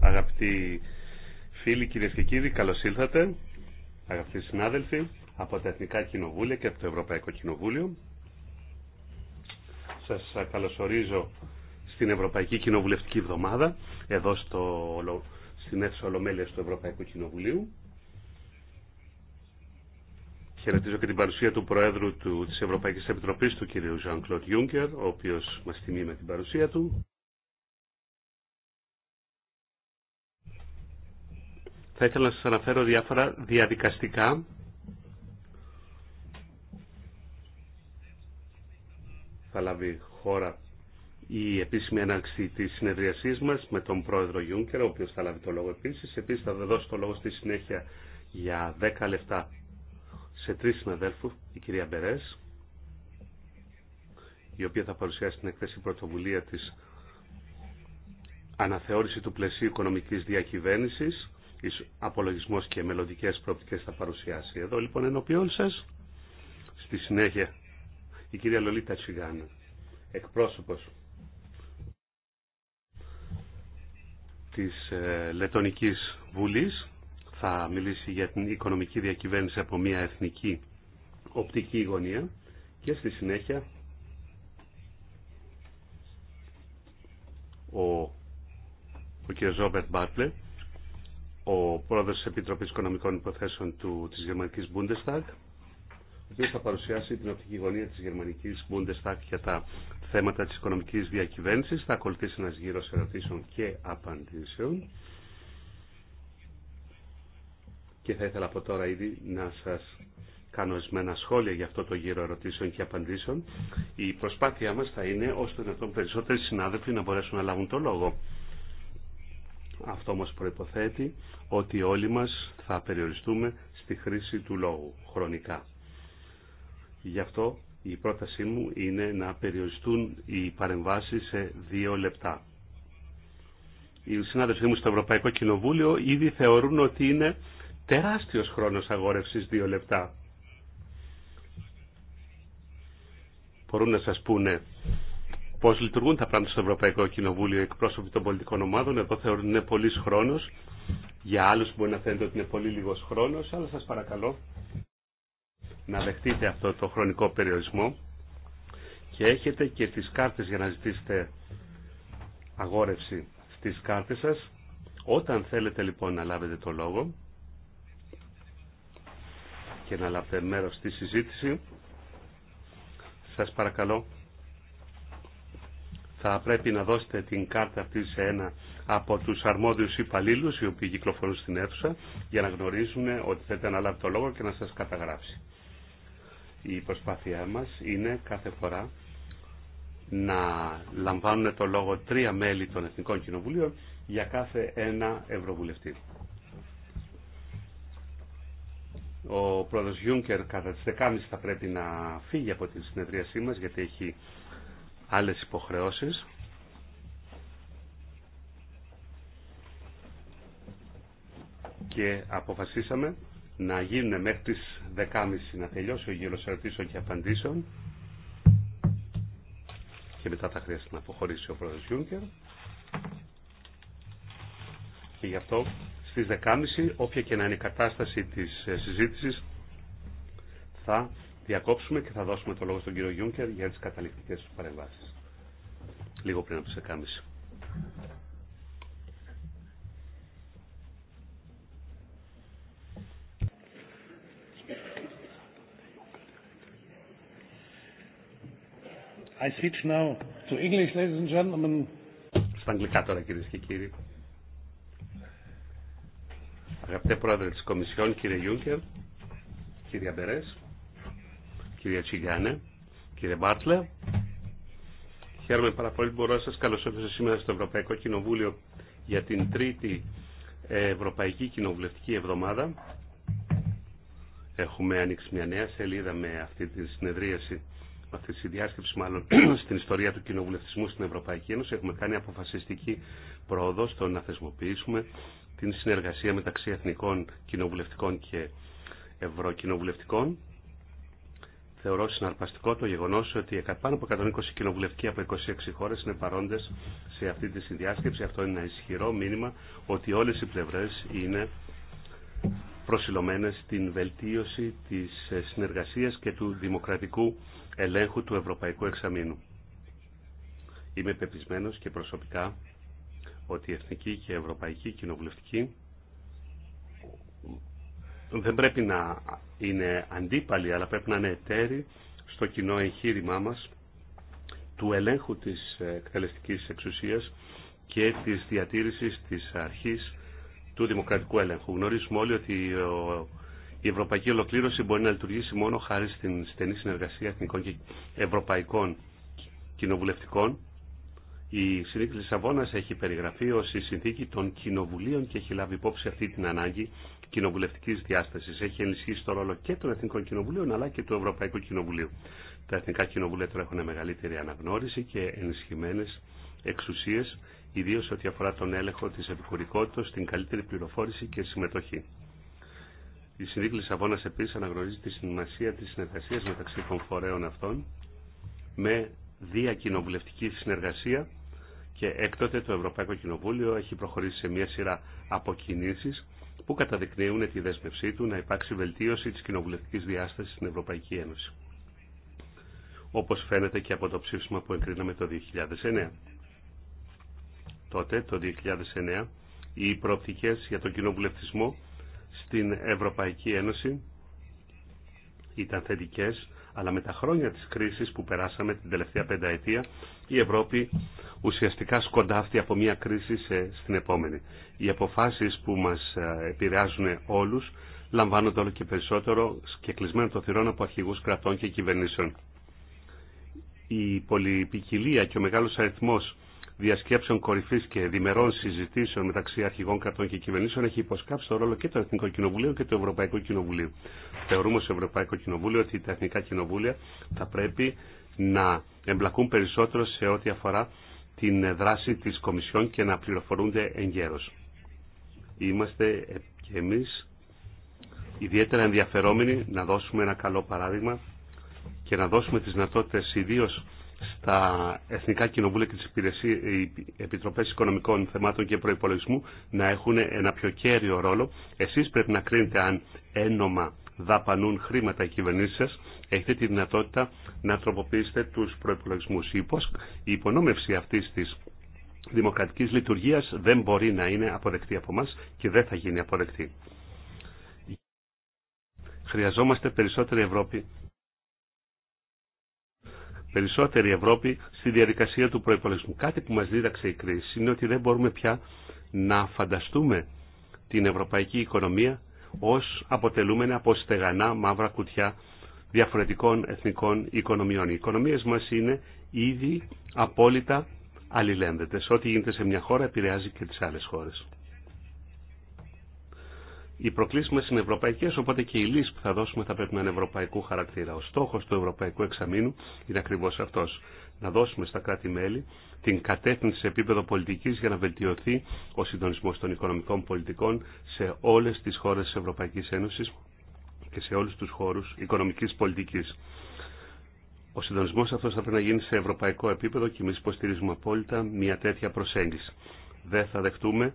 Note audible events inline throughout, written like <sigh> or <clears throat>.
Αγαπητοί φίλοι, κυρίε και κύριοι, καλώ ήλθατε. Αγαπητοί συνάδελφοι από τα Εθνικά Κοινοβούλια και από το Ευρωπαϊκό Κοινοβούλιο. Σα καλωσορίζω στην Ευρωπαϊκή Κοινοβουλευτική Εβδομάδα, εδώ στο, στην αίθουσα Ολομέλεια του Ευρωπαϊκού Κοινοβουλίου. Χαιρετίζω και την παρουσία του Προέδρου του, της Ευρωπαϊκής Επιτροπής, του κ. Jean-Claude Juncker, ο οποίος μας τιμεί με την παρουσία του. Θα ήθελα να σας αναφέρω διάφορα διαδικαστικά. Θα λάβει χώρα η επίσημη έναρξη της συνεδριασής μας με τον πρόεδρο Γιούνκερ, ο οποίος θα λάβει το λόγο επίσης. Επίσης θα δώσω το λόγο στη συνέχεια για 10 λεπτά σε τρεις συναδέλφους, η κυρία Μπερές, η οποία θα παρουσιάσει την εκθέση πρωτοβουλία της αναθεώρηση του πλαισίου οικονομικής διακυβέρνησης απολογισμός και μελλοντικέ προοπτικές θα παρουσιάσει. Εδώ λοιπόν ενώπιόν σας, στη συνέχεια, η κυρία Λολίτα Τσιγάνα, εκπρόσωπος της ε, Λετωνικής Βουλής, θα μιλήσει για την οικονομική διακυβέρνηση από μια εθνική οπτική γωνία και στη συνέχεια ο, ο κ. Ζόμπερτ ο πρόεδρος της Επιτροπής Οικονομικών Υποθέσεων του, της Γερμανικής Bundestag, ο οποίος θα παρουσιάσει την οπτική γωνία της Γερμανικής Bundestag για τα θέματα της οικονομικής διακυβέρνησης. Θα ακολουθήσει ένας γύρος ερωτήσεων και απαντήσεων. Και θα ήθελα από τώρα ήδη να σας κάνω εσμένα σχόλια για αυτό το γύρο ερωτήσεων και απαντήσεων. Η προσπάθειά μας θα είναι ώστε να τον περισσότεροι συνάδελφοι να μπορέσουν να λάβουν το λόγο. Αυτό μας προϋποθέτει ότι όλοι μας θα περιοριστούμε στη χρήση του λόγου χρονικά. Γι' αυτό η πρότασή μου είναι να περιοριστούν οι παρεμβάσεις σε δύο λεπτά. Οι συνάδελφοί μου στο Ευρωπαϊκό Κοινοβούλιο ήδη θεωρούν ότι είναι τεράστιος χρόνος αγόρευσης δύο λεπτά. Μπορούν να σας πούνε πώ λειτουργούν τα πράγματα στο Ευρωπαϊκό Κοινοβούλιο εκπρόσωποι των πολιτικών ομάδων. Εδώ θεωρούν ότι είναι πολύ χρόνο. Για άλλου μπορεί να φαίνεται ότι είναι πολύ λίγο χρόνο, αλλά σα παρακαλώ να δεχτείτε αυτό το χρονικό περιορισμό και έχετε και τις κάρτες για να ζητήσετε αγόρευση στις κάρτες σας. Όταν θέλετε λοιπόν να λάβετε το λόγο και να λάβετε μέρος στη συζήτηση, σας παρακαλώ θα πρέπει να δώσετε την κάρτα αυτή σε ένα από τους αρμόδιους υπαλλήλους οι οποίοι κυκλοφορούν στην αίθουσα για να γνωρίζουν ότι θέλετε να λάβει το λόγο και να σας καταγράψει. Η προσπάθειά μας είναι κάθε φορά να λαμβάνουν το λόγο τρία μέλη των Εθνικών Κοινοβουλίων για κάθε ένα Ευρωβουλευτή. Ο πρόεδρος Γιούνκερ κατά τις 10.30 θα πρέπει να φύγει από τη συνεδρίασή μας γιατί έχει άλλες υποχρεώσεις. Και αποφασίσαμε να γίνουν μέχρι τις 10.30 να τελειώσει ο γύρος ερωτήσεων και απαντήσεων και μετά θα χρειάζεται να αποχωρήσει ο πρόεδρος Γιούνκερ. Και γι' αυτό στις 10.30 όποια και να είναι η κατάσταση της ε, συζήτησης θα διακόψουμε και θα δώσουμε το λόγο στον κύριο Γιούνκερ για τις καταληκτικές του παρεμβάσεις. Λίγο πριν από τις εκάμιση. I switch now to English, ladies and gentlemen. Στα αγγλικά τώρα, κυρίες και κύριοι. Αγαπητέ Πρόεδρε της Κομισιόν, κύριε Γιούγκερ, κύριε Μπερέ κυρία Τσιγκάνε, κύριε Μπάρτλε. Χαίρομαι πάρα πολύ που μπορώ να σας καλωσορίσω σήμερα στο Ευρωπαϊκό Κοινοβούλιο για την τρίτη Ευρωπαϊκή Κοινοβουλευτική Εβδομάδα. Έχουμε ανοίξει μια νέα σελίδα με αυτή τη συνεδρίαση, με αυτή τη συνδιάσκεψη μάλλον <clears throat> στην ιστορία του κοινοβουλευτισμού στην Ευρωπαϊκή Ένωση. Έχουμε κάνει αποφασιστική πρόοδο στο να θεσμοποιήσουμε την συνεργασία μεταξύ εθνικών κοινοβουλευτικών και ευρωκοινοβουλευτικών θεωρώ συναρπαστικό το γεγονό ότι πάνω από 120 κοινοβουλευτικοί από 26 χώρε είναι παρόντε σε αυτή τη συνδιάσκεψη. Αυτό είναι ένα ισχυρό μήνυμα ότι όλε οι πλευρέ είναι προσιλωμένε στην βελτίωση τη ε, συνεργασία και του δημοκρατικού ελέγχου του Ευρωπαϊκού Εξαμήνου. Είμαι πεπισμένο και προσωπικά ότι η Εθνική και Ευρωπαϊκή Κοινοβουλευτική δεν πρέπει να είναι αντίπαλοι, αλλά πρέπει να είναι εταίροι στο κοινό εγχείρημά μας του ελέγχου της εκτελεστικής εξουσίας και της διατήρησης της αρχής του δημοκρατικού έλεγχου. Γνωρίζουμε όλοι ότι η ευρωπαϊκή ολοκλήρωση μπορεί να λειτουργήσει μόνο χάρη στην στενή συνεργασία εθνικών και ευρωπαϊκών κοινοβουλευτικών. Η συνήθεια Λισαβόνας έχει περιγραφεί ως η συνθήκη των κοινοβουλίων και έχει λάβει υπόψη αυτή την ανάγκη κοινοβουλευτική διάσταση. Έχει ενισχύσει το ρόλο και των Εθνικών Κοινοβουλίων αλλά και του Ευρωπαϊκού Κοινοβουλίου. Τα Εθνικά Κοινοβούλια τώρα έχουν μεγαλύτερη αναγνώριση και ενισχυμένε εξουσίε, ιδίω ό,τι αφορά τον έλεγχο τη επικουρικότητα, την καλύτερη πληροφόρηση και συμμετοχή. Η Συνδίκη Λισαβόνα επίση αναγνωρίζει τη σημασία τη συνεργασία μεταξύ των φορέων αυτών με διακοινοβουλευτική συνεργασία και έκτοτε το Ευρωπαϊκό Κοινοβούλιο έχει προχωρήσει σε μια σειρά αποκινήσεις που καταδεικνύουν τη δέσμευσή του να υπάρξει βελτίωση της κοινοβουλευτική διάστασης στην Ευρωπαϊκή Ένωση. Όπως φαίνεται και από το ψήφισμα που εγκρίναμε το 2009. Τότε, το 2009, οι προοπτικές για τον κοινοβουλευτισμό στην Ευρωπαϊκή Ένωση ήταν θετικές, αλλά με τα χρόνια της κρίσης που περάσαμε την τελευταία πενταετία, η Ευρώπη ουσιαστικά σκοντάφτει από μία κρίση στην επόμενη. Οι αποφάσεις που μας ε, επηρεάζουν όλους λαμβάνονται όλο και περισσότερο και κλεισμένο το θυρών από αρχηγούς κρατών και κυβερνήσεων. Η πολυπικιλία και ο μεγάλος αριθμός διασκέψεων κορυφής και διμερών συζητήσεων μεταξύ αρχηγών κρατών και κυβερνήσεων έχει υποσκάψει τον ρόλο και του Εθνικού Κοινοβουλίου και του Ευρωπαϊκού Κοινοβουλίου. Θεωρούμε στο Ευρωπαϊκό Κοινοβούλιο ότι τα Εθνικά Κοινοβούλια θα πρέπει να εμπλακούν περισσότερο σε ό,τι αφορά την δράση της Κομισιόν και να πληροφορούνται εγκαίρως. Είμαστε και εμείς ιδιαίτερα ενδιαφερόμενοι να δώσουμε ένα καλό παράδειγμα και να δώσουμε τις δυνατότητες ιδίω στα Εθνικά Κοινοβούλια και τις Επιτροπές Οικονομικών Θεμάτων και Προϋπολογισμού να έχουν ένα πιο κέριο ρόλο. Εσείς πρέπει να κρίνετε αν ένομα δαπανούν χρήματα οι κυβερνήσει έχετε τη δυνατότητα να τροποποιήσετε του προπολογισμού. Η υπονόμευση αυτή της δημοκρατικής λειτουργίας δεν μπορεί να είναι αποδεκτή από μας και δεν θα γίνει αποδεκτή. Χρειαζόμαστε περισσότερη Ευρώπη. Περισσότερη Ευρώπη στη διαδικασία του προϋπολογισμού. Κάτι που μας δίδαξε η κρίση είναι ότι δεν μπορούμε πια να φανταστούμε την ευρωπαϊκή οικονομία ως αποτελούμενα από στεγανά μαύρα κουτιά διαφορετικών εθνικών οικονομιών. Οι οικονομίες μας είναι ήδη απόλυτα αλληλένδετες. Ό,τι γίνεται σε μια χώρα επηρεάζει και τις άλλες χώρες. Οι προκλήσεις μα είναι ευρωπαϊκέ, οπότε και οι λύσει που θα δώσουμε θα πρέπει να είναι ευρωπαϊκού χαρακτήρα. Ο στόχος του ευρωπαϊκού εξαμήνου είναι ακριβώ αυτό να δώσουμε στα κράτη-μέλη την κατεύθυνση σε επίπεδο πολιτική για να βελτιωθεί ο συντονισμό των οικονομικών πολιτικών σε όλε τι χώρε τη Ευρωπαϊκή Ένωση και σε όλου του χώρου οικονομική πολιτική. Ο συντονισμό αυτό θα πρέπει να γίνει σε ευρωπαϊκό επίπεδο και εμεί υποστηρίζουμε απόλυτα μια τέτοια προσέγγιση. Δεν θα δεχτούμε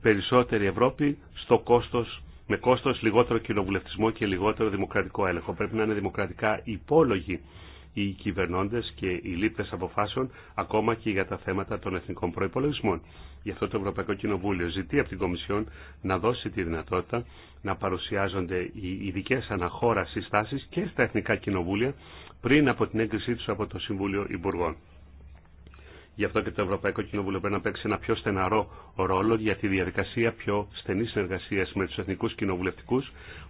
περισσότερη Ευρώπη στο κόστος, με κόστος λιγότερο κοινοβουλευτισμό και λιγότερο δημοκρατικό έλεγχο. Πρέπει να είναι δημοκρατικά υπόλογοι οι κυβερνώντες και οι λήπτες αποφάσεων ακόμα και για τα θέματα των εθνικών προϋπολογισμών. Γι' αυτό το Ευρωπαϊκό Κοινοβούλιο ζητεί από την Κομισιόν να δώσει τη δυνατότητα να παρουσιάζονται οι ειδικέ αναχώρα συστάσεις και στα εθνικά κοινοβούλια πριν από την έγκρισή τους από το Συμβούλιο Υπουργών. Γι' αυτό και το Ευρωπαϊκό Κοινοβούλιο πρέπει να παίξει ένα πιο στεναρό ρόλο για τη διαδικασία πιο στενή συνεργασία με του εθνικού κοινοβουλευτικού,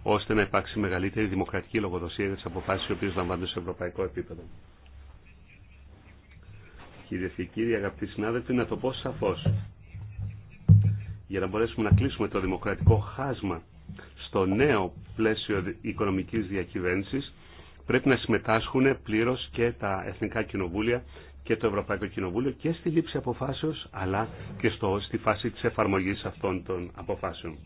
ώστε να υπάρξει μεγαλύτερη δημοκρατική λογοδοσία για τι αποφάσει οι οποίε λαμβάνονται σε ευρωπαϊκό επίπεδο. Κυρίε και κύριοι, αγαπητοί συνάδελφοι, να το πω σαφώ. Για να μπορέσουμε να κλείσουμε το δημοκρατικό χάσμα στο νέο πλαίσιο οικονομική διακυβέρνηση, πρέπει να συμμετάσχουν πλήρω και τα εθνικά κοινοβούλια και το Ευρωπαϊκό Κοινοβούλιο και στη λήψη αποφάσεως αλλά και στο, στη φάση της εφαρμογής αυτών των αποφάσεων.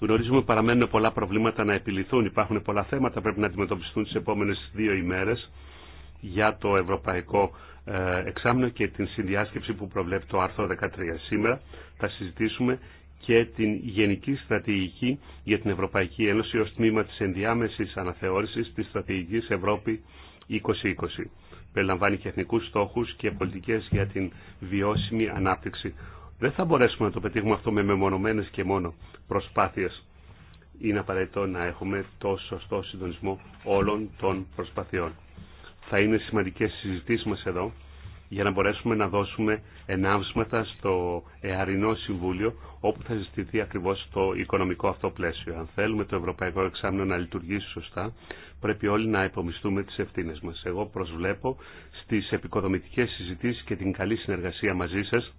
Γνωρίζουμε ότι παραμένουν πολλά προβλήματα να επιληθούν, υπάρχουν πολλά θέματα που πρέπει να αντιμετωπιστούν τις επόμενες δύο ημέρες για το Ευρωπαϊκό ε, Εξάμεινο και την συνδιάσκεψη που προβλέπει το άρθρο 13. Σήμερα θα συζητήσουμε και την Γενική Στρατηγική για την Ευρωπαϊκή Ένωση ως τμήμα της ενδιάμεσης αναθεώρησης της Στρατηγικής Ευρώπη 2020 περιλαμβάνει και εθνικού στόχου και πολιτικέ για την βιώσιμη ανάπτυξη. Δεν θα μπορέσουμε να το πετύχουμε αυτό με μεμονωμένες και μόνο προσπάθειες. Είναι απαραίτητο να έχουμε το σωστό συντονισμό όλων των προσπαθειών. Θα είναι σημαντικές συζητήσεις μα εδώ για να μπορέσουμε να δώσουμε ενάψματα στο Εαρινό Συμβούλιο όπου θα ζητηθεί ακριβώς το οικονομικό αυτό πλαίσιο. Αν θέλουμε το Ευρωπαϊκό Εξάμεινο να λειτουργήσει σωστά, πρέπει όλοι να υπομισθούμε τις ευθύνες μας. Εγώ προσβλέπω στις επικοδομητικές συζητήσεις και την καλή συνεργασία μαζί σας.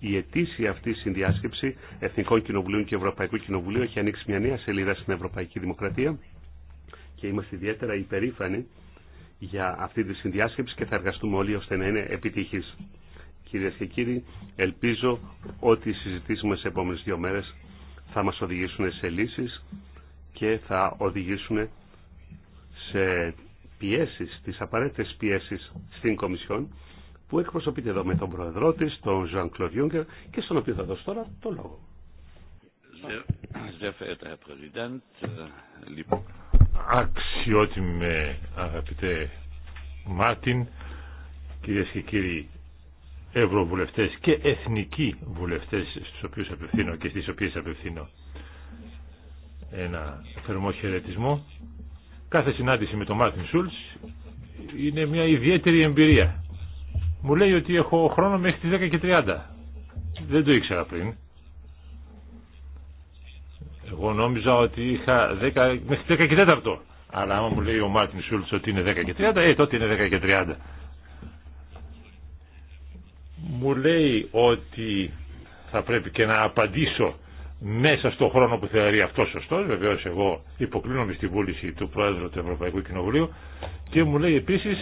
Η αίτησία αυτή συνδιάσκεψη Εθνικών Κοινοβουλίων και Ευρωπαϊκού Κοινοβουλίου έχει ανοίξει μια νέα σελίδα στην Ευρωπαϊκή Δημοκρατία και είμαστε ιδιαίτερα υπερήφανοι για αυτή τη συνδιάσκεψη και θα εργαστούμε όλοι ώστε να είναι επιτυχής. Κυρίε και κύριοι, ελπίζω ότι οι μα σε επόμενε δύο μέρε θα μα οδηγήσουν σε λύσει και θα οδηγήσουν σε πιέσεις, τις απαραίτητες πιέσεις στην Κομισιόν που εκπροσωπείται εδώ με τον Προεδρό της, τον Ζαν Κλοντ και στον οποίο θα δώσω τώρα το λόγο. Αξιότιμη αγαπητέ Μάρτιν, κυρίες και κύριοι ευρωβουλευτές και εθνικοί βουλευτές στους οποίους απευθύνω και στις οποίες απευθύνω ένα θερμό χαιρετισμό Κάθε συνάντηση με τον Μάρτιν Σούλτ είναι μια ιδιαίτερη εμπειρία. Μου λέει ότι έχω χρόνο μέχρι τις 10 και 30. Δεν το ήξερα πριν. Εγώ νόμιζα ότι είχα 10, μέχρι 10 και Αλλά άμα μου λέει ο Μάρτιν Σούλτ ότι είναι 10 και 30, ε, τότε είναι 10 και 30. Μου λέει ότι θα πρέπει και να απαντήσω μέσα στο χρόνο που θεωρεί αυτό σωστό, βεβαίω εγώ υποκλίνομαι στη βούληση του Πρόεδρου του Ευρωπαϊκού Κοινοβουλίου και μου λέει επίση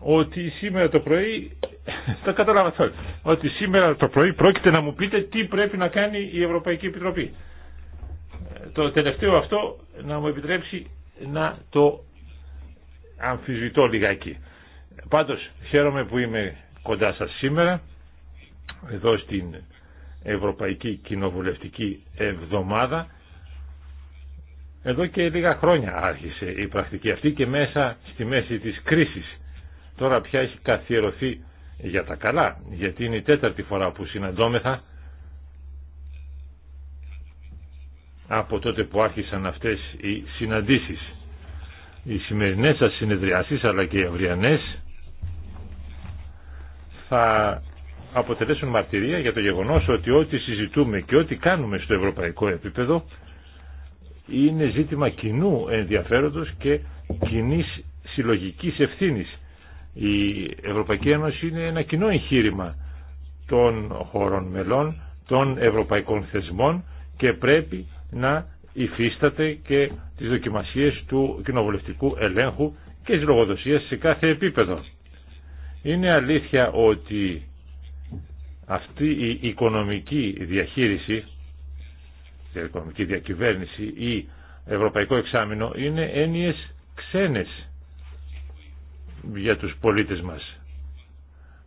ότι σήμερα το πρωί, <laughs> τα κατάλαβα ότι σήμερα το πρωί πρόκειται να μου πείτε τι πρέπει να κάνει η Ευρωπαϊκή Επιτροπή. Το τελευταίο αυτό να μου επιτρέψει να το αμφισβητώ λιγάκι. Πάντως χαίρομαι που είμαι κοντά σας σήμερα εδώ στην Ευρωπαϊκή Κοινοβουλευτική Εβδομάδα. Εδώ και λίγα χρόνια άρχισε η πρακτική αυτή και μέσα στη μέση της κρίσης. Τώρα πια έχει καθιερωθεί για τα καλά, γιατί είναι η τέταρτη φορά που συναντώμεθα από τότε που άρχισαν αυτές οι συναντήσεις. Οι σημερινές σας συνεδριάσεις αλλά και οι αυριανές θα αποτελέσουν μαρτυρία για το γεγονός ότι ό,τι συζητούμε και ό,τι κάνουμε στο ευρωπαϊκό επίπεδο είναι ζήτημα κοινού ενδιαφέροντος και κοινή συλλογικής ευθύνης. Η Ευρωπαϊκή Ένωση είναι ένα κοινό εγχείρημα των χωρών μελών, των ευρωπαϊκών θεσμών και πρέπει να υφίσταται και τις δοκιμασίες του κοινοβουλευτικού ελέγχου και της λογοδοσίας σε κάθε επίπεδο. Είναι αλήθεια ότι αυτή η οικονομική διαχείριση, η οικονομική διακυβέρνηση ή ευρωπαϊκό εξάμεινο είναι έννοιες ξένες για τους πολίτες μας.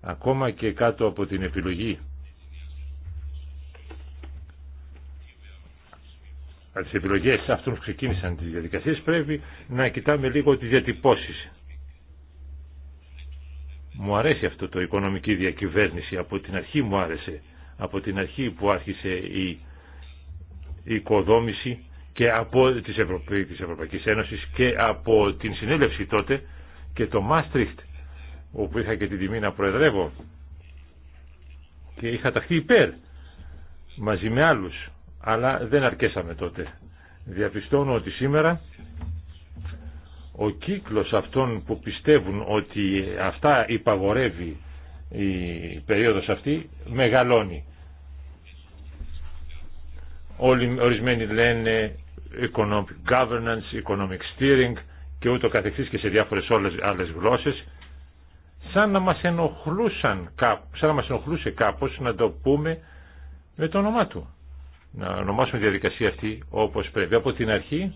Ακόμα και κάτω από την επιλογή από τις επιλογές αυτών που ξεκίνησαν τις διαδικασίες πρέπει να κοιτάμε λίγο τις διατυπώσεις. Μου αρέσει αυτό το οικονομική διακυβέρνηση. Από την αρχή μου άρεσε. Από την αρχή που άρχισε η οικοδόμηση και από της, Ευρωπαϊκή της Ένωσης και από την συνέλευση τότε και το Μάστριχτ όπου είχα και την τιμή να προεδρεύω και είχα ταχθεί υπέρ μαζί με άλλους αλλά δεν αρκέσαμε τότε διαπιστώνω ότι σήμερα ο κύκλος αυτών που πιστεύουν ότι αυτά υπαγορεύει η περίοδος αυτή μεγαλώνει. Όλοι, ορισμένοι λένε economic governance, economic steering και ούτω καθεξής και σε διάφορες όλες, άλλες γλώσσες σαν να μας ενοχλούσαν σαν να μας ενοχλούσε κάπως να το πούμε με το όνομά του να ονομάσουμε τη διαδικασία αυτή όπως πρέπει από την αρχή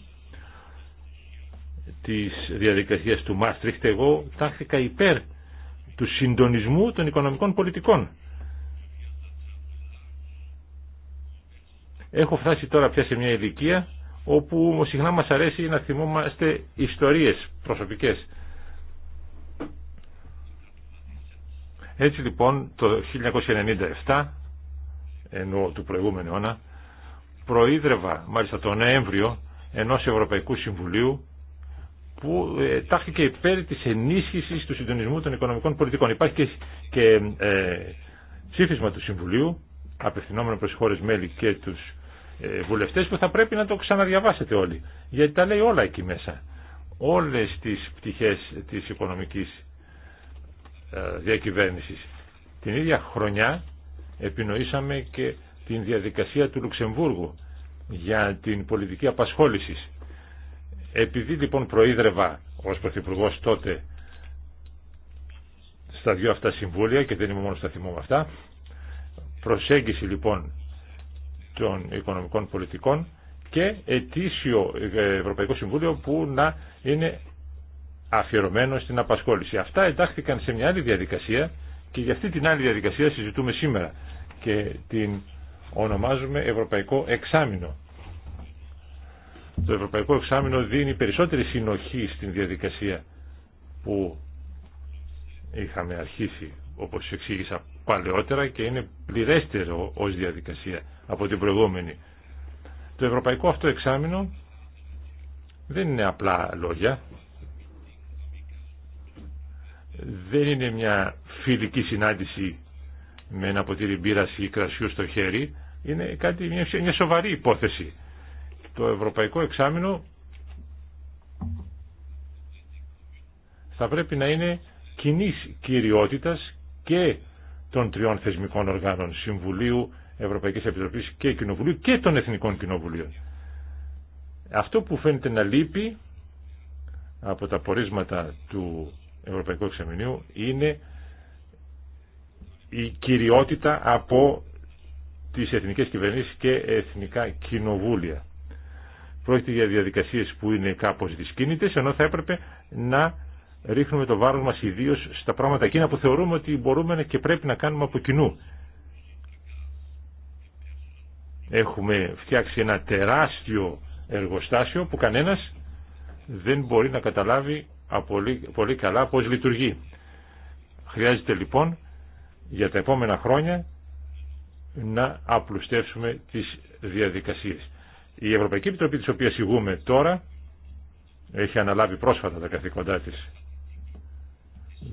της διαδικασίας του Μάστριχτ εγώ τάχθηκα υπέρ του συντονισμού των οικονομικών πολιτικών. Έχω φτάσει τώρα πια σε μια ηλικία όπου συχνά μας αρέσει να θυμόμαστε ιστορίες προσωπικές. Έτσι λοιπόν το 1997, ενώ του προηγούμενου αιώνα, προείδρευα μάλιστα τον Νοέμβριο ενός Ευρωπαϊκού Συμβουλίου που ε, τάχθηκε υπέρ της ενίσχυσης του συντονισμού των οικονομικών πολιτικών. Υπάρχει και, και ε, ψήφισμα του Συμβουλίου, απευθυνόμενο προς χώρες μέλη και τους ε, βουλευτές, που θα πρέπει να το ξαναδιαβάσετε όλοι, γιατί τα λέει όλα εκεί μέσα. Όλες τις πτυχές της οικονομικής ε, διακυβέρνησης. Την ίδια χρονιά επινοήσαμε και την διαδικασία του Λουξεμβούργου για την πολιτική απασχόλησης επειδή λοιπόν προείδρευα ως Πρωθυπουργό τότε στα δυο αυτά συμβούλια και δεν είμαι μόνο στα θυμό με αυτά, προσέγγιση λοιπόν των οικονομικών πολιτικών και ετήσιο ε, Ευρωπαϊκό Συμβούλιο που να είναι αφιερωμένο στην απασχόληση. Αυτά εντάχθηκαν σε μια άλλη διαδικασία και για αυτή την άλλη διαδικασία συζητούμε σήμερα και την ονομάζουμε Ευρωπαϊκό Εξάμεινο το Ευρωπαϊκό Εξάμεινο δίνει περισσότερη συνοχή στην διαδικασία που είχαμε αρχίσει όπως εξήγησα παλαιότερα και είναι πληρέστερο ως διαδικασία από την προηγούμενη. Το ευρωπαϊκό αυτό εξάμεινο δεν είναι απλά λόγια. Δεν είναι μια φιλική συνάντηση με ένα ποτήρι μπύρας ή κρασιού στο χέρι. Είναι κάτι, μια, μια σοβαρή υπόθεση το ευρωπαϊκό εξάμεινο θα πρέπει να είναι κοινή κυριότητας και των τριών θεσμικών οργάνων Συμβουλίου, Ευρωπαϊκής Επιτροπής και Κοινοβουλίου και των Εθνικών Κοινοβουλίων. Αυτό που φαίνεται να λείπει από τα πορίσματα του Ευρωπαϊκού Εξαμηνίου είναι η κυριότητα από τις εθνικές κυβερνήσεις και εθνικά κοινοβούλια. Πρόκειται για διαδικασίες που είναι κάπως δυσκίνητες, ενώ θα έπρεπε να ρίχνουμε το βάρος μας ιδίως στα πράγματα εκείνα που θεωρούμε ότι μπορούμε και πρέπει να κάνουμε από κοινού. Έχουμε φτιάξει ένα τεράστιο εργοστάσιο που κανένας δεν μπορεί να καταλάβει πολύ καλά πώς λειτουργεί. Χρειάζεται λοιπόν για τα επόμενα χρόνια να απλουστεύσουμε τις διαδικασίες. Η Ευρωπαϊκή Επιτροπή της οποίας ηγούμε τώρα έχει αναλάβει πρόσφατα τα καθήκοντά της.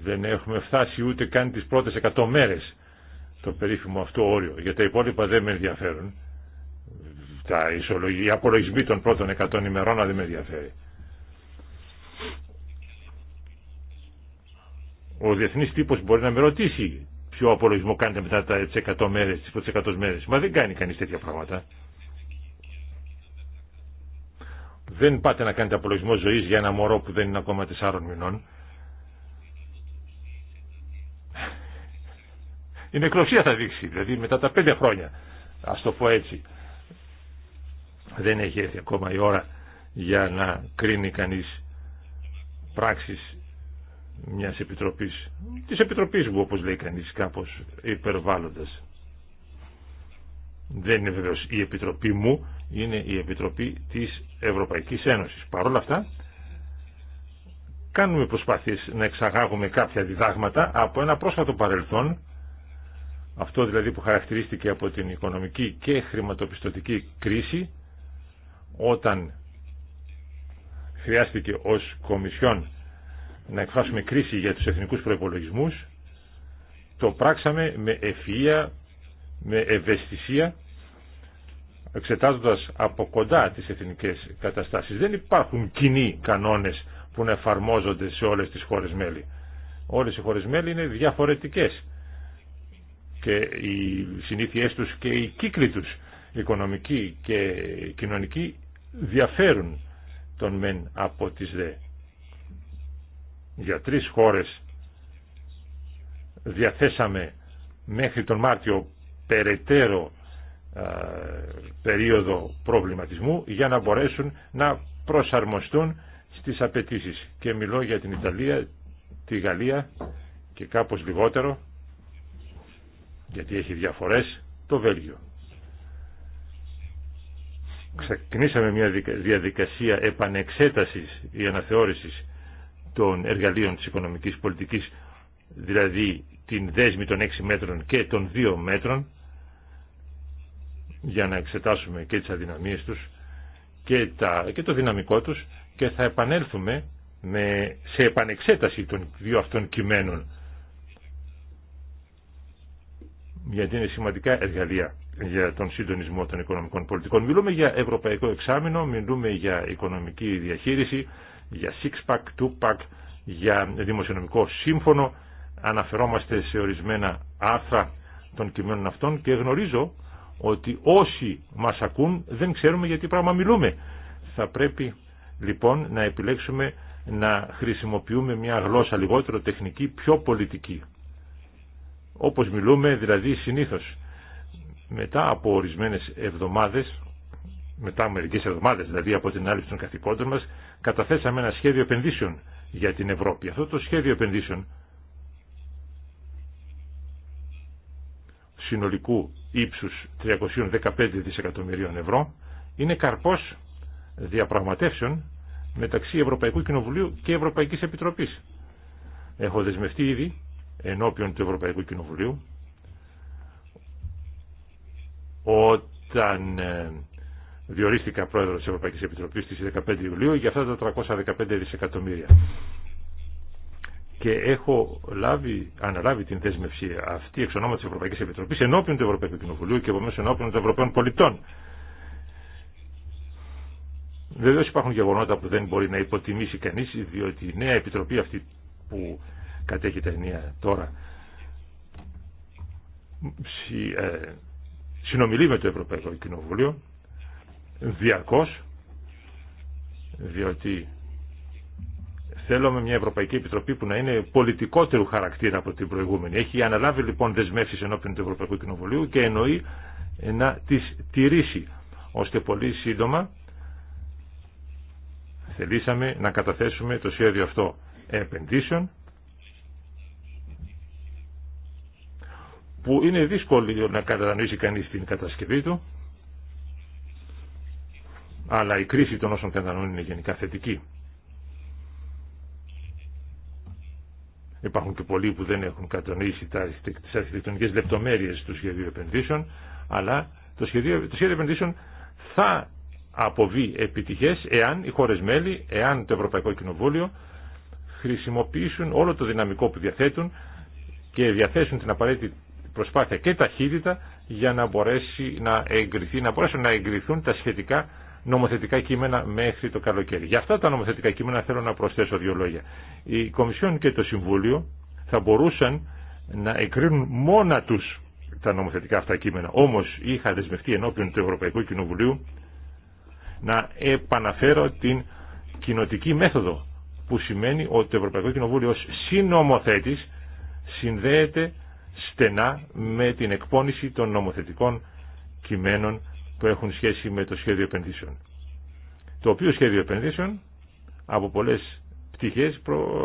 Δεν έχουμε φτάσει ούτε καν τις πρώτες 100 μέρες το περίφημο αυτό όριο. Για τα υπόλοιπα δεν με ενδιαφέρουν. Τα οι απολογισμοί των πρώτων 100 ημερών δεν με ενδιαφέρει. Ο διεθνής τύπος μπορεί να με ρωτήσει ποιο απολογισμό κάνετε μετά τις 100 μέρες, τις πρώτες 100 μέρες. Μα δεν κάνει κανείς τέτοια πράγματα. Δεν πάτε να κάνετε απολογισμό ζωής για ένα μωρό που δεν είναι ακόμα τεσσάρων μηνών. Η νεκροψία θα δείξει, δηλαδή μετά τα πέντε χρόνια, ας το πω έτσι. Δεν έχει έρθει ακόμα η ώρα για να κρίνει κανείς πράξεις μιας επιτροπής, της επιτροπής μου όπως λέει κανείς κάπως υπερβάλλοντας δεν είναι βεβαίω η Επιτροπή μου, είναι η Επιτροπή της Ευρωπαϊκής Ένωσης. Παρ' όλα αυτά, κάνουμε προσπάθειες να εξαγάγουμε κάποια διδάγματα από ένα πρόσφατο παρελθόν, αυτό δηλαδή που χαρακτηρίστηκε από την οικονομική και χρηματοπιστωτική κρίση, όταν χρειάστηκε ως Κομισιόν να εκφράσουμε κρίση για τους εθνικούς προϋπολογισμούς, το πράξαμε με ευφυΐα, με ευαισθησία εξετάζοντας από κοντά τις εθνικές καταστάσεις. Δεν υπάρχουν κοινοί κανόνες που να εφαρμόζονται σε όλες τις χώρες μέλη. Όλες οι χώρες μέλη είναι διαφορετικές και οι συνήθειές τους και οι κύκλοι τους οικονομικοί και κοινωνικοί διαφέρουν τον μεν από τις δε. Για τρεις χώρες διαθέσαμε μέχρι τον Μάρτιο περαιτέρω περίοδο προβληματισμού για να μπορέσουν να προσαρμοστούν στις απαιτήσεις. Και μιλώ για την Ιταλία, τη Γαλλία και κάπως λιγότερο, γιατί έχει διαφορές, το Βέλγιο. Ξεκινήσαμε μια διαδικασία επανεξέτασης ή αναθεώρησης των εργαλείων της οικονομικής πολιτικής, δηλαδή την δέσμη των 6 μέτρων και των 2 μέτρων, για να εξετάσουμε και τις αδυναμίες τους και, τα, και το δυναμικό τους και θα επανέλθουμε με, σε επανεξέταση των δύο αυτών κειμένων γιατί είναι σημαντικά εργαλεία για τον συντονισμό των οικονομικών πολιτικών. Μιλούμε για ευρωπαϊκό εξάμεινο, μιλούμε για οικονομική διαχείριση, για six-pack, two-pack, για δημοσιονομικό σύμφωνο. Αναφερόμαστε σε ορισμένα άρθρα των κειμένων αυτών και γνωρίζω ότι όσοι μας ακούν δεν ξέρουμε γιατί πράγμα μιλούμε. Θα πρέπει λοιπόν να επιλέξουμε να χρησιμοποιούμε μια γλώσσα λιγότερο τεχνική, πιο πολιτική. Όπως μιλούμε δηλαδή συνήθως. Μετά από ορισμένες εβδομάδες, μετά μερικές εβδομάδες δηλαδή από την άλυψη των καθηκόντων μας, καταθέσαμε ένα σχέδιο επενδύσεων για την Ευρώπη. Αυτό το σχέδιο επενδύσεων συνολικού ύψους 315 δισεκατομμυρίων ευρώ είναι καρπός διαπραγματεύσεων μεταξύ Ευρωπαϊκού Κοινοβουλίου και Ευρωπαϊκής Επιτροπής. Έχω δεσμευτεί ήδη ενώπιον του Ευρωπαϊκού Κοινοβουλίου όταν ε, διορίστηκα πρόεδρος της Ευρωπαϊκής Επιτροπής στις 15 Ιουλίου για αυτά τα 315 δισεκατομμύρια και έχω λάβει, αναλάβει την δέσμευση αυτή εξ ονόματο τη Ευρωπαϊκή Επιτροπή ενώπιον του Ευρωπαϊκού Κοινοβουλίου και επομένω ενώπιον των Ευρωπαίων πολιτών. Βεβαίω υπάρχουν γεγονότα που δεν μπορεί να υποτιμήσει κανεί, διότι η νέα επιτροπή αυτή που κατέχει τα ενία τώρα ε, συνομιλεί με το Ευρωπαϊκό Κοινοβούλιο διαρκώ, διότι Θέλουμε μια Ευρωπαϊκή Επιτροπή που να είναι πολιτικότερου χαρακτήρα από την προηγούμενη. Έχει αναλάβει λοιπόν δεσμεύσει ενώπιον του Ευρωπαϊκού Κοινοβουλίου και εννοεί να τι τηρήσει, ώστε πολύ σύντομα θελήσαμε να καταθέσουμε το σχέδιο αυτό επενδύσεων που είναι δύσκολο να κατανοήσει κανείς την κατασκευή του αλλά η κρίση των όσων κατανοούν είναι γενικά θετική. Υπάρχουν και πολλοί που δεν έχουν κατανοήσει τις αρχιτεκτονικές λεπτομέρειε του σχεδίου επενδύσεων, αλλά το σχεδίο, το σχέδιο επενδύσεων θα αποβεί επιτυχέ εάν οι χωρε μέλη, εάν το Ευρωπαϊκό Κοινοβούλιο χρησιμοποιήσουν όλο το δυναμικό που διαθέτουν και διαθέσουν την απαραίτητη προσπάθεια και ταχύτητα για να, μπορέσει να μπορέσουν να εγκριθούν τα σχετικά νομοθετικά κείμενα μέχρι το καλοκαίρι. Γι' αυτά τα νομοθετικά κείμενα θέλω να προσθέσω δύο λόγια. Η Κομισιόν και το Συμβούλιο θα μπορούσαν να εκρίνουν μόνα τους τα νομοθετικά αυτά κείμενα. Όμως είχα δεσμευτεί ενώπιον του Ευρωπαϊκού Κοινοβουλίου να επαναφέρω την κοινοτική μέθοδο που σημαίνει ότι το Ευρωπαϊκό Κοινοβούλιο ως συνομοθέτης συνδέεται στενά με την εκπόνηση των νομοθετικών κειμένων που έχουν σχέση με το σχέδιο επενδύσεων. Το οποίο σχέδιο επενδύσεων από πολλές πτυχές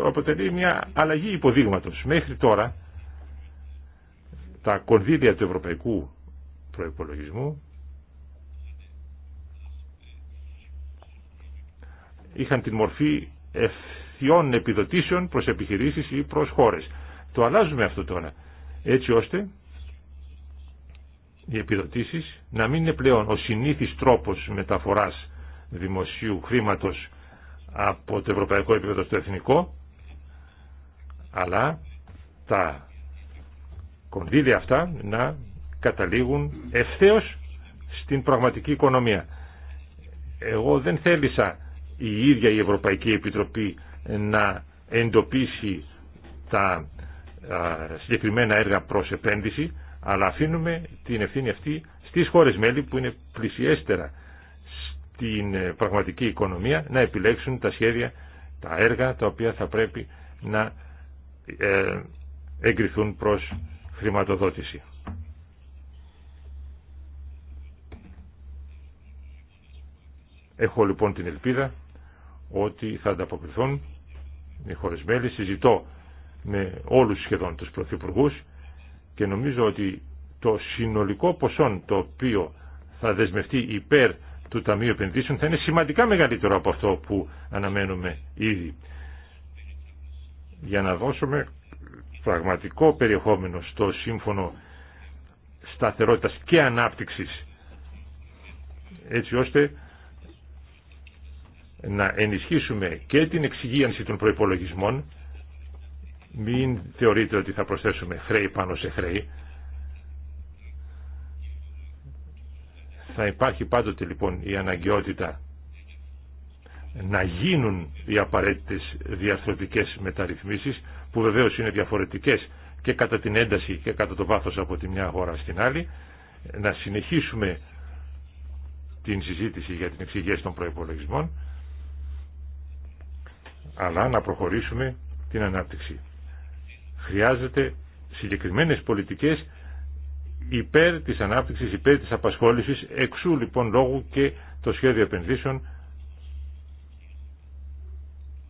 αποτελεί μια αλλαγή υποδείγματος. Μέχρι τώρα τα κονδύλια του ευρωπαϊκού προϋπολογισμού είχαν την μορφή ευθειών επιδοτήσεων προς επιχειρήσεις ή προς χώρες. Το αλλάζουμε αυτό τώρα, έτσι ώστε οι επιδοτήσεις να μην είναι πλέον ο συνήθις τρόπος μεταφοράς δημοσίου χρήματος από το ευρωπαϊκό επίπεδο στο εθνικό, αλλά τα κονδύλια αυτά να καταλήγουν ευθέως στην πραγματική οικονομία. Εγώ δεν θέλησα η ίδια η Ευρωπαϊκή Επιτροπή να εντοπίσει τα συγκεκριμένα έργα προς επένδυση, αλλά αφήνουμε την ευθύνη αυτή στις χώρες μέλη που είναι πλησιέστερα στην ε, πραγματική οικονομία να επιλέξουν τα σχέδια, τα έργα τα οποία θα πρέπει να ε, εγκριθούν προς χρηματοδότηση. Έχω λοιπόν την ελπίδα ότι θα ανταποκριθούν οι χώρες μέλη. Συζητώ με όλους σχεδόν τους πρωθυπουργούς και νομίζω ότι το συνολικό ποσό το οποίο θα δεσμευτεί υπέρ του Ταμείου Επενδύσεων θα είναι σημαντικά μεγαλύτερο από αυτό που αναμένουμε ήδη. Για να δώσουμε πραγματικό περιεχόμενο στο Σύμφωνο Σταθερότητας και Ανάπτυξης έτσι ώστε να ενισχύσουμε και την εξυγίανση των προϋπολογισμών μην θεωρείτε ότι θα προσθέσουμε χρέη πάνω σε χρέη. Θα υπάρχει πάντοτε λοιπόν η αναγκαιότητα να γίνουν οι απαραίτητες διαρθρωτικές μεταρρυθμίσεις που βεβαίως είναι διαφορετικές και κατά την ένταση και κατά το βάθος από τη μια χώρα στην άλλη να συνεχίσουμε την συζήτηση για την εξηγέση των προϋπολογισμών αλλά να προχωρήσουμε την ανάπτυξη. Χρειάζεται συγκεκριμένες πολιτικές υπέρ της ανάπτυξης, υπέρ της απασχόλησης, εξού λοιπόν λόγου και το σχέδιο επενδύσεων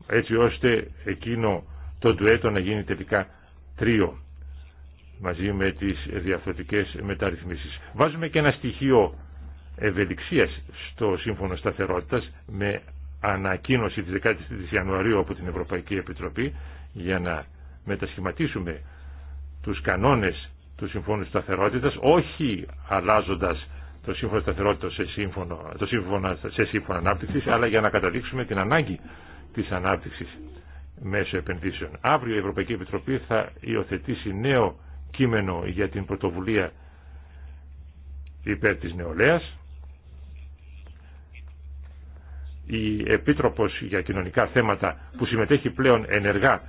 έτσι ώστε εκείνο το ντουέτο να γίνει τελικά τρίο μαζί με τις διαφορετικές μεταρρυθμίσεις. Βάζουμε και ένα στοιχείο ευελιξίας στο Σύμφωνο Σταθερότητας με ανακοίνωση της 13ης Ιανουαρίου από την Ευρωπαϊκή Επιτροπή για να μετασχηματίσουμε τους κανόνες του Συμφώνου Σταθερότητας, όχι αλλάζοντας το Σύμφωνο Σταθερότητας σε Σύμφωνο, το σύμφωνο, σε σύμφωνο Ανάπτυξης, αλλά για να καταδείξουμε την ανάγκη της ανάπτυξης μέσω επενδύσεων. Αύριο η Ευρωπαϊκή Επιτροπή θα υιοθετήσει νέο κείμενο για την πρωτοβουλία υπέρ της νεολαίας. Η Επίτροπος για Κοινωνικά Θέματα που συμμετέχει πλέον ενεργά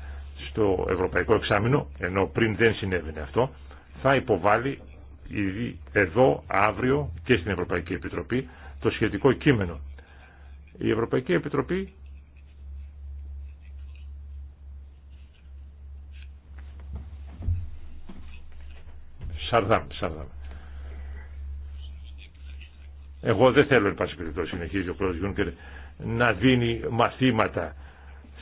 στο Ευρωπαϊκό Εξάμεινο, ενώ πριν δεν συνέβαινε αυτό, θα υποβάλει ήδη εδώ, αύριο και στην Ευρωπαϊκή Επιτροπή το σχετικό κείμενο. Η Ευρωπαϊκή Επιτροπή Σαρδάμ, Σαρδάμ. Εγώ δεν θέλω, εν πάση περιπτώσει, συνεχίζει ο Γιούνκερ, να δίνει μαθήματα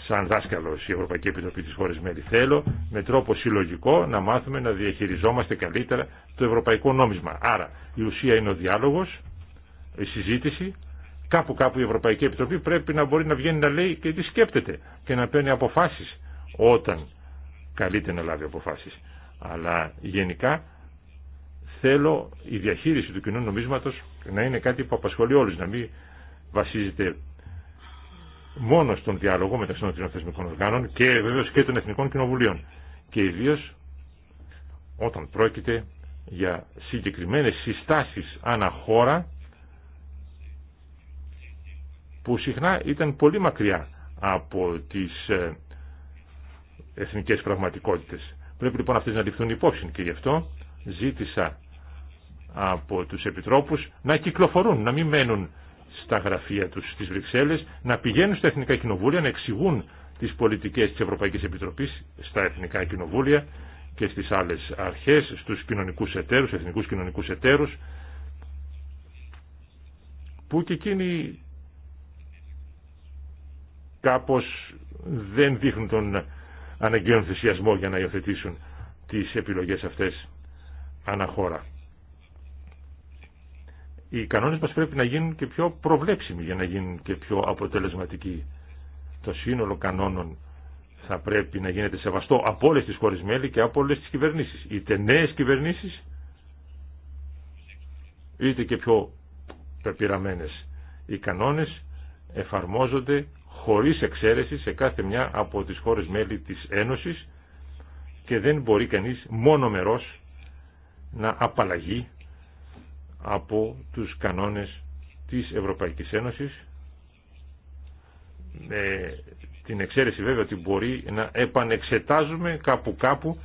σαν δάσκαλο η Ευρωπαϊκή Επιτροπή τη χώρε μέλη. Θέλω με τρόπο συλλογικό να μάθουμε να διαχειριζόμαστε καλύτερα το ευρωπαϊκό νόμισμα. Άρα η ουσία είναι ο διάλογο, η συζήτηση. Κάπου κάπου η Ευρωπαϊκή Επιτροπή πρέπει να μπορεί να βγαίνει να λέει και τι σκέπτεται και να παίρνει αποφάσει όταν καλείται να λάβει αποφάσει. Αλλά γενικά θέλω η διαχείριση του κοινού νομίσματος να είναι κάτι που απασχολεί όλου, να μην βασίζεται μόνο στον διάλογο μεταξύ των τριών θεσμικών οργάνων και βεβαίω και των Εθνικών Κοινοβουλίων. Και ιδίω όταν πρόκειται για συγκεκριμένες συστάσεις αναχώρα που συχνά ήταν πολύ μακριά από τις ε, εθνικές πραγματικότητες. Πρέπει λοιπόν αυτές να ληφθούν υπόψη και γι' αυτό ζήτησα από τους επιτρόπους να κυκλοφορούν, να μην μένουν στα γραφεία τους στις Βρυξέλλες, να πηγαίνουν στα Εθνικά Κοινοβούλια, να εξηγούν τις πολιτικές της Ευρωπαϊκής Επιτροπής στα Εθνικά Κοινοβούλια και στις άλλες αρχές, στους κοινωνικούς εταίρους, εθνικούς κοινωνικού εταίρους, που και εκείνοι κάπως δεν δείχνουν τον αναγκαίο ενθουσιασμό για να υιοθετήσουν τις επιλογές αυτέ αναχώρα οι κανόνες μας πρέπει να γίνουν και πιο προβλέψιμοι για να γίνουν και πιο αποτελεσματικοί. Το σύνολο κανόνων θα πρέπει να γίνεται σεβαστό από όλες τις χώρες μέλη και από όλες τις κυβερνήσεις. Είτε νέες κυβερνήσεις, είτε και πιο πεπειραμένες. Οι κανόνες εφαρμόζονται χωρίς εξαίρεση σε κάθε μια από τις χώρες μέλη της Ένωσης και δεν μπορεί κανείς μόνο μερός να απαλλαγεί από τους κανόνες της Ευρωπαϊκής Ένωσης ε, την εξαίρεση βέβαια ότι μπορεί να επανεξετάζουμε κάπου κάπου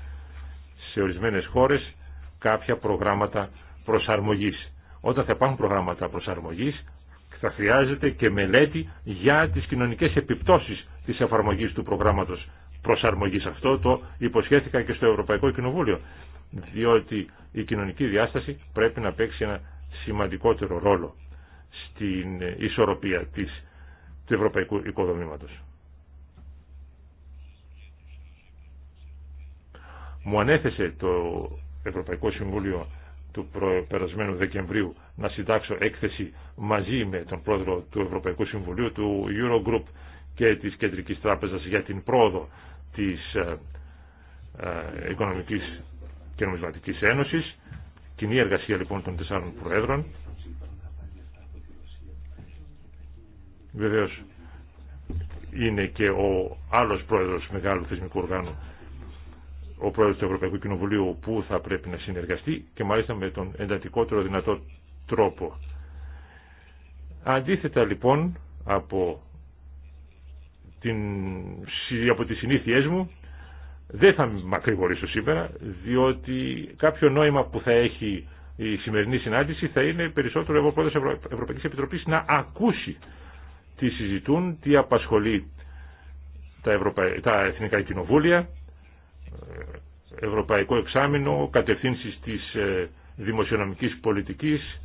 σε ορισμένες χώρες κάποια προγράμματα προσαρμογής. Όταν θα υπάρχουν προγράμματα προσαρμογής θα χρειάζεται και μελέτη για τις κοινωνικές επιπτώσεις της εφαρμογής του προγράμματος προσαρμογής. Αυτό το υποσχέθηκα και στο Ευρωπαϊκό Κοινοβούλιο. Ναι. διότι η κοινωνική διάσταση πρέπει να παίξει ένα σημαντικότερο ρόλο στην ισορροπία της, του ευρωπαϊκού οικοδομήματος. Μου ανέθεσε το Ευρωπαϊκό Συμβούλιο του περασμένου Δεκεμβρίου να συντάξω έκθεση μαζί με τον πρόεδρο του Ευρωπαϊκού Συμβουλίου, του Eurogroup και της Κεντρικής Τράπεζας για την πρόοδο της ε, ε, οικονομικής και Νομισματικής Ένωσης. Κοινή εργασία λοιπόν των τεσσάρων προέδρων. Βεβαίως είναι και ο άλλος πρόεδρος μεγάλου θεσμικού οργάνου ο πρόεδρος του Ευρωπαϊκού Κοινοβουλίου που θα πρέπει να συνεργαστεί και μάλιστα με τον εντατικότερο δυνατό τρόπο. Αντίθετα λοιπόν από, την, από τις συνήθειές μου δεν θα μακρηγορήσω σήμερα, διότι κάποιο νόημα που θα έχει η σημερινή συνάντηση θα είναι περισσότερο εγώ Ευρωπαϊκής Επιτροπής να ακούσει τι συζητούν, τι απασχολεί τα, τα Εθνικά Κοινοβούλια, ε, Ευρωπαϊκό Εξάμεινο, κατευθύνσεις της ε, δημοσιονομικής πολιτικής,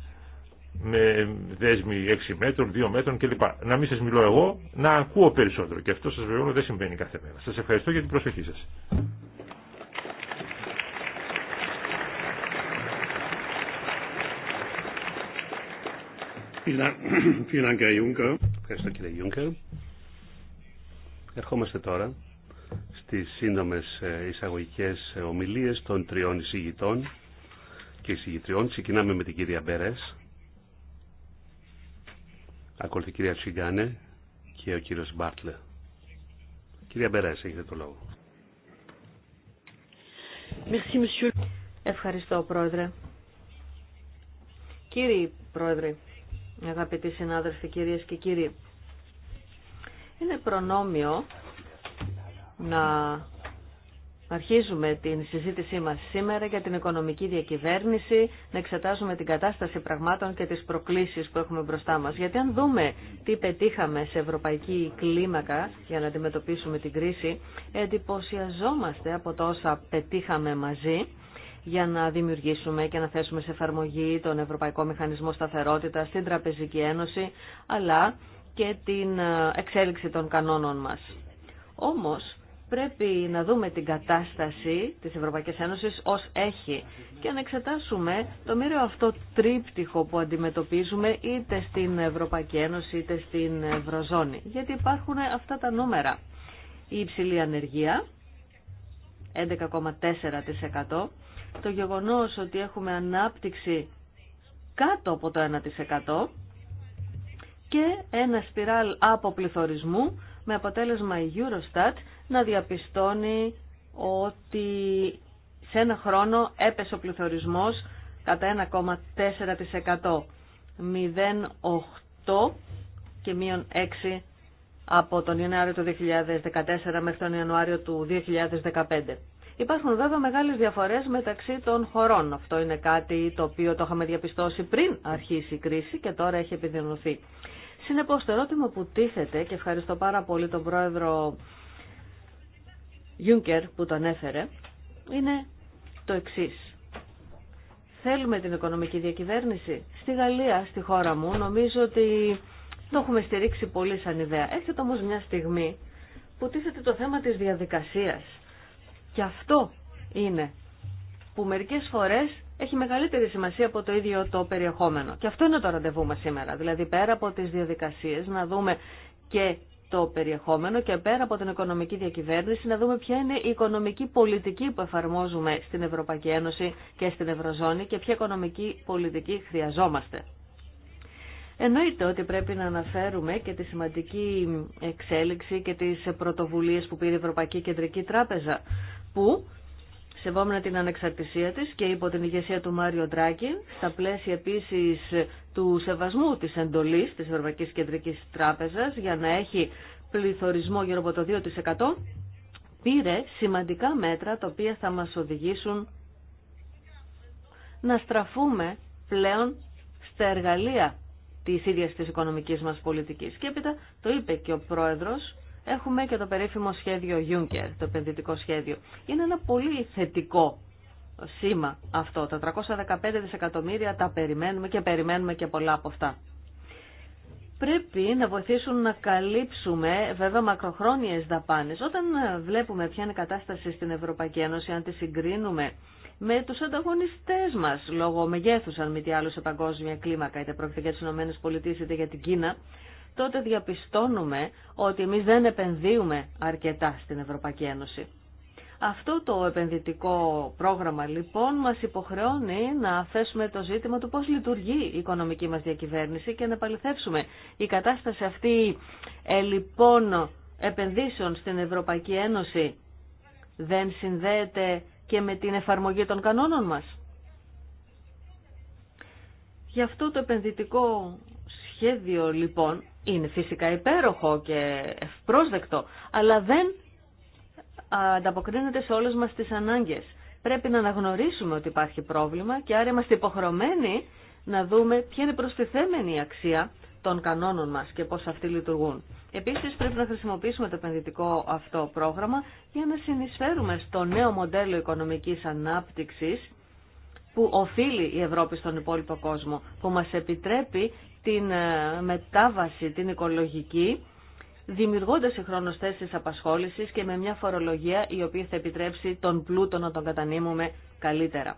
με δέσμη 6 μέτρων, 2 μέτρων κλπ. Να μην σα μιλώ εγώ, να ακούω περισσότερο. Και αυτό σα βεβαιώνω δεν συμβαίνει κάθε μέρα. Σας ευχαριστώ για την προσοχή σα. <clears throat> Ευχαριστώ κύριε Γιούγκερ. Ερχόμαστε τώρα στι σύντομε εισαγωγικέ ε, ομιλίε των τριών εισηγητών και εισηγητριών. Ξεκινάμε με την κυρία Μπερέ. Ακολουθεί η κυρία Τσιγκάνε και ο κύριος Μπάρτλε. Κυρία Μπερές, έχετε το λόγο. Ευχαριστώ, Πρόεδρε. Κύριοι Πρόεδρε, αγαπητοί συνάδελφοι, κυρίες και κύριοι, είναι προνόμιο να Αρχίζουμε την συζήτησή μας σήμερα για την οικονομική διακυβέρνηση, να εξετάζουμε την κατάσταση πραγμάτων και τις προκλήσεις που έχουμε μπροστά μας. Γιατί αν δούμε τι πετύχαμε σε ευρωπαϊκή κλίμακα για να αντιμετωπίσουμε την κρίση, εντυπωσιαζόμαστε από τόσα πετύχαμε μαζί για να δημιουργήσουμε και να θέσουμε σε εφαρμογή τον Ευρωπαϊκό Μηχανισμό Σταθερότητα την Τραπεζική Ένωση, αλλά και την ε, εξέλιξη των κανόνων μας. Όμως, πρέπει να δούμε την κατάσταση της Ευρωπαϊκής Ένωσης ως έχει και να εξετάσουμε το μοίραιο αυτό τρίπτυχο που αντιμετωπίζουμε είτε στην Ευρωπαϊκή Ένωση είτε στην Ευρωζώνη. Γιατί υπάρχουν αυτά τα νούμερα. Η υψηλή ανεργία, 11,4%. Το γεγονός ότι έχουμε ανάπτυξη κάτω από το 1% και ένα σπιράλ αποπληθωρισμού με αποτέλεσμα η Eurostat να διαπιστώνει ότι σε ένα χρόνο έπεσε ο πληθωρισμός κατά 1,4%. 0,8 και μείον 6 από τον Ιανουάριο του 2014 μέχρι τον Ιανουάριο του 2015. Υπάρχουν βέβαια μεγάλες διαφορές μεταξύ των χωρών. Αυτό είναι κάτι το οποίο το είχαμε διαπιστώσει πριν αρχίσει η κρίση και τώρα έχει επιδεινωθεί. Συνεπώς το ερώτημα που τίθεται, και ευχαριστώ πάρα πολύ τον πρόεδρο Γιούγκερ που τον έφερε είναι το εξής. Θέλουμε την οικονομική διακυβέρνηση. Στη Γαλλία, στη χώρα μου, νομίζω ότι το έχουμε στηρίξει πολύ σαν ιδέα. Έρχεται όμως μια στιγμή που τίθεται το θέμα της διαδικασίας. Και αυτό είναι που μερικές φορές έχει μεγαλύτερη σημασία από το ίδιο το περιεχόμενο. Και αυτό είναι το ραντεβού μας σήμερα. Δηλαδή πέρα από τις διαδικασίες να δούμε και το περιεχόμενο και πέρα από την οικονομική διακυβέρνηση να δούμε ποια είναι η οικονομική πολιτική που εφαρμόζουμε στην Ευρωπαϊκή Ένωση και στην Ευρωζώνη και ποια οικονομική πολιτική χρειαζόμαστε. Εννοείται ότι πρέπει να αναφέρουμε και τη σημαντική εξέλιξη και τις πρωτοβουλίες που πήρε η Ευρωπαϊκή Κεντρική Τράπεζα που σεβόμενα την ανεξαρτησία της και υπό την ηγεσία του Μάριο Ντράκη, στα πλαίσια επίσης του σεβασμού της εντολής της Ευρωπαϊκής Κεντρικής Τράπεζας για να έχει πληθωρισμό γύρω από το 2%, πήρε σημαντικά μέτρα τα οποία θα μας οδηγήσουν να στραφούμε πλέον στα εργαλεία της ίδιας της οικονομικής μας πολιτικής. Και έπειτα το είπε και ο πρόεδρος έχουμε και το περίφημο σχέδιο Juncker, το επενδυτικό σχέδιο. Είναι ένα πολύ θετικό σήμα αυτό. Τα 315 δισεκατομμύρια τα περιμένουμε και περιμένουμε και πολλά από αυτά. Πρέπει να βοηθήσουν να καλύψουμε βέβαια μακροχρόνιες δαπάνες. Όταν βλέπουμε ποια είναι η κατάσταση στην Ευρωπαϊκή Ένωση, αν τη συγκρίνουμε με τους ανταγωνιστές μας λόγω μεγέθους αν μη τι άλλο σε παγκόσμια κλίμακα, είτε πρόκειται για τις ΗΠΑ είτε για την Κίνα, τότε διαπιστώνουμε ότι εμείς δεν επενδύουμε αρκετά στην Ευρωπαϊκή Ένωση. Αυτό το επενδυτικό πρόγραμμα λοιπόν μας υποχρεώνει να θέσουμε το ζήτημα του πώς λειτουργεί η οικονομική μας διακυβέρνηση και να επαληθεύσουμε η κατάσταση αυτή λοιπόν επενδύσεων στην Ευρωπαϊκή Ένωση δεν συνδέεται και με την εφαρμογή των κανόνων μας. Γι' αυτό το επενδυτικό σχέδιο λοιπόν είναι φυσικά υπέροχο και ευπρόσδεκτο, αλλά δεν ανταποκρίνεται σε όλες μας τις ανάγκες. Πρέπει να αναγνωρίσουμε ότι υπάρχει πρόβλημα και άρα είμαστε υποχρεωμένοι να δούμε ποια είναι η προστιθέμενη αξία των κανόνων μας και πώς αυτοί λειτουργούν. Επίσης πρέπει να χρησιμοποιήσουμε το επενδυτικό αυτό πρόγραμμα για να συνεισφέρουμε στο νέο μοντέλο οικονομικής ανάπτυξης που οφείλει η Ευρώπη στον υπόλοιπο κόσμο, που μας επιτρέπει την ε, μετάβαση την οικολογική, δημιουργώντας συγχρόνως θέσεις απασχόλησης και με μια φορολογία η οποία θα επιτρέψει τον πλούτο να τον κατανείμουμε καλύτερα.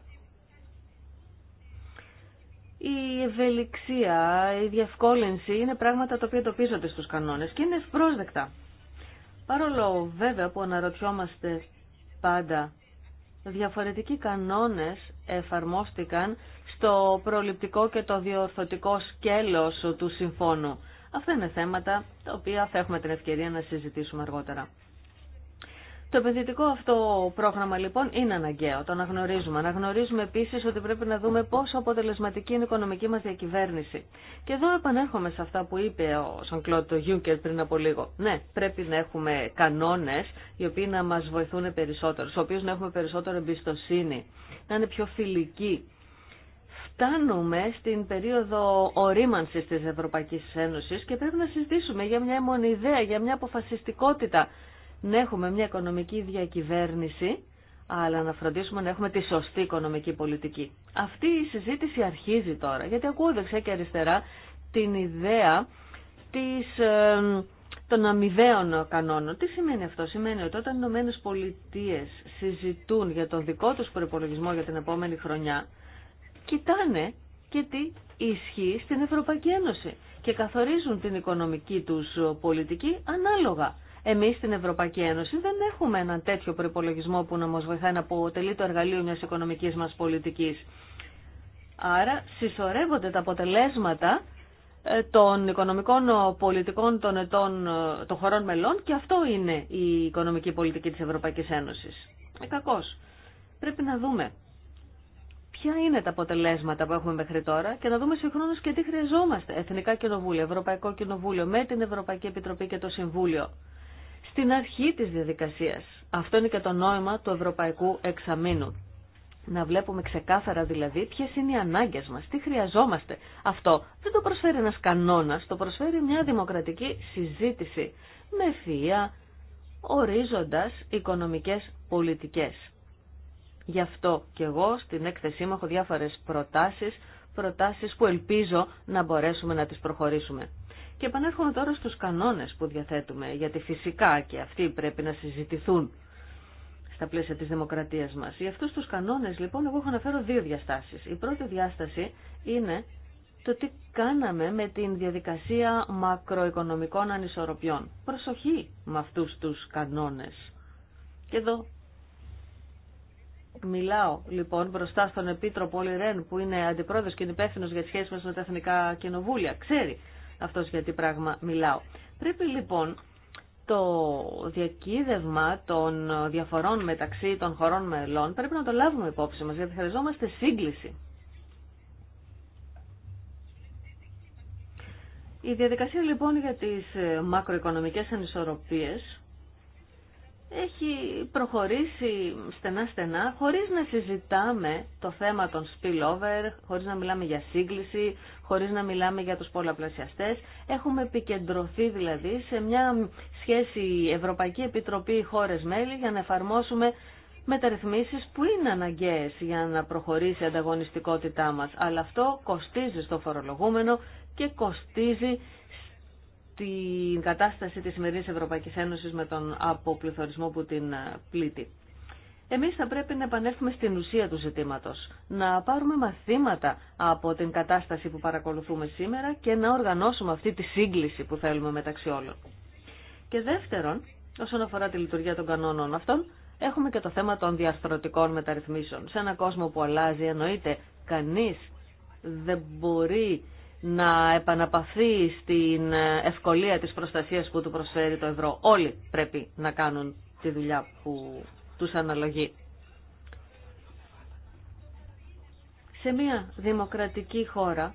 Η ευελιξία, η διευκόλυνση είναι πράγματα τα οποία τοπίζονται στους κανόνες και είναι ευπρόσδεκτα. Παρόλο βέβαια που αναρωτιόμαστε πάντα, διαφορετικοί κανόνες εφαρμόστηκαν το προληπτικό και το διορθωτικό σκέλος του συμφώνου. Αυτά είναι θέματα τα οποία θα έχουμε την ευκαιρία να συζητήσουμε αργότερα. Το επενδυτικό αυτό πρόγραμμα λοιπόν είναι αναγκαίο, το αναγνωρίζουμε. Αναγνωρίζουμε επίση ότι πρέπει να δούμε πόσο αποτελεσματική είναι η οικονομική μα διακυβέρνηση. Και εδώ επανέρχομαι σε αυτά που είπε ο Σαν Κλώτο Γιούγκερ πριν από λίγο. Ναι, πρέπει να έχουμε κανόνε οι οποίοι να μα βοηθούν περισσότερο, στου οποίου να έχουμε περισσότερο εμπιστοσύνη, να είναι πιο φιλικοί φτάνουμε στην περίοδο ορίμανσης της Ευρωπαϊκής Ένωσης και πρέπει να συζητήσουμε για μια ιδέα για μια αποφασιστικότητα να έχουμε μια οικονομική διακυβέρνηση, αλλά να φροντίσουμε να έχουμε τη σωστή οικονομική πολιτική. Αυτή η συζήτηση αρχίζει τώρα, γιατί ακούω δεξιά και αριστερά την ιδέα της, ε, των αμοιβαίων κανόνων. Τι σημαίνει αυτό. Σημαίνει ότι όταν οι Ηνωμένε Πολιτείε συζητούν για τον δικό τους προπολογισμό για την επόμενη χρονιά, κοιτάνε και τι ισχύει στην Ευρωπαϊκή Ένωση και καθορίζουν την οικονομική τους πολιτική ανάλογα. Εμείς στην Ευρωπαϊκή Ένωση δεν έχουμε έναν τέτοιο προπολογισμό που να μας βοηθάει να αποτελεί το εργαλείο μιας οικονομικής μας πολιτικής. Άρα συσσωρεύονται τα αποτελέσματα ε, των οικονομικών πολιτικών ε, των, χωρών μελών και αυτό είναι η οικονομική πολιτική της Ευρωπαϊκής Ένωσης. Ε, Πρέπει να δούμε ποια είναι τα αποτελέσματα που έχουμε μέχρι τώρα και να δούμε συγχρόνω και τι χρειαζόμαστε. Εθνικά Κοινοβούλια, Ευρωπαϊκό Κοινοβούλιο, με την Ευρωπαϊκή Επιτροπή και το Συμβούλιο. Στην αρχή τη διαδικασία. Αυτό είναι και το νόημα του Ευρωπαϊκού Εξαμήνου. Να βλέπουμε ξεκάθαρα δηλαδή ποιε είναι οι ανάγκε μα, τι χρειαζόμαστε. Αυτό δεν το προσφέρει ένα κανόνα, το προσφέρει μια δημοκρατική συζήτηση με θεία ορίζοντα οικονομικέ πολιτικέ. Γι' αυτό και εγώ στην έκθεσή μου έχω διάφορες προτάσεις, προτάσεις που ελπίζω να μπορέσουμε να τις προχωρήσουμε. Και επανέρχομαι τώρα στους κανόνες που διαθέτουμε, γιατί φυσικά και αυτοί πρέπει να συζητηθούν στα πλαίσια της δημοκρατίας μας. Για αυτούς τους κανόνες λοιπόν εγώ έχω αναφέρω δύο διαστάσεις. Η πρώτη διάσταση είναι το τι κάναμε με την διαδικασία μακροοικονομικών ανισορροπιών. Προσοχή με αυτούς τους κανόνες. Και εδώ Μιλάω λοιπόν μπροστά στον Επίτροπο Ολυρέν, που είναι αντιπρόεδρος και υπεύθυνο για τις σχέσεις μας με τα εθνικά κοινοβούλια. Ξέρει αυτός για τι πράγμα μιλάω. Πρέπει λοιπόν το διακύδευμα των διαφορών μεταξύ των χωρών μελών πρέπει να το λάβουμε υπόψη μας γιατί χρειαζόμαστε σύγκληση. Η διαδικασία λοιπόν για τις μακροοικονομικές ανισορροπίες έχει προχωρήσει στενά-στενά χωρίς να συζητάμε το θέμα των spillover, χωρίς να μιλάμε για σύγκληση, χωρίς να μιλάμε για τους πολλαπλασιαστές. Έχουμε επικεντρωθεί δηλαδή σε μια σχέση Ευρωπαϊκή Επιτροπή χώρες μέλη για να εφαρμόσουμε μεταρρυθμίσεις που είναι αναγκαίες για να προχωρήσει η ανταγωνιστικότητά μας. Αλλά αυτό κοστίζει στο φορολογούμενο και κοστίζει την κατάσταση της σημερινής Ευρωπαϊκής Ένωσης με τον αποπληθωρισμό που την ε, πλήττει. Εμείς θα πρέπει να επανέλθουμε στην ουσία του ζητήματος, να πάρουμε μαθήματα από την κατάσταση που παρακολουθούμε σήμερα και να οργανώσουμε αυτή τη σύγκληση που θέλουμε μεταξύ όλων. Και δεύτερον, όσον αφορά τη λειτουργία των κανόνων αυτών, έχουμε και το θέμα των διαρθρωτικών μεταρρυθμίσεων. Σε έναν κόσμο που αλλάζει, εννοείται, κανείς δεν μπορεί να επαναπαθεί στην ευκολία της προστασίας που του προσφέρει το ευρώ. Όλοι πρέπει να κάνουν τη δουλειά που τους αναλογεί. Σε μια δημοκρατική χώρα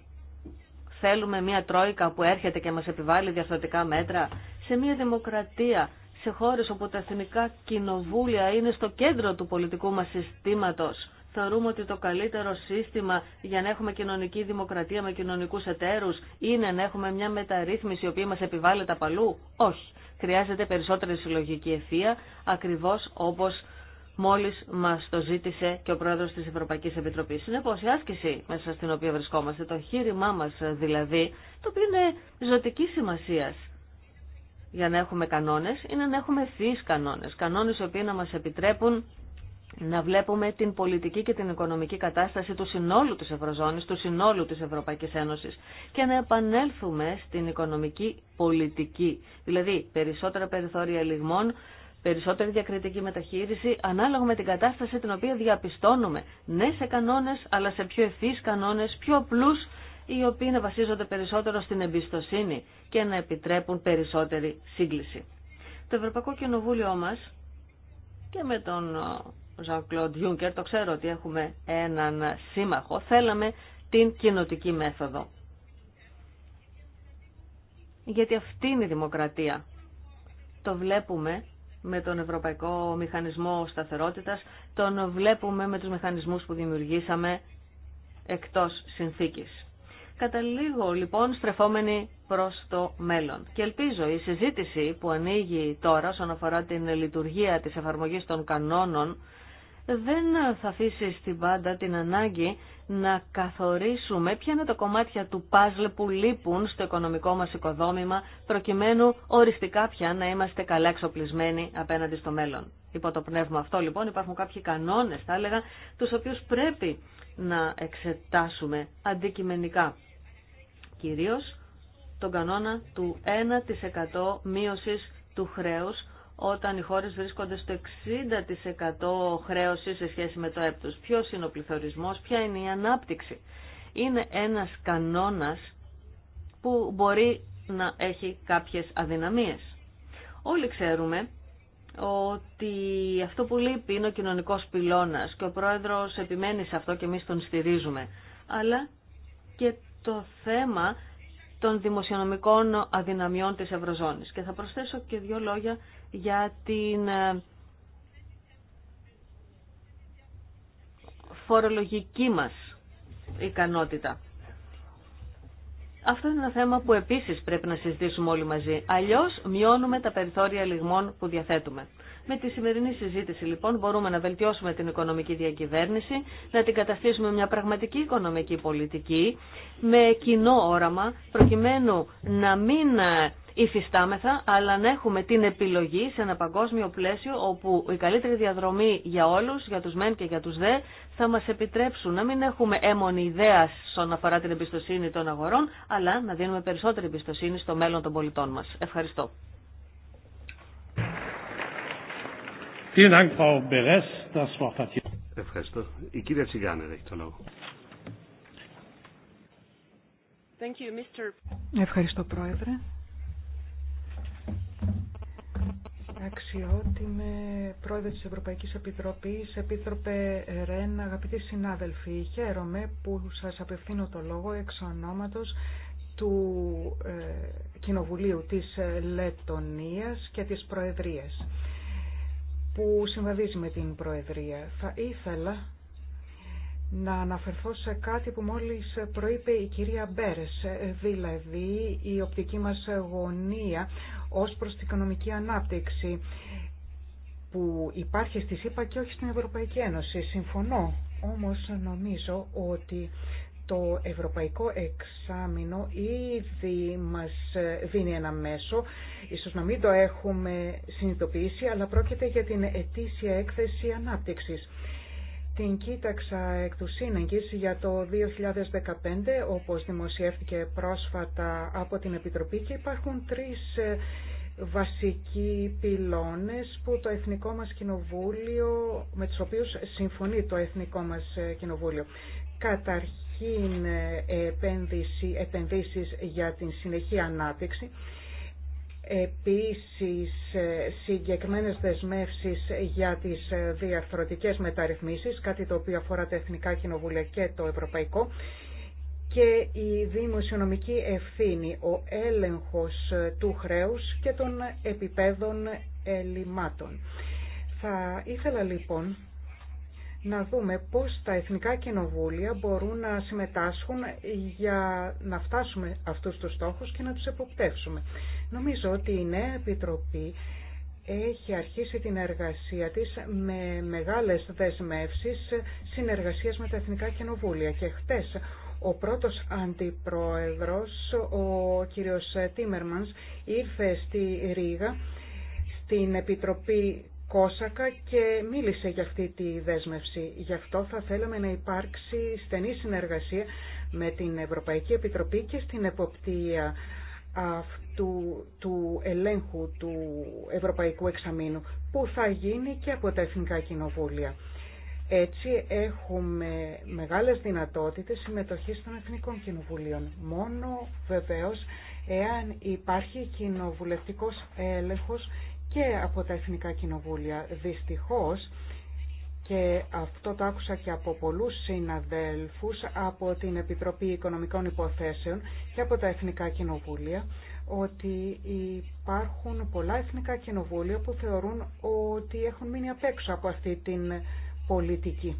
θέλουμε μια τρόικα που έρχεται και μας επιβάλλει διαφορετικά μέτρα. Σε μια δημοκρατία, σε χώρες όπου τα εθνικά κοινοβούλια είναι στο κέντρο του πολιτικού μας συστήματος Θεωρούμε ότι το καλύτερο σύστημα για να έχουμε κοινωνική δημοκρατία με κοινωνικού εταίρου είναι να έχουμε μια μεταρρύθμιση η οποία μα επιβάλλεται απαλού. Όχι. Χρειάζεται περισσότερη συλλογική ευθεία, ακριβώ όπω μόλι μα το ζήτησε και ο πρόεδρο τη Ευρωπαϊκή Επιτροπή. Συνεπώ, η άσκηση μέσα στην οποία βρισκόμαστε, το χείρημά μα δηλαδή, το οποίο είναι ζωτική σημασία για να έχουμε κανόνε, είναι να έχουμε ευθύ κανόνε. Κανόνε οι οποίοι να μα επιτρέπουν να βλέπουμε την πολιτική και την οικονομική κατάσταση του συνόλου της Ευρωζώνης, του συνόλου της Ευρωπαϊκής Ένωσης και να επανέλθουμε στην οικονομική πολιτική, δηλαδή περισσότερα περιθώρια λιγμών, περισσότερη διακριτική μεταχείριση ανάλογα με την κατάσταση την οποία διαπιστώνουμε. Ναι σε κανόνες, αλλά σε πιο ευθύς κανόνες, πιο απλούς, οι οποίοι να βασίζονται περισσότερο στην εμπιστοσύνη και να επιτρέπουν περισσότερη σύγκληση. Το Ευρωπαϊκό Κοινοβούλιο μας και με τον Jean-Claude το ξέρω ότι έχουμε έναν σύμμαχο, θέλαμε την κοινοτική μέθοδο. Γιατί αυτή είναι η δημοκρατία. Το βλέπουμε με τον Ευρωπαϊκό Μηχανισμό Σταθερότητας, τον βλέπουμε με τους μηχανισμούς που δημιουργήσαμε εκτός συνθήκης. Καταλήγω λοιπόν στρεφόμενοι προς το μέλλον. Και ελπίζω η συζήτηση που ανοίγει τώρα όσον αφορά την λειτουργία της εφαρμογής των κανόνων δεν θα αφήσει στην πάντα την ανάγκη να καθορίσουμε ποια είναι τα κομμάτια του πάζλ που λείπουν στο οικονομικό μας οικοδόμημα προκειμένου οριστικά πια να είμαστε καλά εξοπλισμένοι απέναντι στο μέλλον. Υπό το πνεύμα αυτό λοιπόν υπάρχουν κάποιοι κανόνες θα έλεγα τους οποίους πρέπει να εξετάσουμε αντικειμενικά. Κυρίως τον κανόνα του 1% μείωσης του χρέους όταν οι χώρες βρίσκονται στο 60% χρέωση σε σχέση με το έπτος. Ποιος είναι ο πληθωρισμός, ποια είναι η ανάπτυξη. Είναι ένας κανόνας που μπορεί να έχει κάποιες αδυναμίες. Όλοι ξέρουμε ότι αυτό που λείπει είναι ο κοινωνικός πυλώνας και ο πρόεδρος επιμένει σε αυτό και εμείς τον στηρίζουμε. Αλλά και το θέμα των δημοσιονομικών αδυναμιών της Ευρωζώνης. Και θα προσθέσω και δύο λόγια για την ε, φορολογική μας ικανότητα. Αυτό είναι ένα θέμα που επίσης πρέπει να συζητήσουμε όλοι μαζί. Αλλιώς μειώνουμε τα περιθώρια λιγμών που διαθέτουμε. Με τη σημερινή συζήτηση λοιπόν μπορούμε να βελτιώσουμε την οικονομική διακυβέρνηση, να την καταστήσουμε μια πραγματική οικονομική πολιτική με κοινό όραμα προκειμένου να μην υφιστάμεθα, αλλά να έχουμε την επιλογή σε ένα παγκόσμιο πλαίσιο όπου η καλύτερη διαδρομή για όλους, για τους μεν και για τους δε, θα μας επιτρέψουν να μην έχουμε έμονη ιδέα στον αφορά την εμπιστοσύνη των αγορών, αλλά να δίνουμε περισσότερη εμπιστοσύνη στο μέλλον των πολιτών μας. Ευχαριστώ. Ευχαριστώ. Η κυρία Τσιγάνερ έχει το λόγο. Ευχαριστώ, Πρόεδρε. Αξιότιμε πρόεδρε τη Ευρωπαϊκή Επιτροπή, Επίτροπε Ρέν, αγαπητοί συνάδελφοι, χαίρομαι που σα απευθύνω το λόγο εξ ονόματο του ε, Κοινοβουλίου της Λετωνίας και της Προεδρίας που συμβαδίζει με την Προεδρία. Θα ήθελα να αναφερθώ σε κάτι που μόλις προείπε η κυρία Μπέρες, δηλαδή η οπτική μας γωνία ως προς την οικονομική ανάπτυξη που υπάρχει στη ΣΥΠΑ και όχι στην Ευρωπαϊκή Ένωση. Συμφωνώ, όμως νομίζω ότι το ευρωπαϊκό εξάμεινο ήδη μας δίνει ένα μέσο, ίσως να μην το έχουμε συνειδητοποιήσει, αλλά πρόκειται για την ετήσια έκθεση ανάπτυξης. Την κοίταξα εκ του σύνεγγης για το 2015, όπως δημοσιεύτηκε πρόσφατα από την Επιτροπή και υπάρχουν τρεις ε, βασικοί πυλώνες που το Εθνικό μας Κοινοβούλιο, με τους οποίους συμφωνεί το Εθνικό μας ε, Κοινοβούλιο. Καταρχήν, καταρχήν ε, επένδυση, επενδύσεις για την συνεχή ανάπτυξη, επίσης ε, συγκεκριμένες δεσμεύσεις για τις ε, διαφορετικές μεταρρυθμίσεις, κάτι το οποίο αφορά τα Εθνικά Κοινοβούλια και το Ευρωπαϊκό, και η δημοσιονομική ευθύνη, ο έλεγχος του χρέους και των επιπέδων ελλημάτων. Θα ήθελα λοιπόν να δούμε πώς τα εθνικά κοινοβούλια μπορούν να συμμετάσχουν για να φτάσουμε αυτούς τους στόχους και να τους εποπτεύσουμε. Νομίζω ότι η νέα Επιτροπή έχει αρχίσει την εργασία της με μεγάλες δεσμεύσεις συνεργασίας με τα Εθνικά Κοινοβούλια και χτες ο πρώτος αντιπρόεδρος, ο κύριος Τίμερμανς, ήρθε στη Ρήγα στην Επιτροπή Κόσακα και μίλησε για αυτή τη δέσμευση. Γι' αυτό θα θέλαμε να υπάρξει στενή συνεργασία με την Ευρωπαϊκή Επιτροπή και στην εποπτεία αυτού του ελέγχου του Ευρωπαϊκού Εξαμήνου που θα γίνει και από τα Εθνικά Κοινοβούλια. Έτσι έχουμε μεγάλες δυνατότητες συμμετοχής των Εθνικών Κοινοβουλίων. Μόνο βεβαίως εάν υπάρχει κοινοβουλευτικός έλεγχος και από τα Εθνικά Κοινοβούλια. Δυστυχώς, και αυτό το άκουσα και από πολλούς συναδέλφους από την Επιτροπή Οικονομικών Υποθέσεων και από τα Εθνικά Κοινοβούλια, ότι υπάρχουν πολλά Εθνικά Κοινοβούλια που θεωρούν ότι έχουν μείνει απ' έξω από αυτή την πολιτική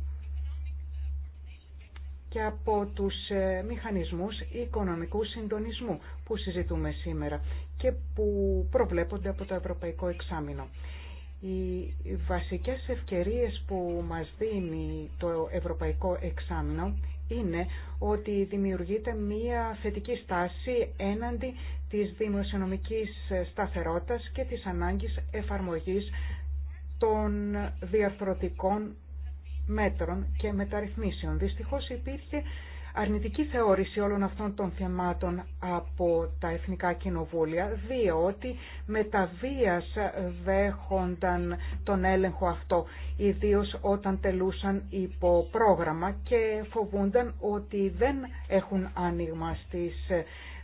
και από τους ε, μηχανισμούς οικονομικού συντονισμού που συζητούμε σήμερα και που προβλέπονται από το Ευρωπαϊκό Εξάμεινο. Οι βασικές ευκαιρίες που μας δίνει το Ευρωπαϊκό Εξάμεινο είναι ότι δημιουργείται μία θετική στάση έναντι της δημοσιονομικής σταθερότητας και της ανάγκης εφαρμογής των διαρθρωτικών μέτρων και μεταρρυθμίσεων. Δυστυχώς υπήρχε αρνητική θεώρηση όλων αυτών των θεμάτων από τα Εθνικά Κοινοβούλια, διότι με τα βίας δέχονταν τον έλεγχο αυτό, ιδίως όταν τελούσαν υπό πρόγραμμα και φοβούνταν ότι δεν έχουν άνοιγμα στις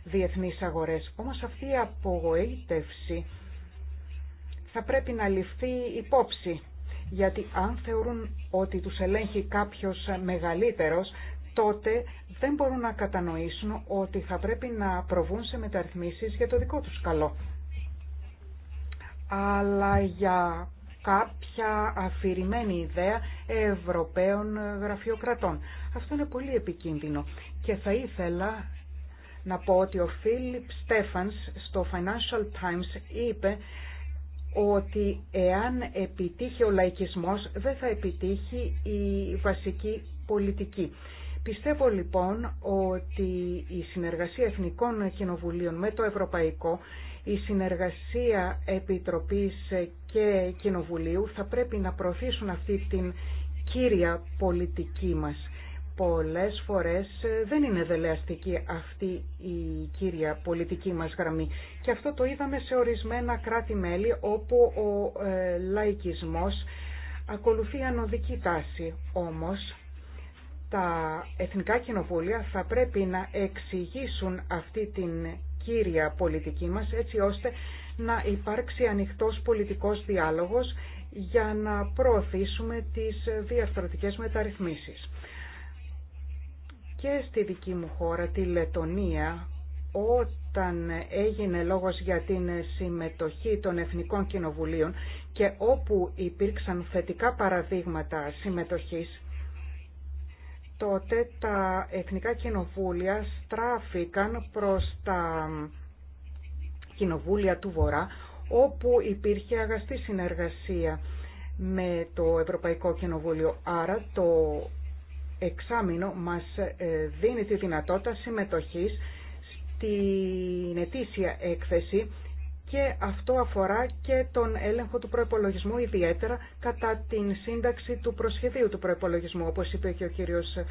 διεθνείς αγορές. Όμως αυτή η απογοήτευση θα πρέπει να ληφθεί υπόψη γιατί αν θεωρούν ότι τους ελέγχει κάποιος μεγαλύτερος, τότε δεν μπορούν να κατανοήσουν ότι θα πρέπει να προβούν σε μεταρρυθμίσεις για το δικό τους καλό. Αλλά για κάποια αφηρημένη ιδέα Ευρωπαίων γραφειοκρατών. Αυτό είναι πολύ επικίνδυνο και θα ήθελα να πω ότι ο Φίλιπ Στέφανς στο Financial Times είπε ότι εάν επιτύχει ο λαϊκισμός δεν θα επιτύχει η βασική πολιτική. Πιστεύω λοιπόν ότι η συνεργασία Εθνικών Κοινοβουλίων με το Ευρωπαϊκό, η συνεργασία Επιτροπής και Κοινοβουλίου θα πρέπει να προωθήσουν αυτή την κύρια πολιτική μας πολλές φορές ε, δεν είναι δελεαστική αυτή η κύρια πολιτική μας γραμμή. Και αυτό το είδαμε σε ορισμένα κράτη-μέλη όπου ο ε, λαϊκισμός ακολουθεί ανωδική τάση. Όμως τα εθνικά κοινοβούλια θα πρέπει να εξηγήσουν αυτή την κύρια πολιτική μας έτσι ώστε να υπάρξει ανοιχτός πολιτικός διάλογος για να προωθήσουμε τις διαρθρωτικές μεταρρυθμίσεις και στη δική μου χώρα, τη Λετωνία, όταν έγινε λόγος για την συμμετοχή των Εθνικών Κοινοβουλίων και όπου υπήρξαν θετικά παραδείγματα συμμετοχής, τότε τα Εθνικά Κοινοβούλια στράφηκαν προς τα Κοινοβούλια του Βορρά, όπου υπήρχε αγαστή συνεργασία με το Ευρωπαϊκό Κοινοβούλιο. Άρα το εξάμεινο μας ε, δίνει τη δυνατότητα συμμετοχής στην ετήσια έκθεση και αυτό αφορά και τον έλεγχο του προϋπολογισμού ιδιαίτερα κατά την σύνταξη του προσχεδίου του προϋπολογισμού, όπως είπε και ο κύριος ε,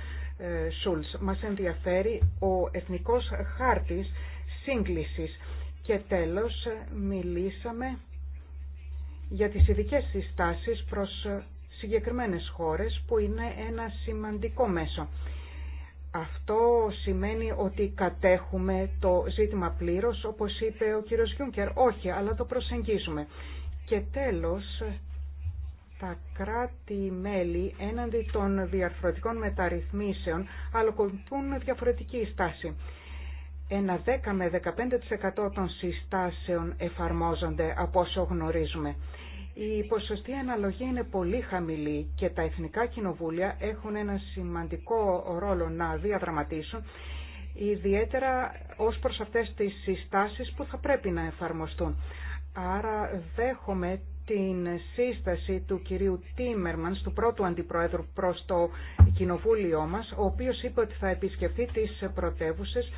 Σούλς. Μας ενδιαφέρει ο Εθνικός Χάρτης Σύγκλησης. Και τέλος μιλήσαμε για τις ειδικές συστάσεις προς συγκεκριμένες χώρες που είναι ένα σημαντικό μέσο. Αυτό σημαίνει ότι κατέχουμε το ζήτημα πλήρως, όπως είπε ο κύριος Γιούνκερ. Όχι, αλλά το προσεγγίζουμε. Και τέλος, τα κράτη-μέλη έναντι των διαρθρωτικών μεταρρυθμίσεων αλλοκολουθούν διαφορετική στάση. Ένα 10 με 15% των συστάσεων εφαρμόζονται από όσο γνωρίζουμε. Η ποσοστή αναλογία είναι πολύ χαμηλή και τα εθνικά κοινοβούλια έχουν ένα σημαντικό ρόλο να διαδραματίσουν, ιδιαίτερα ως προς αυτές τις συστάσεις που θα πρέπει να εφαρμοστούν. Άρα δέχομαι την σύσταση του κυρίου Τίμερμανς, του πρώτου αντιπρόεδρου προς το κοινοβούλιο μας, ο οποίος είπε ότι θα επισκεφθεί τις πρωτεύουσες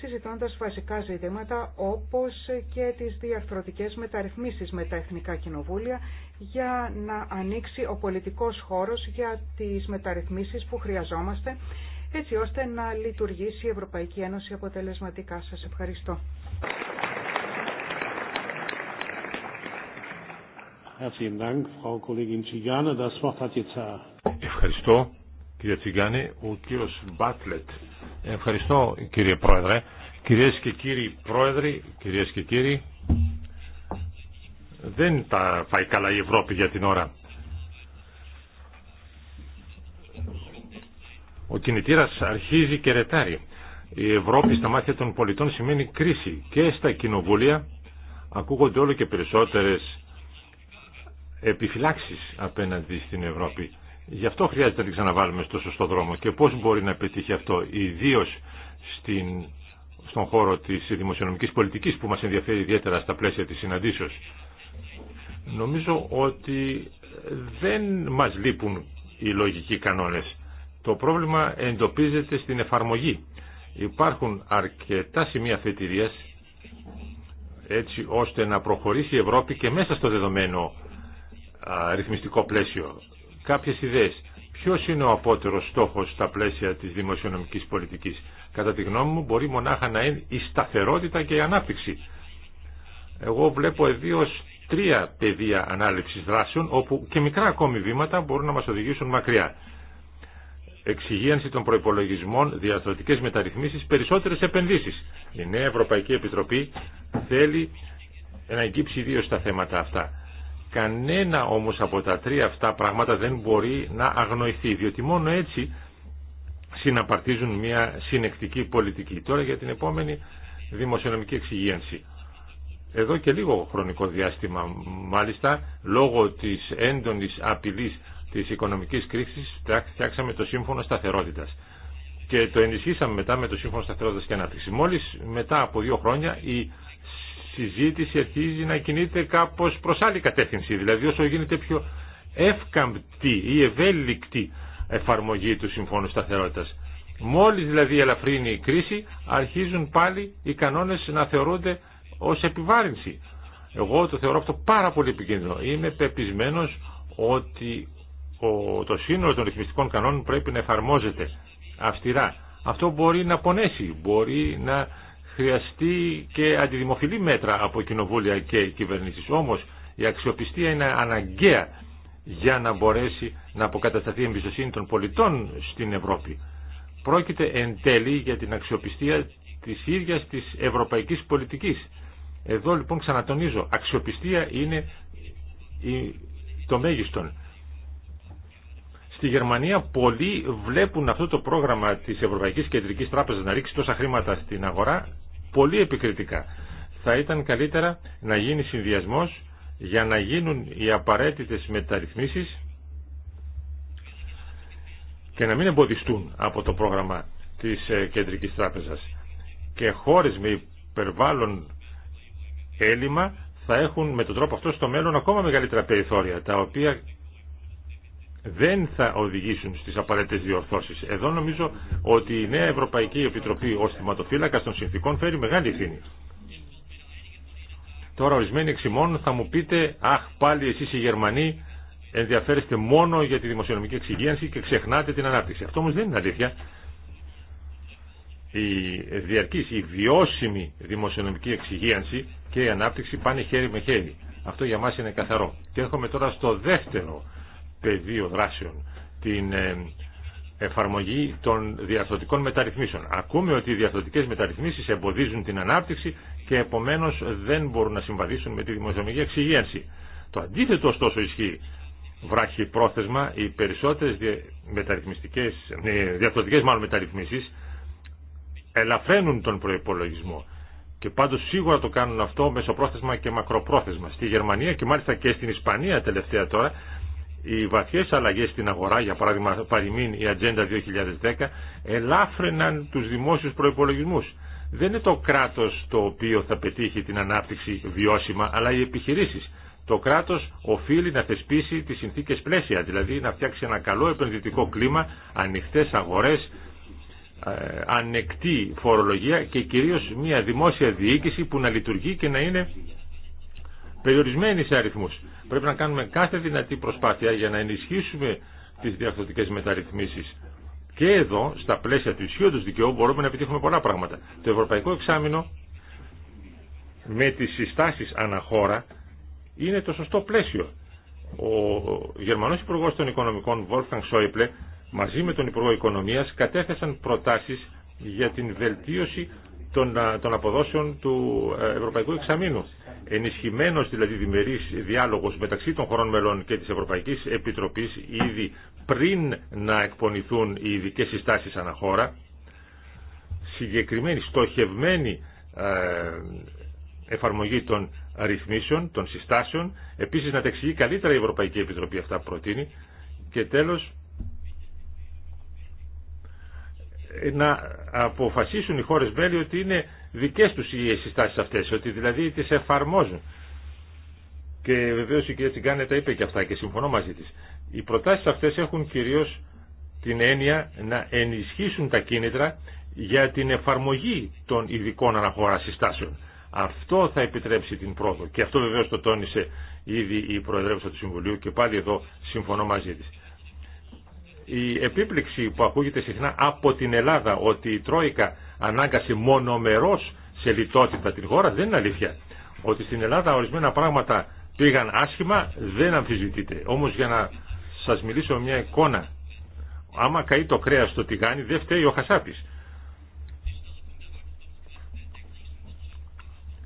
συζητώντας βασικά ζητήματα όπως και τις διαρθρωτικές μεταρρυθμίσεις με τα Εθνικά Κοινοβούλια για να ανοίξει ο πολιτικός χώρος για τις μεταρρυθμίσεις που χρειαζόμαστε έτσι ώστε να λειτουργήσει η Ευρωπαϊκή Ένωση αποτελεσματικά. Σας ευχαριστώ. Ευχαριστώ κύριε Τσιγκάνη. Ο κύριος Μπάτλετ Ευχαριστώ κύριε Πρόεδρε. Κυρίες και κύριοι Πρόεδροι, κυρίες και κύριοι, δεν τα πάει καλά η Ευρώπη για την ώρα. Ο κινητήρας αρχίζει και ρετάρει. Η Ευρώπη στα μάτια των πολιτών σημαίνει κρίση και στα κοινοβούλια ακούγονται όλο και περισσότερες επιφυλάξεις απέναντι στην Ευρώπη. Γι' αυτό χρειάζεται να την ξαναβάλουμε στο σωστό δρόμο και πώς μπορεί να πετύχει αυτό, ιδίω στον χώρο της δημοσιονομικής πολιτικής που μας ενδιαφέρει ιδιαίτερα στα πλαίσια της συναντήσεως. Νομίζω ότι δεν μας λείπουν οι λογικοί κανόνες. Το πρόβλημα εντοπίζεται στην εφαρμογή. Υπάρχουν αρκετά σημεία θετηρίας έτσι ώστε να προχωρήσει η Ευρώπη και μέσα στο δεδομένο ρυθμιστικό πλαίσιο κάποιες ιδέες. Ποιος είναι ο απότερος στόχος στα πλαίσια της δημοσιονομικής πολιτικής. Κατά τη γνώμη μου μπορεί μονάχα να είναι η σταθερότητα και η ανάπτυξη. Εγώ βλέπω ιδίω τρία πεδία ανάληψης δράσεων όπου και μικρά ακόμη βήματα μπορούν να μας οδηγήσουν μακριά. Εξυγίανση των προπολογισμών, διαστροτικές μεταρρυθμίσεις, περισσότερες επενδύσεις. Η νέα Ευρωπαϊκή Επιτροπή θέλει να εγκύψει ιδίω τα θέματα αυτά. Κανένα όμως από τα τρία αυτά πράγματα δεν μπορεί να αγνοηθεί, διότι μόνο έτσι συναπαρτίζουν μια συνεκτική πολιτική. Τώρα για την επόμενη δημοσιονομική εξυγίανση. Εδώ και λίγο χρονικό διάστημα, μάλιστα, λόγω της έντονης απειλής της οικονομικής κρίσης, φτιάξαμε το Σύμφωνο Σταθερότητας. Και το ενισχύσαμε μετά με το Σύμφωνο Σταθερότητας και Ανάπτυξη. Μόλις μετά από δύο χρόνια η συζήτηση αρχίζει να κινείται κάπως προς άλλη κατεύθυνση, δηλαδή όσο γίνεται πιο εύκαμπτη ή ευέλικτη εφαρμογή του Συμφώνου Σταθερότητας. Μόλις δηλαδή ελαφρύνει η κρίση, αρχίζουν πάλι οι κανόνες να θεωρούνται ως επιβάρυνση. Εγώ το θεωρώ αυτό πάρα πολύ επικίνδυνο. Είμαι πεπισμένος ότι το σύνολο των ρυθμιστικών κανόνων πρέπει να εφαρμόζεται αυστηρά. Αυτό μπορεί να πονέσει, μπορεί να χρειαστεί και αντιδημοφιλή μέτρα από κοινοβούλια και κυβερνήσει. Όμω η αξιοπιστία είναι αναγκαία για να μπορέσει να αποκατασταθεί η εμπιστοσύνη των πολιτών στην Ευρώπη. Πρόκειται εν τέλει για την αξιοπιστία της ίδιας της ευρωπαϊκής πολιτικής. Εδώ λοιπόν ξανατονίζω, αξιοπιστία είναι το μέγιστον. Στη Γερμανία πολλοί βλέπουν αυτό το πρόγραμμα της Ευρωπαϊκής Κεντρικής Τράπεζας να ρίξει τόσα χρήματα στην αγορά πολύ επικριτικά. Θα ήταν καλύτερα να γίνει συνδυασμός για να γίνουν οι απαραίτητες μεταρρυθμίσεις και να μην εμποδιστούν από το πρόγραμμα της ε, Κεντρικής Τράπεζας. Και χωρίς με υπερβάλλον έλλειμμα θα έχουν με τον τρόπο αυτό στο μέλλον ακόμα μεγαλύτερα περιθώρια, τα οποία δεν θα οδηγήσουν στι απαραίτητε διορθώσει. Εδώ νομίζω ότι η νέα Ευρωπαϊκή Επιτροπή ως θυματοφύλακα των συνθήκων φέρει μεγάλη ευθύνη. Τώρα ορισμένοι εξημών θα μου πείτε «Αχ, πάλι εσεί οι Γερμανοί ενδιαφέρεστε μόνο για τη δημοσιονομική εξυγίανση και ξεχνάτε την ανάπτυξη». Αυτό όμω δεν είναι αλήθεια. Η διαρκή η βιώσιμη δημοσιονομική εξυγίανση και η ανάπτυξη πάνε χέρι με χέρι. Αυτό για μα είναι καθαρό. Και έρχομαι τώρα στο δεύτερο πεδίο δράσεων την ε, εφαρμογή των διαρθρωτικών μεταρρυθμίσεων. Ακούμε ότι οι διαρθωτικές μεταρρυθμίσεις εμποδίζουν την ανάπτυξη και επομένως δεν μπορούν να συμβαδίσουν με τη δημοσιονομική εξυγένση. Το αντίθετο ωστόσο ισχύει. Βράχει πρόθεσμα οι περισσότερες μεταρρυθμιστικές, ε, διαρθωτικές μάλλον μεταρρυθμίσεις ελαφραίνουν τον προϋπολογισμό. Και πάντως σίγουρα το κάνουν αυτό πρόθεσμα και μακροπρόθεσμα. Στη Γερμανία και μάλιστα και στην Ισπανία τελευταία τώρα οι βαθιές αλλαγές στην αγορά, για παράδειγμα παροιμήν η Ατζέντα 2010, ελάφρυναν τους δημόσιους προϋπολογισμούς. Δεν είναι το κράτος το οποίο θα πετύχει την ανάπτυξη βιώσιμα, αλλά οι επιχειρήσεις. Το κράτος οφείλει να θεσπίσει τις συνθήκες πλαίσια, δηλαδή να φτιάξει ένα καλό επενδυτικό κλίμα, ανοιχτές αγορές, ε, ανεκτή φορολογία και κυρίως μια δημόσια διοίκηση που να λειτουργεί και να είναι περιορισμένοι σε αριθμούς. Πρέπει να κάνουμε κάθε δυνατή προσπάθεια για να ενισχύσουμε τις διαρθρωτικές μεταρρυθμίσεις. Και εδώ, στα πλαίσια του ισχύοντο δικαιού, μπορούμε να επιτύχουμε πολλά πράγματα. Το Ευρωπαϊκό Εξάμεινο, με τις συστάσεις αναχώρα, είναι το σωστό πλαίσιο. Ο Γερμανός Υπουργός των Οικονομικών, Wolfgang Schäuble, μαζί με τον Υπουργό Οικονομίας, κατέθεσαν προτάσεις για την βελτίωση των, αποδόσεων του ε, Ευρωπαϊκού Εξαμήνου. Ενισχυμένος δηλαδή διμερή διάλογο μεταξύ των χωρών μελών και τη Ευρωπαϊκή Επιτροπής ήδη πριν να εκπονηθούν οι ειδικέ συστάσεις αναχώρα, συγκεκριμένη, στοχευμένη ε, εφαρμογή των ρυθμίσεων, των συστάσεων, επίσης να τα εξηγεί καλύτερα η Ευρωπαϊκή Επιτροπή αυτά που προτείνει και τέλο. να αποφασίσουν οι χώρες μέλη ότι είναι δικές τους οι συστάσεις αυτές, ότι δηλαδή τις εφαρμόζουν. Και βεβαίως η κυρία Τσιγκάνε τα είπε και αυτά και συμφωνώ μαζί της. Οι προτάσεις αυτές έχουν κυρίως την έννοια να ενισχύσουν τα κίνητρα για την εφαρμογή των ειδικών αναχώρα συστάσεων. Αυτό θα επιτρέψει την πρόοδο. Και αυτό βεβαίως το τόνισε ήδη η Προεδρεύουσα του Συμβουλίου και πάλι εδώ συμφωνώ μαζί της η επίπληξη που ακούγεται συχνά από την Ελλάδα ότι η Τρόικα ανάγκασε μονομερός σε λιτότητα την χώρα δεν είναι αλήθεια. Ότι στην Ελλάδα ορισμένα πράγματα πήγαν άσχημα δεν αμφισβητείται. Όμως για να σας μιλήσω μια εικόνα άμα καεί το κρέας στο τηγάνι δεν φταίει ο Χασάπης.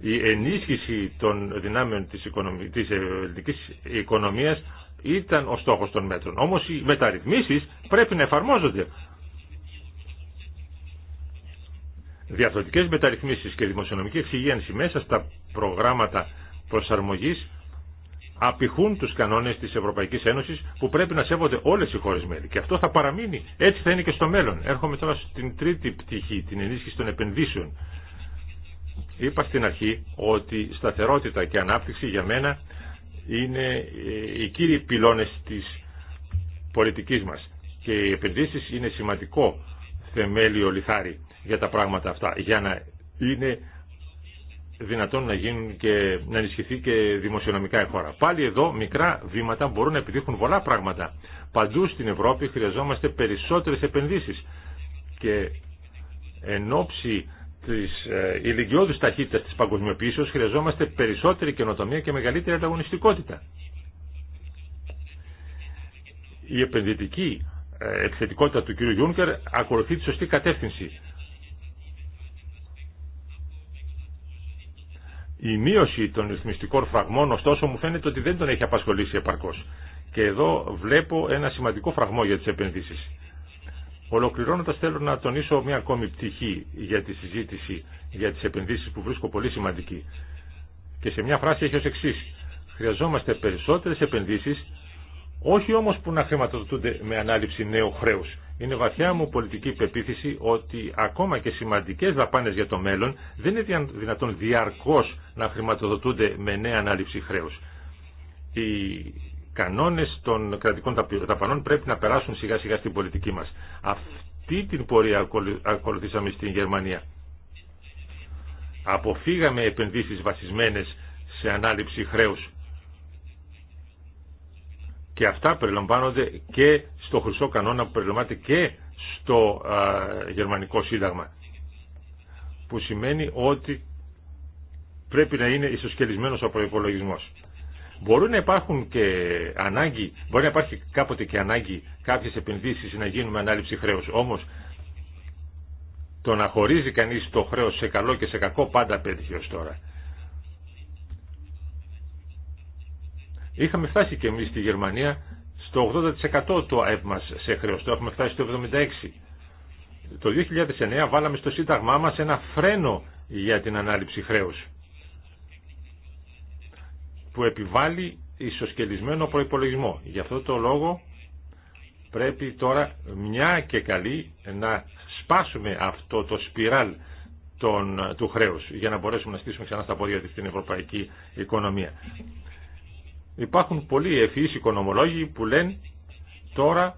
Η ενίσχυση των δυνάμεων της, οικονομικής, ελληνικής οικονομίας ήταν ο στόχος των μέτρων. Όμως οι μεταρρυθμίσεις πρέπει να εφαρμόζονται. Διαθροτικές μεταρρυθμίσεις και δημοσιονομική εξυγίανση μέσα στα προγράμματα προσαρμογής απηχούν τους κανόνες της Ευρωπαϊκής Ένωσης που πρέπει να σέβονται όλες οι χώρες μέλη. Και αυτό θα παραμείνει. Έτσι θα είναι και στο μέλλον. Έρχομαι τώρα στην τρίτη πτυχή, την ενίσχυση των επενδύσεων. Είπα στην αρχή ότι σταθερότητα και ανάπτυξη για μένα είναι ε, οι κύριοι πυλώνες της πολιτικής μας και οι επενδύσεις είναι σημαντικό θεμέλιο λιθάρι για τα πράγματα αυτά για να είναι δυνατόν να γίνουν και να ενισχυθεί και δημοσιονομικά η χώρα. Πάλι εδώ μικρά βήματα μπορούν να επιτύχουν πολλά πράγματα. Παντού στην Ευρώπη χρειαζόμαστε περισσότερες επενδύσεις και εν ε, της ε, ηλικιώδους ταχύτητας της χρειαζόμαστε περισσότερη καινοτομία και μεγαλύτερη ανταγωνιστικότητα. Η επενδυτική ε, επιθετικότητα του κ. Γιούνκερ ακολουθεί τη σωστή κατεύθυνση. Η μείωση των ρυθμιστικών φραγμών ωστόσο μου φαίνεται ότι δεν τον έχει απασχολήσει επαρκώς. Και εδώ βλέπω ένα σημαντικό φραγμό για τις επενδύσεις. Ολοκληρώνοντας θέλω να τονίσω μια ακόμη πτυχή για τη συζήτηση για τις επενδύσεις που βρίσκω πολύ σημαντική. Και σε μια φράση έχει ως εξής. Χρειαζόμαστε περισσότερες επενδύσεις, όχι όμως που να χρηματοδοτούνται με ανάληψη νέου χρέους. Είναι βαθιά μου πολιτική πεποίθηση ότι ακόμα και σημαντικές δαπάνες για το μέλλον δεν είναι δυνατόν διαρκώς να χρηματοδοτούνται με νέα ανάληψη χρέους κανόνες των κρατικών ταπανών πρέπει να περάσουν σιγά σιγά στην πολιτική μας. Αυτή την πορεία ακολουθήσαμε στην Γερμανία. Αποφύγαμε επενδύσεις βασισμένες σε ανάληψη χρέους. Και αυτά περιλαμβάνονται και στο χρυσό κανόνα που περιλαμβάνεται και στο γερμανικό σύνταγμα. Που σημαίνει ότι πρέπει να είναι ισοσκελισμένος ο προπολογισμό. Μπορεί να υπάρχουν και ανάγκη, μπορεί να υπάρχει κάποτε και ανάγκη κάποιες επενδύσεις να γίνουν με ανάληψη χρέους. Όμως το να χωρίζει κανείς το χρέος σε καλό και σε κακό πάντα πέτυχε ως τώρα. Είχαμε φτάσει και εμείς στη Γερμανία στο 80% το ΑΕΠ σε χρέος. Το έχουμε φτάσει στο 76%. Το 2009 βάλαμε στο Σύνταγμά μας ένα φρένο για την ανάληψη χρέους που επιβάλλει ισοσκελισμένο προϋπολογισμό. Γι' αυτό το λόγο πρέπει τώρα μια και καλή να σπάσουμε αυτό το σπιράλ τον, του χρέους για να μπορέσουμε να στήσουμε ξανά στα πόδια της την ευρωπαϊκή οικονομία. Υπάρχουν πολλοί ευφυείς οικονομολόγοι που λένε τώρα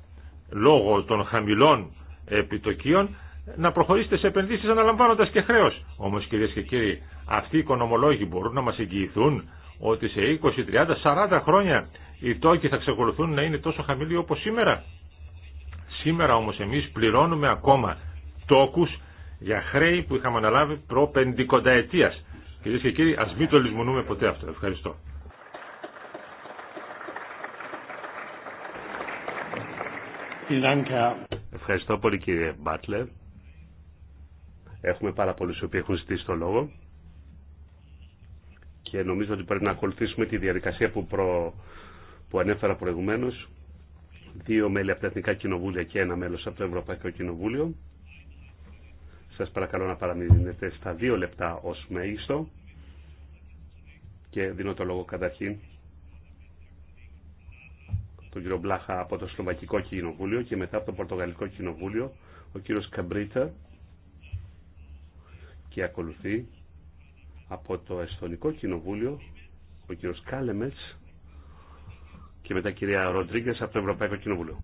λόγω των χαμηλών επιτοκίων να προχωρήσετε σε επενδύσεις αναλαμβάνοντας και χρέος. Όμως κυρίες και κύριοι, αυτοί οι οικονομολόγοι μπορούν να μας εγγυηθούν ότι σε 20, 30, 40 χρόνια οι τόκοι θα ξεκολουθούν να είναι τόσο χαμηλοί όπως σήμερα. Σήμερα όμως εμείς πληρώνουμε ακόμα τόκους για χρέη που είχαμε αναλάβει προ πεντηκονταετίας. Κυρίε και κύριοι, ας μην το λησμονούμε ποτέ αυτό. Ευχαριστώ. Ευχαριστώ πολύ κύριε Μπάτλερ. Έχουμε πάρα πολλούς οι οποίοι έχουν ζητήσει το λόγο και νομίζω ότι πρέπει να ακολουθήσουμε τη διαδικασία που, προ... που ανέφερα προηγουμένως δύο μέλη από τα Εθνικά Κοινοβούλια και ένα μέλος από το Ευρωπαϊκό Κοινοβούλιο. Σας παρακαλώ να παραμείνετε στα δύο λεπτά ω μέγιστο και δίνω το λόγο καταρχήν τον κύριο Μπλάχα από το Σλοβακικό Κοινοβούλιο και μετά από το Πορτογαλικό Κοινοβούλιο ο κύριος Καμπρίτα και ακολουθεί από το Εσθονικό Κοινοβούλιο, ο κύριος Κάλεμετς και μετά κυρία Ροντρίγκες από το Ευρωπαϊκό Κοινοβούλιο.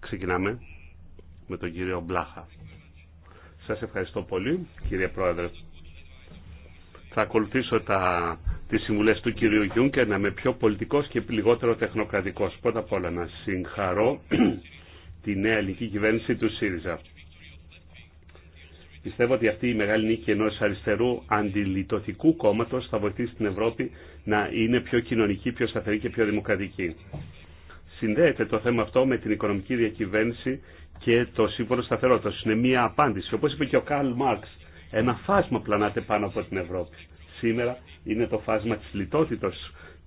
Ξεκινάμε με τον κύριο Μπλάχα. Σας ευχαριστώ πολύ, κύριε Πρόεδρε. Θα ακολουθήσω τα, τις συμβουλές του κυρίου Γιούγκερ να είμαι πιο πολιτικός και λιγότερο τεχνοκρατικός. Πρώτα απ' όλα να συγχαρώ <clears throat> τη νέα ελληνική κυβέρνηση του ΣΥΡΙΖΑ Πιστεύω ότι αυτή η μεγάλη νίκη ενό αριστερού αντιλητωτικού κόμματο θα βοηθήσει την Ευρώπη να είναι πιο κοινωνική, πιο σταθερή και πιο δημοκρατική. Συνδέεται το θέμα αυτό με την οικονομική διακυβέρνηση και το σύμφωνο σταθερότητα. Είναι μία απάντηση. Όπω είπε και ο Καρλ Μάρξ, ένα φάσμα πλανάται πάνω από την Ευρώπη. Σήμερα είναι το φάσμα τη λιτότητα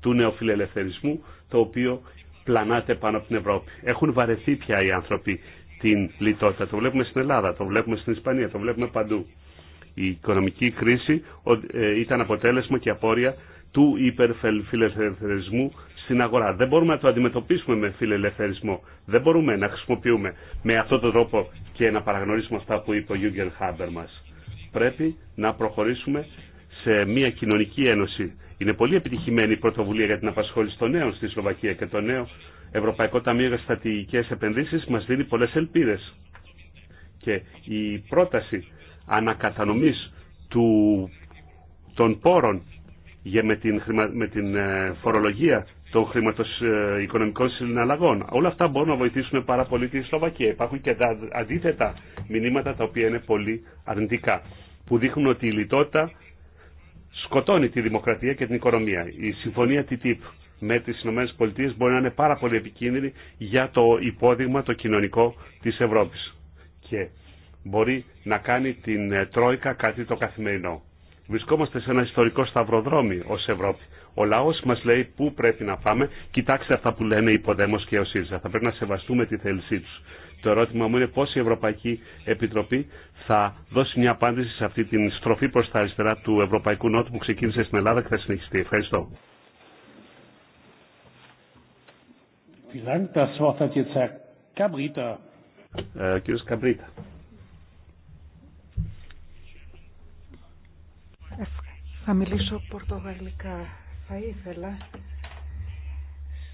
του νεοφιλελευθερισμού, το οποίο πλανάται πάνω από την Ευρώπη. Έχουν βαρεθεί πια οι άνθρωποι την Το βλέπουμε στην Ελλάδα, το βλέπουμε στην Ισπανία, το βλέπουμε παντού. Η οικονομική κρίση ε, ήταν αποτέλεσμα και απόρρια του υπερφιλελευθερισμού στην αγορά. Δεν μπορούμε να το αντιμετωπίσουμε με φιλελευθερισμό. Δεν μπορούμε να χρησιμοποιούμε με αυτόν τον τρόπο και να παραγνωρίσουμε αυτά που είπε ο Γιούγκερ Χάμπερ μα. Πρέπει να προχωρήσουμε σε μια κοινωνική ένωση. Είναι πολύ επιτυχημένη η πρωτοβουλία για την απασχόληση των νέων στη Σλοβακία και των νέων Ευρωπαϊκό Ταμείο για Στατηγικέ Επενδύσεις μας δίνει πολλές ελπίδες. Και η πρόταση ανακατανομής των πόρων για με, την, με την ε, φορολογία των χρηματοοικονομικών ε, συναλλαγών. Όλα αυτά μπορούν να βοηθήσουν πάρα πολύ τη Σλοβακία. Υπάρχουν και τα αντίθετα μηνύματα τα οποία είναι πολύ αρνητικά, που δείχνουν ότι η λιτότητα σκοτώνει τη δημοκρατία και την οικονομία. Η συμφωνία TTIP με τις Ηνωμένες Πολιτείες μπορεί να είναι πάρα πολύ επικίνδυνη για το υπόδειγμα το κοινωνικό της Ευρώπης. Και μπορεί να κάνει την ε, Τρόικα κάτι το καθημερινό. Βρισκόμαστε σε ένα ιστορικό σταυροδρόμι ως Ευρώπη. Ο λαός μας λέει πού πρέπει να πάμε. Κοιτάξτε αυτά που λένε η Ποδέμος και ο ΣΥΡΙΖΑ. Θα πρέπει να σεβαστούμε τη θέλησή τους. Το ερώτημα μου είναι πώς η Ευρωπαϊκή Επιτροπή θα δώσει μια απάντηση σε αυτή την στροφή προς τα αριστερά του Ευρωπαϊκού Νότου που ξεκίνησε στην Ελλάδα και θα συνεχιστεί. Ευχαριστώ. κύριος äh, Καμπρίτα. Θα μιλήσω πορτογαλικά. Θα ήθελα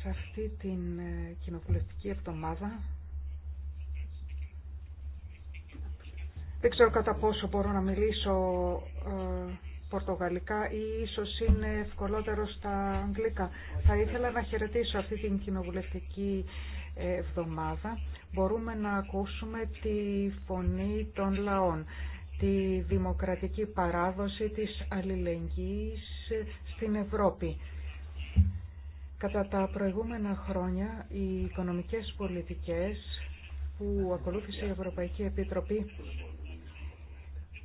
σε αυτή την ε, κοινοβουλευτική εβδομάδα δεν ξέρω κατά πόσο μπορώ να μιλήσω ε, πορτογαλικά ή ίσως είναι ευκολότερο στα αγγλικά. Θα ήθελα να χαιρετήσω αυτή την κοινοβουλευτική εβδομάδα. Μπορούμε να ακούσουμε τη φωνή των λαών, τη δημοκρατική παράδοση της αλληλεγγύης στην Ευρώπη. Κατά τα προηγούμενα χρόνια οι οικονομικές πολιτικές που ακολούθησε η Ευρωπαϊκή Επιτροπή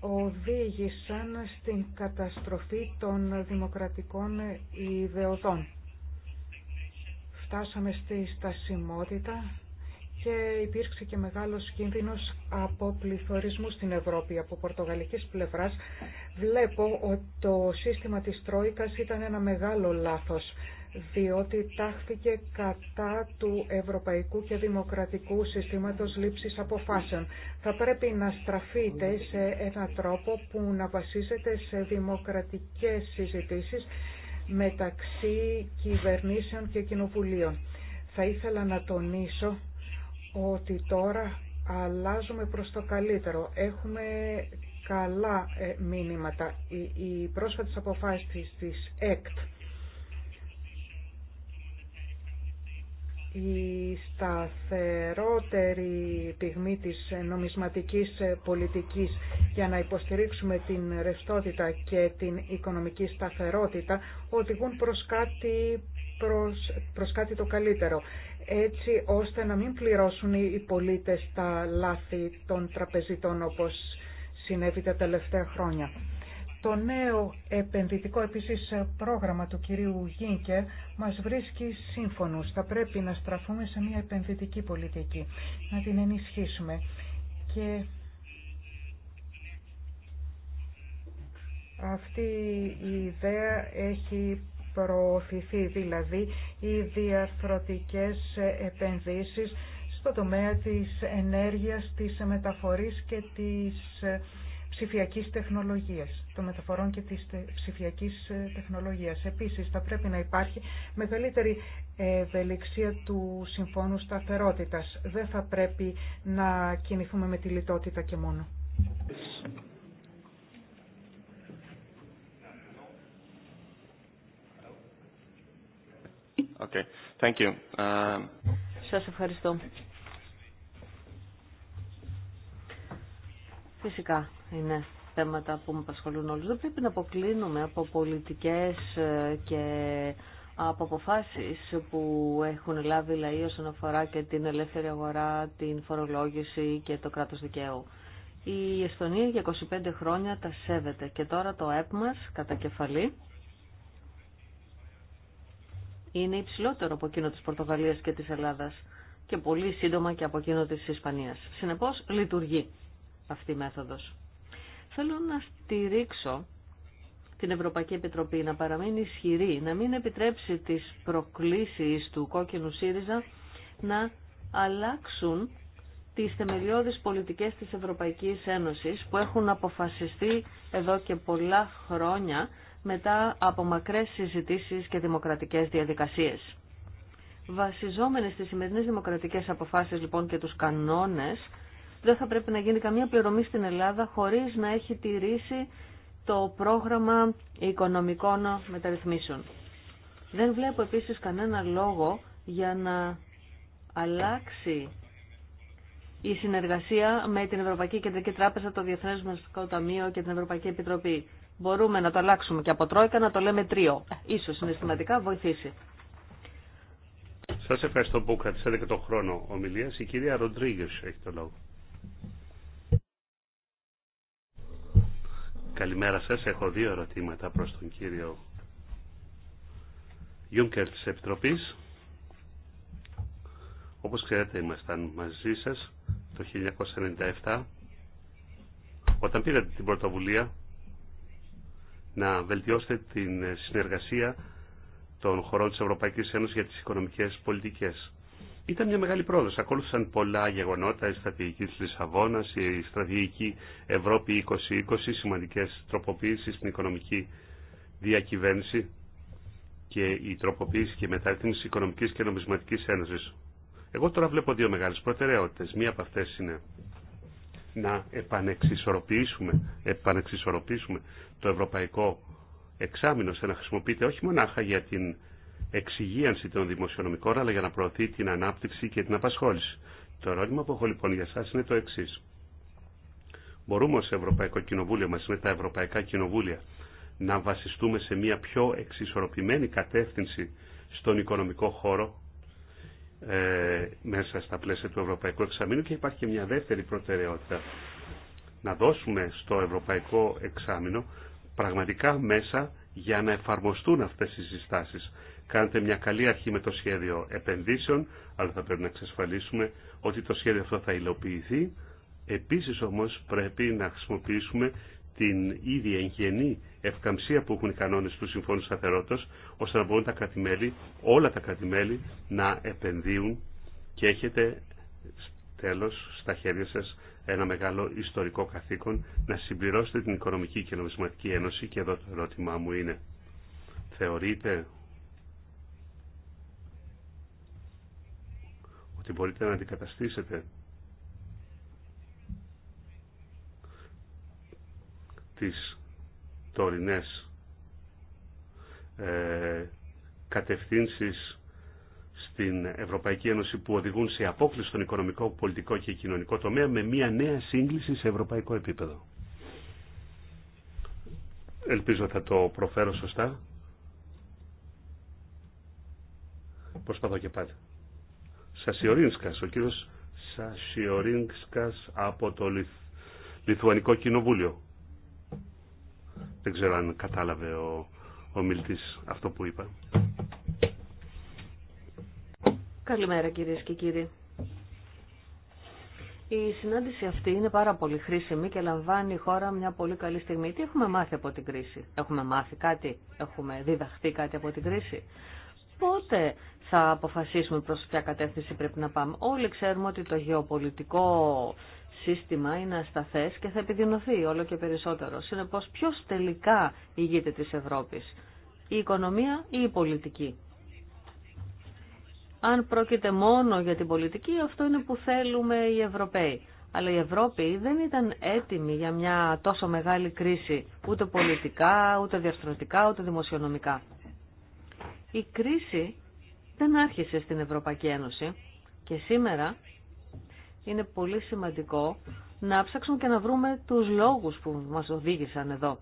οδήγησαν στην καταστροφή των δημοκρατικών ιδεωτών. Φτάσαμε στη στασιμότητα και υπήρξε και μεγάλος κίνδυνος από πληθωρισμού στην Ευρώπη. Από πορτογαλικής πλευράς βλέπω ότι το σύστημα της Τρόικας ήταν ένα μεγάλο λάθος διότι τάχθηκε κατά του ευρωπαϊκού και δημοκρατικού συστήματος λήψης αποφάσεων. Θα πρέπει να στραφείτε σε έναν τρόπο που να βασίζεται σε δημοκρατικές συζητήσεις μεταξύ κυβερνήσεων και κοινοβουλίων. Θα ήθελα να τονίσω ότι τώρα αλλάζουμε προς το καλύτερο. Έχουμε καλά ε, μήνυματα. Οι πρόσφατες αποφάσεις της ΕΚΤ η σταθερότερη πυγμή της νομισματικής πολιτικής για να υποστηρίξουμε την ρευστότητα και την οικονομική σταθερότητα οδηγούν προς κάτι, προς, το καλύτερο έτσι ώστε να μην πληρώσουν οι πολίτες τα λάθη των τραπεζιτών όπως συνέβη τα τελευταία χρόνια. Το νέο επενδυτικό επίσης πρόγραμμα του κυρίου Γίνκερ μας βρίσκει σύμφωνος. Θα πρέπει να στραφούμε σε μια επενδυτική πολιτική, να την ενισχύσουμε. Και αυτή η ιδέα έχει προωθηθεί, δηλαδή οι διαρθρωτικές επενδύσεις στο τομέα της ενέργειας, της μεταφορής και της ψηφιακής τεχνολογίας, των μεταφορών και τη ψηφιακή ε, τεχνολογίας. Επίση, θα πρέπει να υπάρχει μεγαλύτερη ευελιξία του Συμφώνου σταθερότητα. Δεν θα πρέπει να κινηθούμε με τη λιτότητα και μόνο. Okay. Thank you. Um, Σας ευχαριστώ. Φυσικά είναι θέματα που με απασχολούν όλους. Δεν πρέπει να αποκλίνουμε από πολιτικές ε, και από αποφάσεις που έχουν λάβει λαοί όσον αφορά και την ελεύθερη αγορά, την φορολόγηση και το κράτος δικαίου. Η Εστονία για 25 χρόνια τα σέβεται και τώρα το ΕΠ μας κατά κεφαλή είναι υψηλότερο από εκείνο της Πορτογαλίας και της Ελλάδας και πολύ σύντομα και από εκείνο της Ισπανίας. Συνεπώς λειτουργεί αυτή η μέθοδος. Θέλω να στηρίξω την Ευρωπαϊκή Επιτροπή να παραμείνει ισχυρή, να μην επιτρέψει τις προκλήσεις του κόκκινου ΣΥΡΙΖΑ να αλλάξουν τις θεμελιώδεις πολιτικές της Ευρωπαϊκής Ένωσης που έχουν αποφασιστεί εδώ και πολλά χρόνια μετά από μακρές συζητήσεις και δημοκρατικές διαδικασίες. Βασιζόμενες στις σημερινές δημοκρατικές αποφάσεις λοιπόν και τους κανόνες δεν θα πρέπει να γίνει καμία πληρωμή στην Ελλάδα χωρίς να έχει τηρήσει το πρόγραμμα οικονομικών μεταρρυθμίσεων. Δεν βλέπω επίσης κανένα λόγο για να αλλάξει η συνεργασία με την Ευρωπαϊκή Κεντρική Τράπεζα, το Διεθνές Μεσικό Ταμείο και την Ευρωπαϊκή Επιτροπή. Μπορούμε να το αλλάξουμε και από τρόικα να το λέμε τρίο. Ίσως συναισθηματικά βοηθήσει. Σας ευχαριστώ που κρατήσατε και τον χρόνο ομιλίας. Η κυρία Ροντρίγκες έχει το λόγο. Καλημέρα σας. Έχω δύο ερωτήματα προς τον κύριο Γιούνκερ της Επιτροπής. Όπως ξέρετε ήμασταν μαζί σας το 1997 όταν πήρατε την πρωτοβουλία να βελτιώσετε την συνεργασία των χωρών της Ευρωπαϊκής Ένωσης για τις οικονομικές πολιτικές. Ήταν μια μεγάλη πρόοδος. Ακολούθησαν πολλά γεγονότα, η στρατηγική της Λισαβόνας, η στρατηγική Ευρώπη 2020, σημαντικές τροποποίησεις στην οικονομική διακυβέρνηση και η τροποποίηση και η μεταρρύθμιση οικονομικής και νομισματικής ένωσης. Εγώ τώρα βλέπω δύο μεγάλες προτεραιότητες. Μία από αυτές είναι να επανεξισορροπήσουμε, επανεξισορροπήσουμε το ευρωπαϊκό εξάμεινο ώστε να χρησιμοποιείται όχι μονάχα για την εξυγίανση των δημοσιονομικών, αλλά για να προωθεί την ανάπτυξη και την απασχόληση. Το ερώτημα που έχω λοιπόν για εσά είναι το εξή. Μπορούμε ως Ευρωπαϊκό Κοινοβούλιο μας είναι τα Ευρωπαϊκά Κοινοβούλια να βασιστούμε σε μια πιο εξισορροπημένη κατεύθυνση στον οικονομικό χώρο ε, μέσα στα πλαίσια του Ευρωπαϊκού Εξαμήνου και υπάρχει και μια δεύτερη προτεραιότητα να δώσουμε στο Ευρωπαϊκό Εξάμεινο πραγματικά μέσα για να εφαρμοστούν αυτές οι συστάσεις κάνετε μια καλή αρχή με το σχέδιο επενδύσεων, αλλά θα πρέπει να εξασφαλίσουμε ότι το σχέδιο αυτό θα υλοποιηθεί. Επίσης όμως πρέπει να χρησιμοποιήσουμε την ίδια εγγενή ευκαμψία που έχουν οι κανόνες του Συμφώνου Σταθερότητας, ώστε να μπορούν τα κρατημέλη, όλα τα κρατημέλη να επενδύουν και έχετε τέλος στα χέρια σας ένα μεγάλο ιστορικό καθήκον να συμπληρώσετε την Οικονομική και Νομισματική Ένωση και εδώ το ερώτημά μου είναι θεωρείτε ότι μπορείτε να αντικαταστήσετε τις τωρινές ε, κατευθύνσεις στην Ευρωπαϊκή Ένωση που οδηγούν σε απόκληση στον οικονομικό, πολιτικό και κοινωνικό τομέα με μια νέα σύγκληση σε ευρωπαϊκό επίπεδο. Ελπίζω θα το προφέρω σωστά. Προσπαθώ και πάλι. Σασιορίνσκας, ο κύριος Σασιορίνσκας από το Λιθ... Λιθουανικό Κοινοβούλιο. Δεν ξέρω αν κατάλαβε ο, ο αυτό που είπα. Καλημέρα κύριε και κύριοι. Η συνάντηση αυτή είναι πάρα πολύ χρήσιμη και λαμβάνει η χώρα μια πολύ καλή στιγμή. Τι έχουμε μάθει από την κρίση. Έχουμε μάθει κάτι, έχουμε διδαχθεί κάτι από την κρίση. Πότε θα αποφασίσουμε προς ποια κατεύθυνση πρέπει να πάμε. Όλοι ξέρουμε ότι το γεωπολιτικό σύστημα είναι ασταθές και θα επιδεινωθεί όλο και περισσότερο. Συνεπώς ποιος τελικά ηγείται της Ευρώπης, η οικονομία ή η πολιτική. Αν πρόκειται μόνο για την πολιτική, αυτό είναι που θέλουμε οι Ευρωπαίοι. Αλλά η Ευρώπη δεν ήταν έτοιμη για μια τόσο μεγάλη κρίση, ούτε πολιτικά, ούτε διαστρωτικά, ούτε δημοσιονομικά. Η κρίση δεν άρχισε στην Ευρωπαϊκή Ένωση και σήμερα είναι πολύ σημαντικό να ψάξουμε και να βρούμε τους λόγους που μας οδήγησαν εδώ.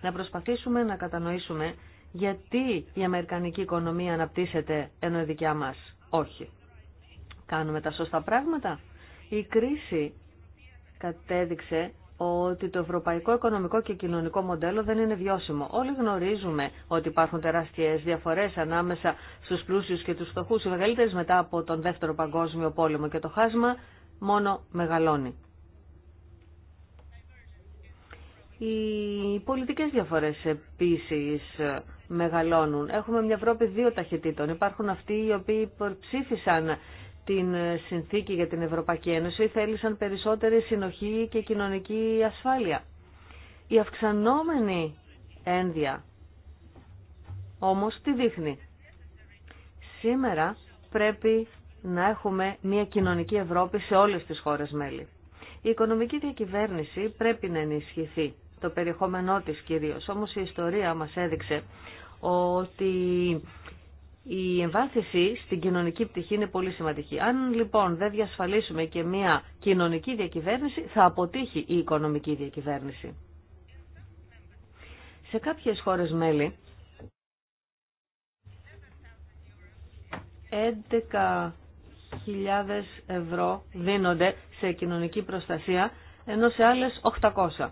Να προσπαθήσουμε να κατανοήσουμε γιατί η Αμερικανική οικονομία αναπτύσσεται ενώ η δικιά μας όχι. Κάνουμε τα σωστά πράγματα. Η κρίση κατέδειξε ότι το ευρωπαϊκό οικονομικό και κοινωνικό μοντέλο δεν είναι βιώσιμο. Όλοι γνωρίζουμε ότι υπάρχουν τεράστιε διαφορέ ανάμεσα στου πλούσιου και του φτωχού, οι μεγαλύτερε μετά από τον Δεύτερο Παγκόσμιο Πόλεμο και το χάσμα μόνο μεγαλώνει. Οι πολιτικές διαφορές επίσης μεγαλώνουν. Έχουμε μια Ευρώπη δύο ταχυτήτων. Υπάρχουν αυτοί οι οποίοι υποψήφισαν την ε, συνθήκη για την Ευρωπαϊκή Ένωση θέλησαν περισσότερη συνοχή και κοινωνική ασφάλεια. Η αυξανόμενη ένδια όμως τη δείχνει. Σήμερα πρέπει να έχουμε μια κοινωνική Ευρώπη σε όλες τις χώρες μέλη. Η οικονομική διακυβέρνηση πρέπει να ενισχυθεί, το περιεχόμενό της κυρίως. Όμως η ιστορία μας έδειξε ότι η εμβάθυνση στην κοινωνική πτυχή είναι πολύ σημαντική. Αν λοιπόν δεν διασφαλίσουμε και μια κοινωνική διακυβέρνηση, θα αποτύχει η οικονομική διακυβέρνηση. Σε κάποιες χώρες μέλη, 11.000 ευρώ δίνονται σε κοινωνική προστασία, ενώ σε άλλες 800.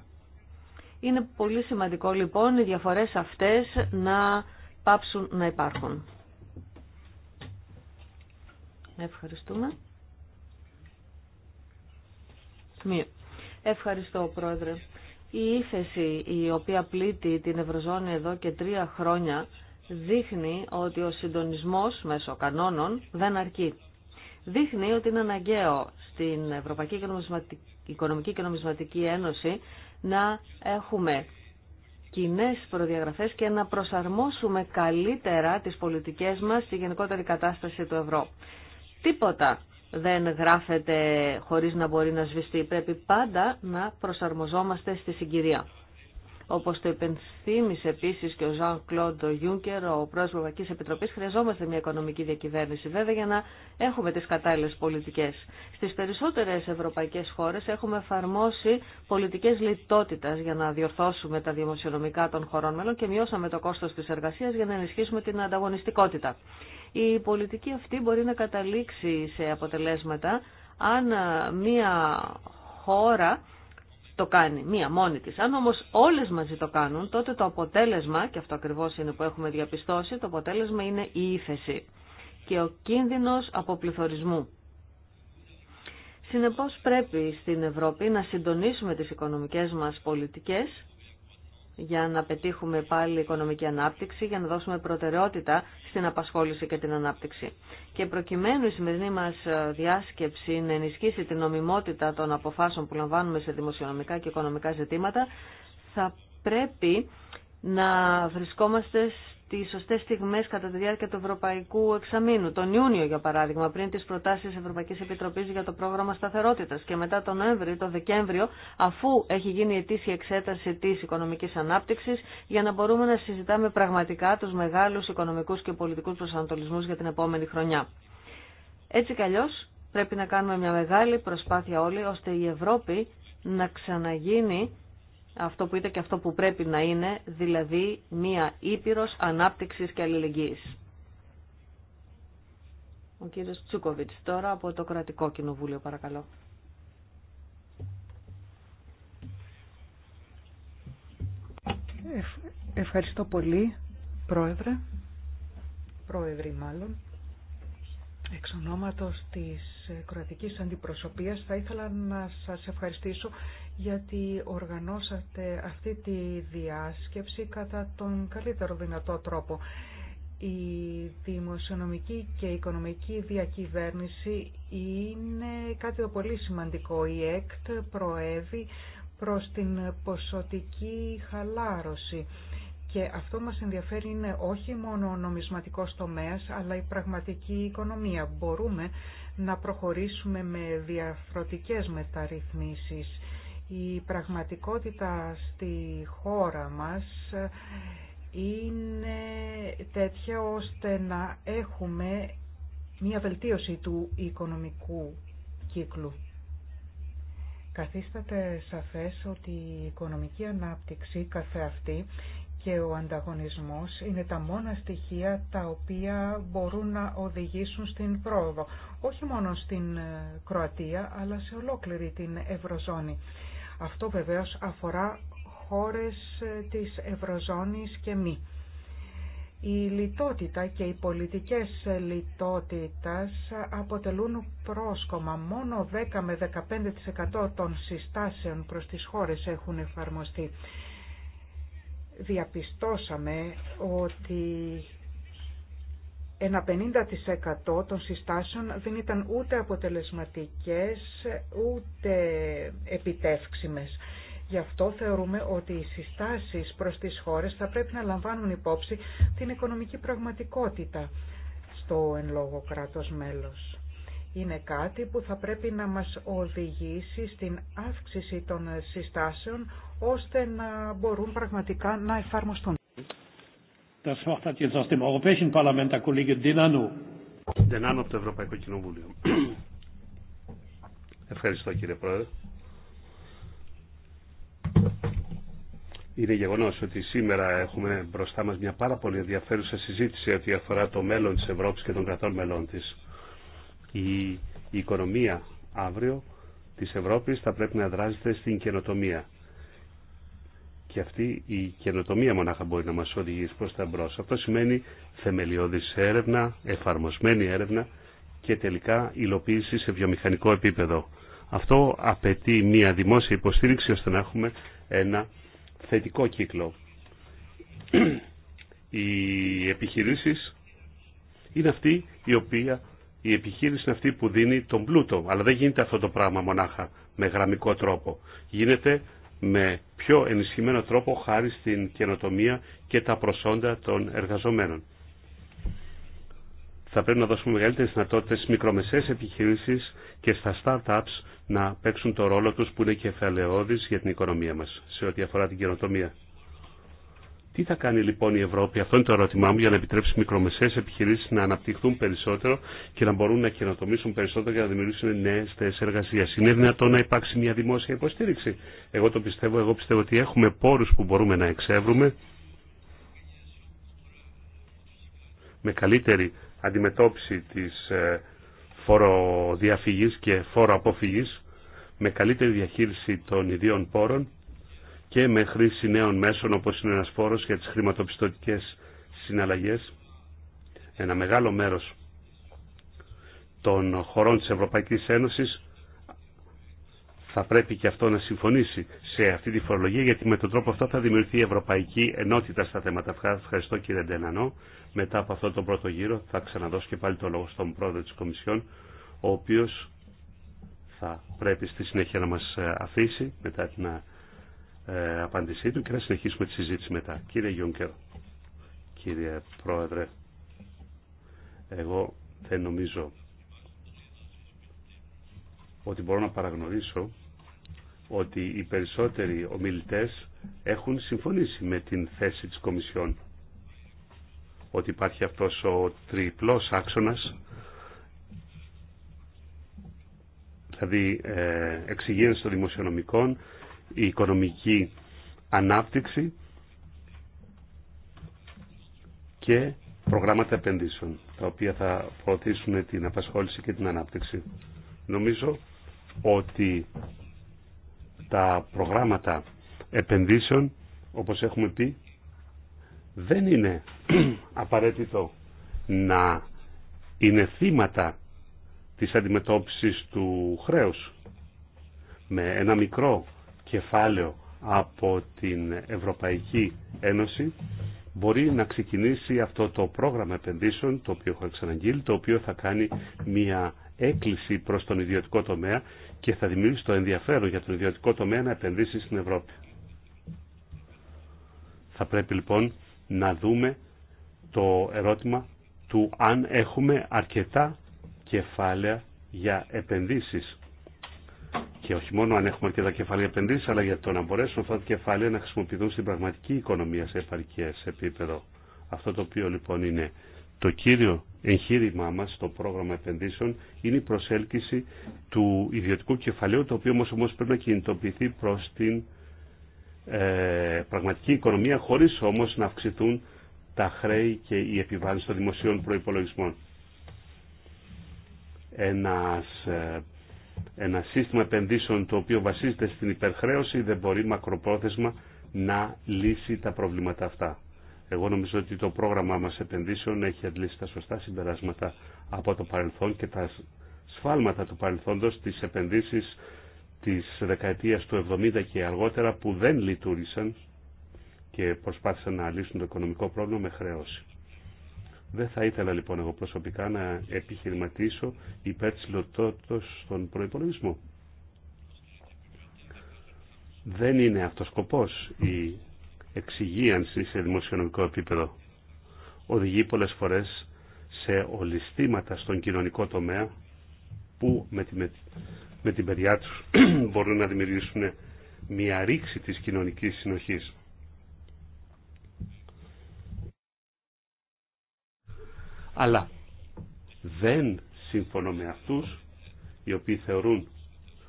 Είναι πολύ σημαντικό λοιπόν οι διαφορές αυτές να πάψουν να υπάρχουν. Ευχαριστούμε. Ευχαριστώ, Πρόεδρε. Η ύφεση η οποία πλήττει την Ευρωζώνη εδώ και τρία χρόνια δείχνει ότι ο συντονισμός μέσω κανόνων δεν αρκεί. Δείχνει ότι είναι αναγκαίο στην Ευρωπαϊκή Οικονομική και Νομισματική Ένωση να έχουμε κοινέ προδιαγραφές και να προσαρμόσουμε καλύτερα τις πολιτικές μας στη γενικότερη κατάσταση του ευρώ. Τίποτα δεν γράφεται χωρίς να μπορεί να σβηστεί. Πρέπει πάντα να προσαρμοζόμαστε στη συγκυρία. Όπως το υπενθύμισε επίσης και ο Ζαν Κλόντ Γιούγκερ, ο πρόεδρος Ευρωπαϊκής Επιτροπής, χρειαζόμαστε μια οικονομική διακυβέρνηση βέβαια για να έχουμε τις κατάλληλες πολιτικές. Στις περισσότερες ευρωπαϊκές χώρες έχουμε εφαρμόσει πολιτικές λιτότητας για να διορθώσουμε τα δημοσιονομικά των χωρών μέλων και μειώσαμε το κόστος της εργασίας για να ενισχύσουμε την ανταγωνιστικότητα. Η πολιτική αυτή μπορεί να καταλήξει σε αποτελέσματα αν μία χώρα το κάνει, μία μόνη της. Αν όμως όλες μαζί το κάνουν, τότε το αποτέλεσμα, και αυτό ακριβώς είναι που έχουμε διαπιστώσει, το αποτέλεσμα είναι η ύφεση και ο κίνδυνος αποπληθωρισμού. Συνεπώς πρέπει στην Ευρώπη να συντονίσουμε τις οικονομικές μας πολιτικές για να πετύχουμε πάλι οικονομική ανάπτυξη, για να δώσουμε προτεραιότητα στην απασχόληση και την ανάπτυξη. Και προκειμένου η σημερινή μας ε, διάσκεψη να ενισχύσει την νομιμότητα των αποφάσεων που λαμβάνουμε σε δημοσιονομικά και οικονομικά ζητήματα, θα πρέπει να βρισκόμαστε τι σωστέ στιγμέ κατά τη διάρκεια του Ευρωπαϊκού Εξαμήνου. Τον Ιούνιο, για παράδειγμα, πριν τις προτάσεις Ευρωπαϊκή Επιτροπή για το πρόγραμμα σταθερότητα. και μετά τον Νοέμβριο, η τον Δεκέμβριο, αφού έχει γίνει η ετήσια εξέταση τη οικονομική ανάπτυξη, για να μπορούμε να συζητάμε πραγματικά του μεγάλου οικονομικού και πολιτικού προσανατολισμού για την επόμενη χρονιά. Έτσι κι αλλιώς, πρέπει να κάνουμε μια μεγάλη προσπάθεια όλοι, ώστε η Ευρώπη να ξαναγίνει αυτό που είτε και αυτό που πρέπει να είναι, δηλαδή μία ήπειρος ανάπτυξης και αλληλεγγύης. Ο κύριος Τσούκοβιτς τώρα από το Κρατικό Κοινοβούλιο παρακαλώ. Ευχαριστώ πολύ, Πρόεδρε, Πρόεδρη μάλλον. Εξ ονόματος της κροατικής αντιπροσωπείας θα ήθελα να σας ευχαριστήσω γιατί οργανώσατε αυτή τη διάσκεψη κατά τον καλύτερο δυνατό τρόπο. Η δημοσιονομική και οικονομική διακυβέρνηση είναι κάτι το πολύ σημαντικό. Η ΕΚΤ προέβη προς την ποσοτική χαλάρωση. Και αυτό μας ενδιαφέρει είναι όχι μόνο ο νομισματικός τομέας, αλλά η πραγματική οικονομία. Μπορούμε να προχωρήσουμε με διαφορετικές μεταρρυθμίσεις η πραγματικότητα στη χώρα μας είναι τέτοια ώστε να έχουμε μια βελτίωση του οικονομικού κύκλου. Καθίσταται σαφές ότι η οικονομική ανάπτυξη καθεαυτή και ο ανταγωνισμός είναι τα μόνα στοιχεία τα οποία μπορούν να οδηγήσουν στην πρόοδο, όχι μόνο στην Κροατία αλλά σε ολόκληρη την Ευρωζώνη. Αυτό βεβαίως αφορά χώρες της Ευρωζώνης και μη. Η λιτότητα και οι πολιτικές λιτότητας αποτελούν πρόσκομα. Μόνο 10 με 15% των συστάσεων προς τις χώρες έχουν εφαρμοστεί. Διαπιστώσαμε ότι ένα 50% των συστάσεων δεν ήταν ούτε αποτελεσματικές ούτε επιτεύξιμες. Γι' αυτό θεωρούμε ότι οι συστάσεις προς τις χώρες θα πρέπει να λαμβάνουν υπόψη την οικονομική πραγματικότητα στο εν λόγω κράτος μέλος. Είναι κάτι που θα πρέπει να μας οδηγήσει στην αύξηση των συστάσεων ώστε να μπορούν πραγματικά να εφαρμοστούν. Das Wort hat jetzt aus dem Europäischen Parlament der Kollege Denano. Denano από το Ευρωπαϊκό Κοινοβούλιο. Ευχαριστώ κύριε Πρόεδρε. Είναι γεγονό ότι σήμερα έχουμε μπροστά μα μια πάρα πολύ ενδιαφέρουσα συζήτηση ότι αφορά το μέλλον τη Ευρώπη και των κρατών μελών τη. Η, η οικονομία αύριο τη Ευρώπη θα πρέπει να δράζεται στην καινοτομία και αυτή η καινοτομία μονάχα μπορεί να μας οδηγήσει προς τα μπρος. Αυτό σημαίνει θεμελιώδης έρευνα, εφαρμοσμένη έρευνα και τελικά υλοποίηση σε βιομηχανικό επίπεδο. Αυτό απαιτεί μια δημόσια υποστήριξη ώστε να έχουμε ένα θετικό κύκλο. Οι επιχειρήσεις είναι αυτή η οποία η επιχείρηση είναι αυτή που δίνει τον πλούτο. Αλλά δεν γίνεται αυτό το πράγμα μονάχα με γραμμικό τρόπο. Γίνεται με πιο ενισχυμένο τρόπο χάρη στην καινοτομία και τα προσόντα των εργαζομένων. Θα πρέπει να δώσουμε μεγαλύτερε δυνατότητε στι μικρομεσαίες επιχειρήσεις και στα startups να παίξουν το ρόλο τους που είναι κεφαλαιόδη για την οικονομία μας σε ό,τι αφορά την καινοτομία. Τι θα κάνει λοιπόν η Ευρώπη, αυτό είναι το ερώτημά μου, για να επιτρέψει μικρομεσαίε επιχειρήσει να αναπτυχθούν περισσότερο και να μπορούν να καινοτομήσουν περισσότερο για να δημιουργήσουν νέε θέσει εργασία. Είναι δυνατόν να υπάρξει μια δημόσια υποστήριξη. Εγώ το πιστεύω, εγώ πιστεύω ότι έχουμε πόρου που μπορούμε να εξεύρουμε με καλύτερη αντιμετώπιση τη ε, φοροδιαφυγή και φοροαποφυγή, με καλύτερη διαχείριση των ιδίων πόρων και με χρήση νέων μέσων όπως είναι ένας φόρος για τις χρηματοπιστωτικές συναλλαγές. Ένα μεγάλο μέρος των χωρών της Ευρωπαϊκής Ένωσης θα πρέπει και αυτό να συμφωνήσει σε αυτή τη φορολογία γιατί με τον τρόπο αυτό θα δημιουργηθεί η Ευρωπαϊκή Ενότητα στα θέματα Ευχαριστώ κύριε Ντενανό. Μετά από αυτό τον πρώτο γύρο θα ξαναδώσω και πάλι το λόγο στον πρόεδρο της Κομισιόν ο οποίος θα πρέπει στη συνέχεια να μας ε, αφήσει μετά την ε, ε, απάντησή του και να συνεχίσουμε τη συζήτηση μετά. Κύριε Γιούνκερ, κύριε Πρόεδρε, εγώ δεν νομίζω ότι μπορώ να παραγνωρίσω ότι οι περισσότεροι ομιλητές έχουν συμφωνήσει με την θέση της Κομισιόν ότι υπάρχει αυτός ο τριπλός άξονας δηλαδή ε, εξυγίανση των δημοσιονομικών η οικονομική ανάπτυξη και προγράμματα επενδύσεων, τα οποία θα προωθήσουν την απασχόληση και την ανάπτυξη. Νομίζω ότι τα προγράμματα επενδύσεων, όπως έχουμε πει, δεν είναι <clears throat> απαραίτητο να είναι θύματα της αντιμετώπισης του χρέους. Με ένα μικρό κεφάλαιο από την Ευρωπαϊκή Ένωση μπορεί να ξεκινήσει αυτό το πρόγραμμα επενδύσεων το οποίο έχω εξαναγγείλει, το οποίο θα κάνει μια έκκληση προς τον ιδιωτικό τομέα και θα δημιουργήσει το ενδιαφέρον για τον ιδιωτικό τομέα να επενδύσει στην Ευρώπη. Θα πρέπει λοιπόν να δούμε το ερώτημα του αν έχουμε αρκετά κεφάλαια για επενδύσεις και όχι μόνο αν έχουμε αρκετά κεφάλαια επενδύσει, αλλά για το να μπορέσουν αυτά τα κεφάλαια να χρησιμοποιηθούν στην πραγματική οικονομία σε επαρκέ επίπεδο. Αυτό το οποίο λοιπόν είναι το κύριο εγχείρημά μα στο πρόγραμμα επενδύσεων είναι η προσέλκυση του ιδιωτικού κεφαλαίου, το οποίο όμω πρέπει να κινητοποιηθεί προ την ε, πραγματική οικονομία, χωρί όμω να αυξηθούν τα χρέη και οι επιβάλληση των δημοσίων προπολογισμών. Ένας ε, ένα σύστημα επενδύσεων το οποίο βασίζεται στην υπερχρέωση δεν μπορεί μακροπρόθεσμα να λύσει τα προβλήματα αυτά. Εγώ νομίζω ότι το πρόγραμμά μας επενδύσεων έχει αντλήσει τα σωστά συμπεράσματα από το παρελθόν και τα σφάλματα του παρελθόντος, τις επενδύσεις της δεκαετίας του 70 και αργότερα που δεν λειτουργήσαν και προσπάθησαν να λύσουν το οικονομικό πρόβλημα με χρέωση. Δεν θα ήθελα λοιπόν εγώ προσωπικά να επιχειρηματίσω υπέρ της λωτότητας στον προϋπολογισμό. Δεν είναι αυτός σκοπός η εξυγίανση σε δημοσιονομικό επίπεδο. Οδηγεί πολλές φορές σε ολιστήματα στον κοινωνικό τομέα που με, την παιδιά τους <clears throat> μπορούν να δημιουργήσουν μια ρήξη της κοινωνικής συνοχής. Αλλά δεν σύμφωνο με αυτούς οι οποίοι θεωρούν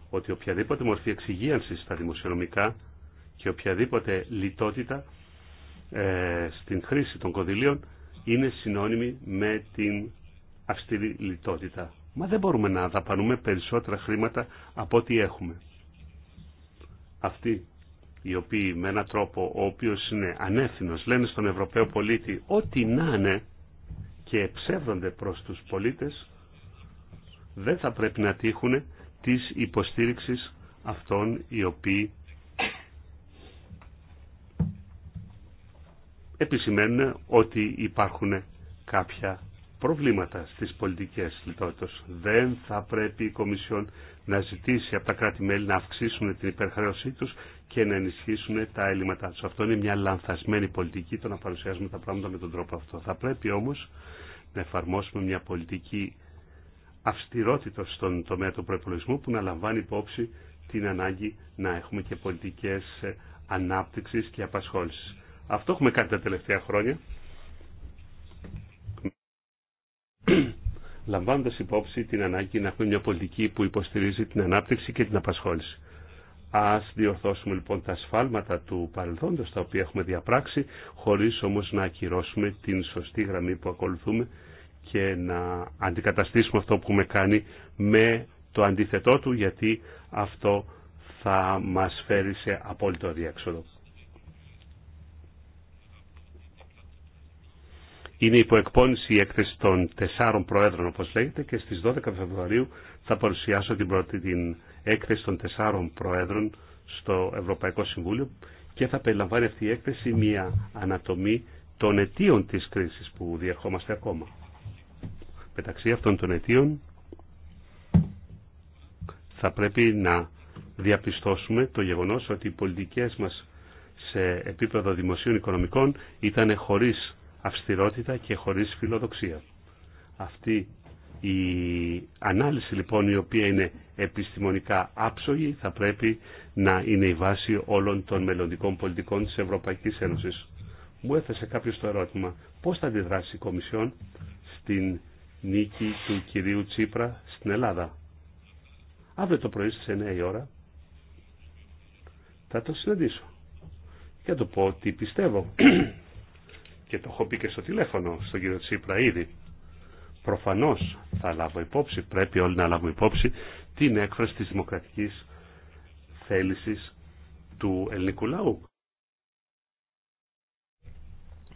ότι οποιαδήποτε μορφή εξυγίανσης στα δημοσιονομικά και οποιαδήποτε λιτότητα ε, στην χρήση των κονδυλίων είναι συνώνυμη με την αυστηρή λιτότητα. Μα δεν μπορούμε να δαπανούμε περισσότερα χρήματα από ό,τι έχουμε. Αυτοί οι οποίοι με έναν τρόπο ο οποίος είναι ανεύθυνος λένε στον Ευρωπαίο πολίτη ό,τι να είναι και ψεύδονται προς τους πολίτες δεν θα πρέπει να τύχουν τις υποστήριξης αυτών οι οποίοι επισημαίνουν ότι υπάρχουν κάποια προβλήματα στις πολιτικές λιτότητες. Δεν θα πρέπει η Κομισιόν να ζητήσει από τα κράτη-μέλη να αυξήσουν την υπερχρέωσή τους και να ενισχύσουν τα έλλειμματά του. Αυτό είναι μια λανθασμένη πολιτική το να παρουσιάζουμε τα πράγματα με τον τρόπο αυτό. Θα πρέπει όμω να εφαρμόσουμε μια πολιτική αυστηρότητα στον τομέα του προπολογισμού που να λαμβάνει υπόψη την ανάγκη να έχουμε και πολιτικέ ε, ανάπτυξη και απασχόληση. Αυτό έχουμε κάνει τα τελευταία χρόνια. Λαμβάνοντα υπόψη την ανάγκη να έχουμε μια πολιτική που υποστηρίζει την ανάπτυξη και την απασχόληση. Ας διορθώσουμε λοιπόν τα σφάλματα του παρελθόντος τα οποία έχουμε διαπράξει χωρίς όμως να ακυρώσουμε την σωστή γραμμή που ακολουθούμε και να αντικαταστήσουμε αυτό που έχουμε κάνει με το αντίθετό του γιατί αυτό θα μας φέρει σε απόλυτο διέξοδο. Είναι υποεκπώνηση η έκθεση των τεσσάρων προέδρων όπως λέγεται και στις 12 Φεβρουαρίου θα παρουσιάσω την πρώτη την έκθεση των τεσσάρων προέδρων στο Ευρωπαϊκό Συμβούλιο και θα περιλαμβάνει αυτή η έκθεση μια ανατομή των αιτίων της κρίσης που διερχόμαστε ακόμα. Μεταξύ αυτών των αιτίων θα πρέπει να διαπιστώσουμε το γεγονός ότι οι πολιτικές μας σε επίπεδο δημοσίων οικονομικών ήταν χωρίς αυστηρότητα και χωρίς φιλοδοξία. Αυτή η ανάλυση λοιπόν η οποία είναι επιστημονικά άψογη θα πρέπει να είναι η βάση όλων των μελλοντικών πολιτικών της Ευρωπαϊκής Ένωσης. Μου έθεσε κάποιο το ερώτημα πώς θα αντιδράσει η Κομισιόν στην νίκη του κυρίου Τσίπρα στην Ελλάδα. Αύριο το πρωί στις 9 η ώρα θα το συναντήσω και θα του πω ότι πιστεύω <clears throat> και το έχω πει και στο τηλέφωνο στον κύριο Τσίπρα ήδη Προφανώς θα λάβω υπόψη, πρέπει όλοι να λάβουμε υπόψη την έκφραση της δημοκρατικής θέλησης του ελληνικού λαού.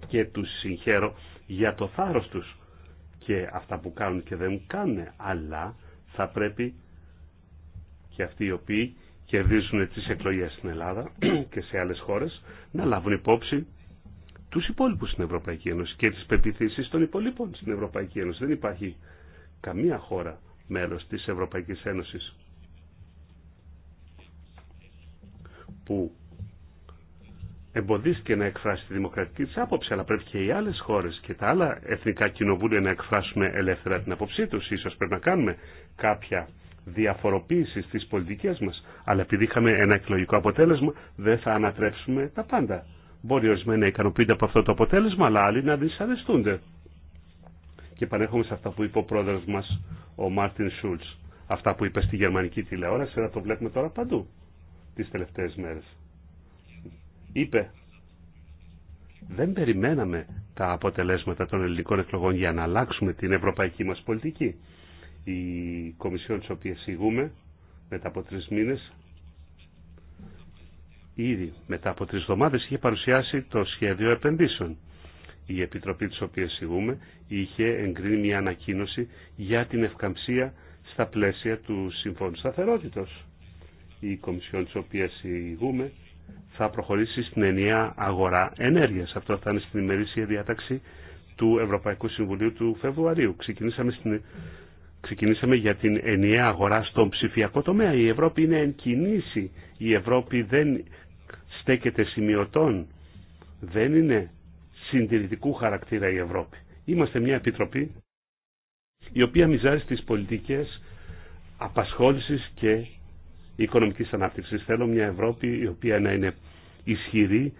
Και τους συγχαίρω για το θάρρος τους και αυτά που κάνουν και δεν κάνουν, αλλά θα πρέπει και αυτοί οι οποίοι κερδίζουν τις εκλογές στην Ελλάδα <clears throat> και σε άλλες χώρες να λάβουν υπόψη τους υπόλοιπους στην Ευρωπαϊκή Ένωση και τις πεπιθήσεις των υπολείπων στην Ευρωπαϊκή Ένωση. Δεν υπάρχει καμία χώρα μέλος της Ευρωπαϊκής Ένωσης που εμποδίστηκε να εκφράσει τη δημοκρατική της άποψη, αλλά πρέπει και οι άλλες χώρες και τα άλλα εθνικά κοινοβούλια να εκφράσουν ελεύθερα την άποψή τους. Ίσως πρέπει να κάνουμε κάποια διαφοροποίηση στις πολιτικές μας, αλλά επειδή είχαμε ένα εκλογικό αποτέλεσμα δεν θα ανατρέψουμε τα πάντα. Μπορεί ορισμένοι να ικανοποιούνται από αυτό το αποτέλεσμα, αλλά άλλοι να δυσαρεστούνται. Και επανέρχομαι σε αυτά που είπε ο πρόεδρο μα, ο Μάρτιν Σούλτ. Αυτά που είπε στη γερμανική τηλεόραση, αλλά το βλέπουμε τώρα παντού τι τελευταίε μέρε. Είπε, δεν περιμέναμε τα αποτελέσματα των ελληνικών εκλογών για να αλλάξουμε την ευρωπαϊκή μας πολιτική. Οι κομισιόν της οποίας ηγούμε μετά από τρεις μήνες ήδη μετά από τρεις εβδομάδες είχε παρουσιάσει το σχέδιο επενδύσεων. Η Επιτροπή της οποίας ηγούμε είχε εγκρίνει μια ανακοίνωση για την ευκαμψία στα πλαίσια του Συμφώνου Σταθερότητος. Η Κομισιόν της οποίας ηγούμε θα προχωρήσει στην ενιαία αγορά ενέργειας. Αυτό θα είναι στην ημερήσια διάταξη του Ευρωπαϊκού Συμβουλίου του Φεβρουαρίου. Ξεκινήσαμε στην ξεκινήσαμε για την ενιαία αγορά στον ψηφιακό τομέα. Η Ευρώπη είναι εν κινήσει. Η Ευρώπη δεν στέκεται σημειωτών. Δεν είναι συντηρητικού χαρακτήρα η Ευρώπη. Είμαστε μια επιτροπή η οποία μιζάρει στις πολιτικές απασχόλησης και οικονομικής ανάπτυξης. Θέλω μια Ευρώπη η οποία να είναι ισχυρή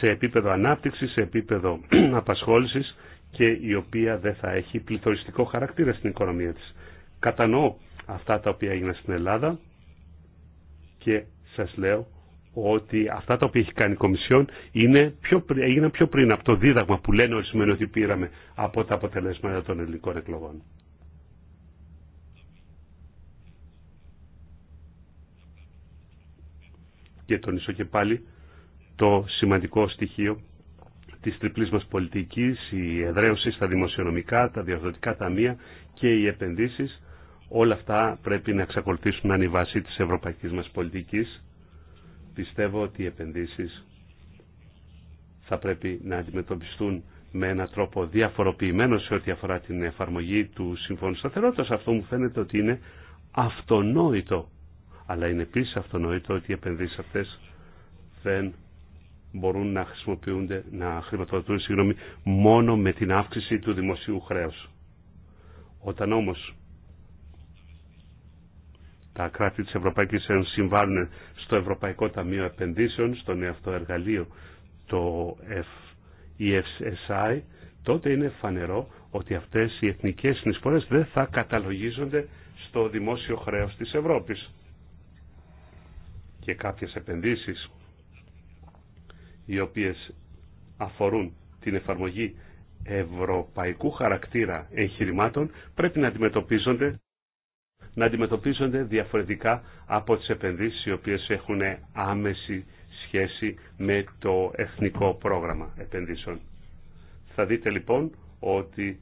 σε επίπεδο ανάπτυξης, σε επίπεδο <clears throat> απασχόλησης και η οποία δεν θα έχει πληθωριστικό χαρακτήρα στην οικονομία της κατανοώ αυτά τα οποία έγιναν στην Ελλάδα και σας λέω ότι αυτά τα οποία έχει κάνει η Κομισιόν είναι πιο, έγιναν πιο πριν από το δίδαγμα που λένε ορισμένοι ότι πήραμε από τα αποτελέσματα των ελληνικών εκλογών. Και τονίσω και πάλι το σημαντικό στοιχείο της τριπλής μας πολιτικής, η εδραίωση στα δημοσιονομικά, τα διορθωτικά ταμεία και οι επενδύσεις Όλα αυτά πρέπει να εξακολουθήσουν να είναι η βάση της ευρωπαϊκής μας πολιτικής. Πιστεύω ότι οι επενδύσεις θα πρέπει να αντιμετωπιστούν με έναν τρόπο διαφοροποιημένο σε ό,τι αφορά την εφαρμογή του Συμφώνου Σταθερότητας. Αυτό μου φαίνεται ότι είναι αυτονόητο. Αλλά είναι επίσης αυτονόητο ότι οι επενδύσεις αυτές δεν μπορούν να χρησιμοποιούνται, να χρηματοδοτούν συγγνώμη, μόνο με την αύξηση του δημοσίου χρέους. Όταν όμως τα κράτη της Ευρωπαϊκής Ένωσης συμβάλλουν στο Ευρωπαϊκό Ταμείο Επενδύσεων, στο νέο εργαλείο, το EFSI, τότε είναι φανερό ότι αυτές οι εθνικές συνεισφορές δεν θα καταλογίζονται στο δημόσιο χρέος της Ευρώπης. Και κάποιες επενδύσεις οι οποίες αφορούν την εφαρμογή ευρωπαϊκού χαρακτήρα εγχειρημάτων πρέπει να αντιμετωπίζονται να αντιμετωπίζονται διαφορετικά από τις επενδύσεις οι οποίες έχουν άμεση σχέση με το εθνικό πρόγραμμα επενδύσεων. Θα δείτε λοιπόν ότι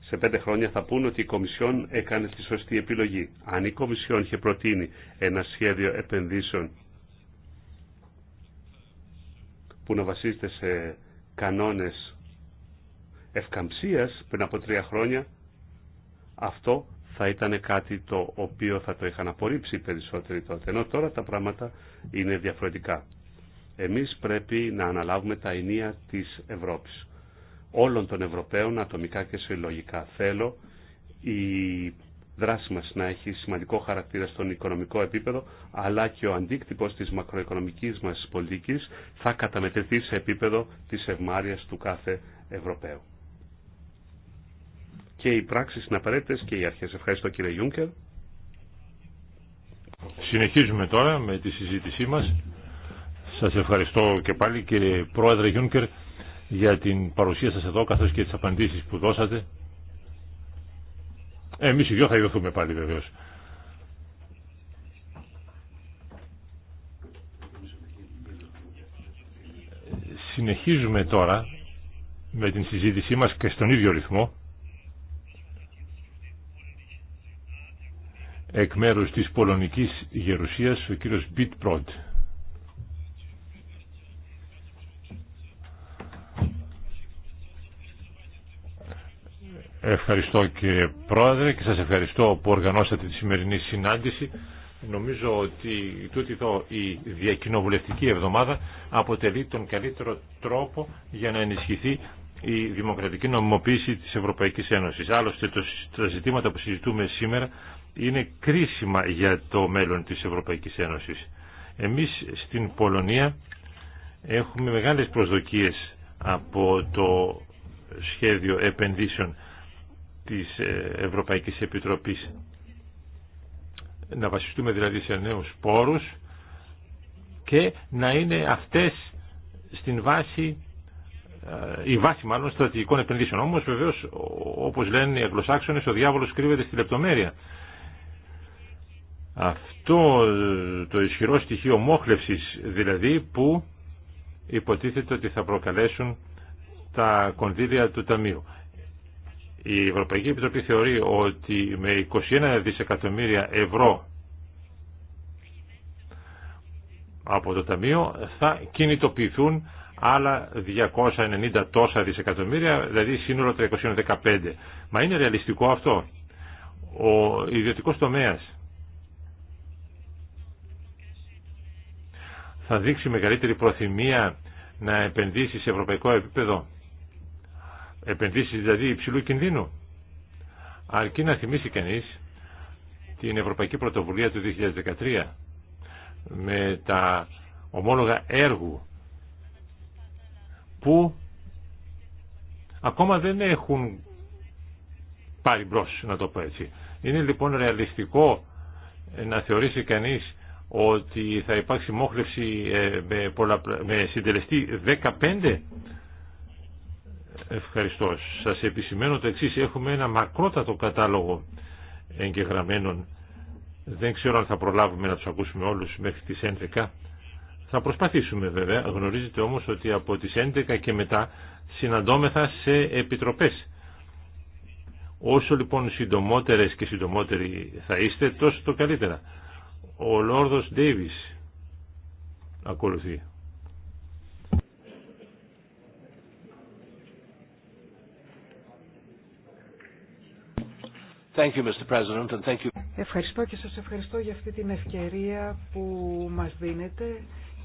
σε πέντε χρόνια θα πούν ότι η Κομισιόν έκανε τη σωστή επιλογή. Αν η Κομισιόν είχε προτείνει ένα σχέδιο επενδύσεων που να βασίζεται σε κανόνες ευκαμψίας πριν από τρία χρόνια, αυτό θα ήταν κάτι το οποίο θα το είχαν απορρίψει περισσότεροι τότε. Ενώ τώρα τα πράγματα είναι διαφορετικά. Εμείς πρέπει να αναλάβουμε τα ενία της Ευρώπης. Όλων των Ευρωπαίων, ατομικά και συλλογικά, θέλω η δράση μας να έχει σημαντικό χαρακτήρα στον οικονομικό επίπεδο, αλλά και ο αντίκτυπος της μακροοικονομικής μας πολιτικής θα καταμετρηθεί σε επίπεδο της ευμάρειας του κάθε Ευρωπαίου και οι πράξει είναι απαραίτητε και οι αρχέ. Ευχαριστώ κύριε Γιούγκερ. Συνεχίζουμε τώρα με τη συζήτησή μας. Σας ευχαριστώ και πάλι κύριε Πρόεδρε Γιούνκερ για την παρουσία σας εδώ καθώς και τις απαντήσεις που δώσατε. Εμείς οι δυο θα ιδωθούμε πάλι βεβαίως. Συνεχίζουμε τώρα με την συζήτησή μας και στον ίδιο ρυθμό εκ μέρους της Πολωνικής Γερουσίας ο κύριος Μπιτ Προντ. Ευχαριστώ κύριε Πρόεδρε και σας ευχαριστώ που οργανώσατε τη σημερινή συνάντηση. Νομίζω ότι τούτη εδώ η διακοινοβουλευτική εβδομάδα αποτελεί τον καλύτερο τρόπο για να ενισχυθεί η δημοκρατική νομιμοποίηση της Ευρωπαϊκής Ένωσης. Άλλωστε τα ζητήματα που συζητούμε σήμερα είναι κρίσιμα για το μέλλον της Ευρωπαϊκής Ένωσης. Εμείς στην Πολωνία έχουμε μεγάλες προσδοκίες από το σχέδιο επενδύσεων της ε, Ευρωπαϊκής Επιτροπής. Να βασιστούμε δηλαδή σε νέους πόρους και να είναι αυτές στην βάση ε, η βάση μάλλον στρατηγικών επενδύσεων. Όμως βεβαίως όπως λένε οι Αγγλοσάξονες ο διάβολος κρύβεται στη λεπτομέρεια. Αυτό το ισχυρό στοιχείο μόχλευσης δηλαδή που υποτίθεται ότι θα προκαλέσουν τα κονδύλια του Ταμείου. Η Ευρωπαϊκή Επιτροπή θεωρεί ότι με 21 δισεκατομμύρια ευρώ από το Ταμείο θα κινητοποιηθούν άλλα 290 τόσα δισεκατομμύρια, δηλαδή σύνολο 315. Μα είναι ρεαλιστικό αυτό. Ο ιδιωτικός τομέας θα δείξει μεγαλύτερη προθυμία να επενδύσει σε ευρωπαϊκό επίπεδο. επενδύσει δηλαδή υψηλού κινδύνου. Αρκεί να θυμίσει κανείς την Ευρωπαϊκή Πρωτοβουλία του 2013 με τα ομόλογα έργου που ακόμα δεν έχουν πάρει μπρος, να το πω έτσι. Είναι λοιπόν ρεαλιστικό να θεωρήσει κανείς ότι θα υπάρξει μόχλευση ε, με, με συντελεστή 15. Ευχαριστώ. Σας επισημαίνω το εξής. Έχουμε ένα μακρότατο κατάλογο εγγεγραμμένων. Δεν ξέρω αν θα προλάβουμε να τους ακούσουμε όλους μέχρι τις 11. Θα προσπαθήσουμε βέβαια. Γνωρίζετε όμως ότι από τις 11 και μετά συναντώμεθα σε επιτροπές. Όσο λοιπόν συντομότερες και συντομότεροι θα είστε, τόσο το καλύτερα. Ο Λόρδος Ντέιβις ακολουθεί. Ευχαριστώ και σας ευχαριστώ για αυτή την ευκαιρία που μας δίνετε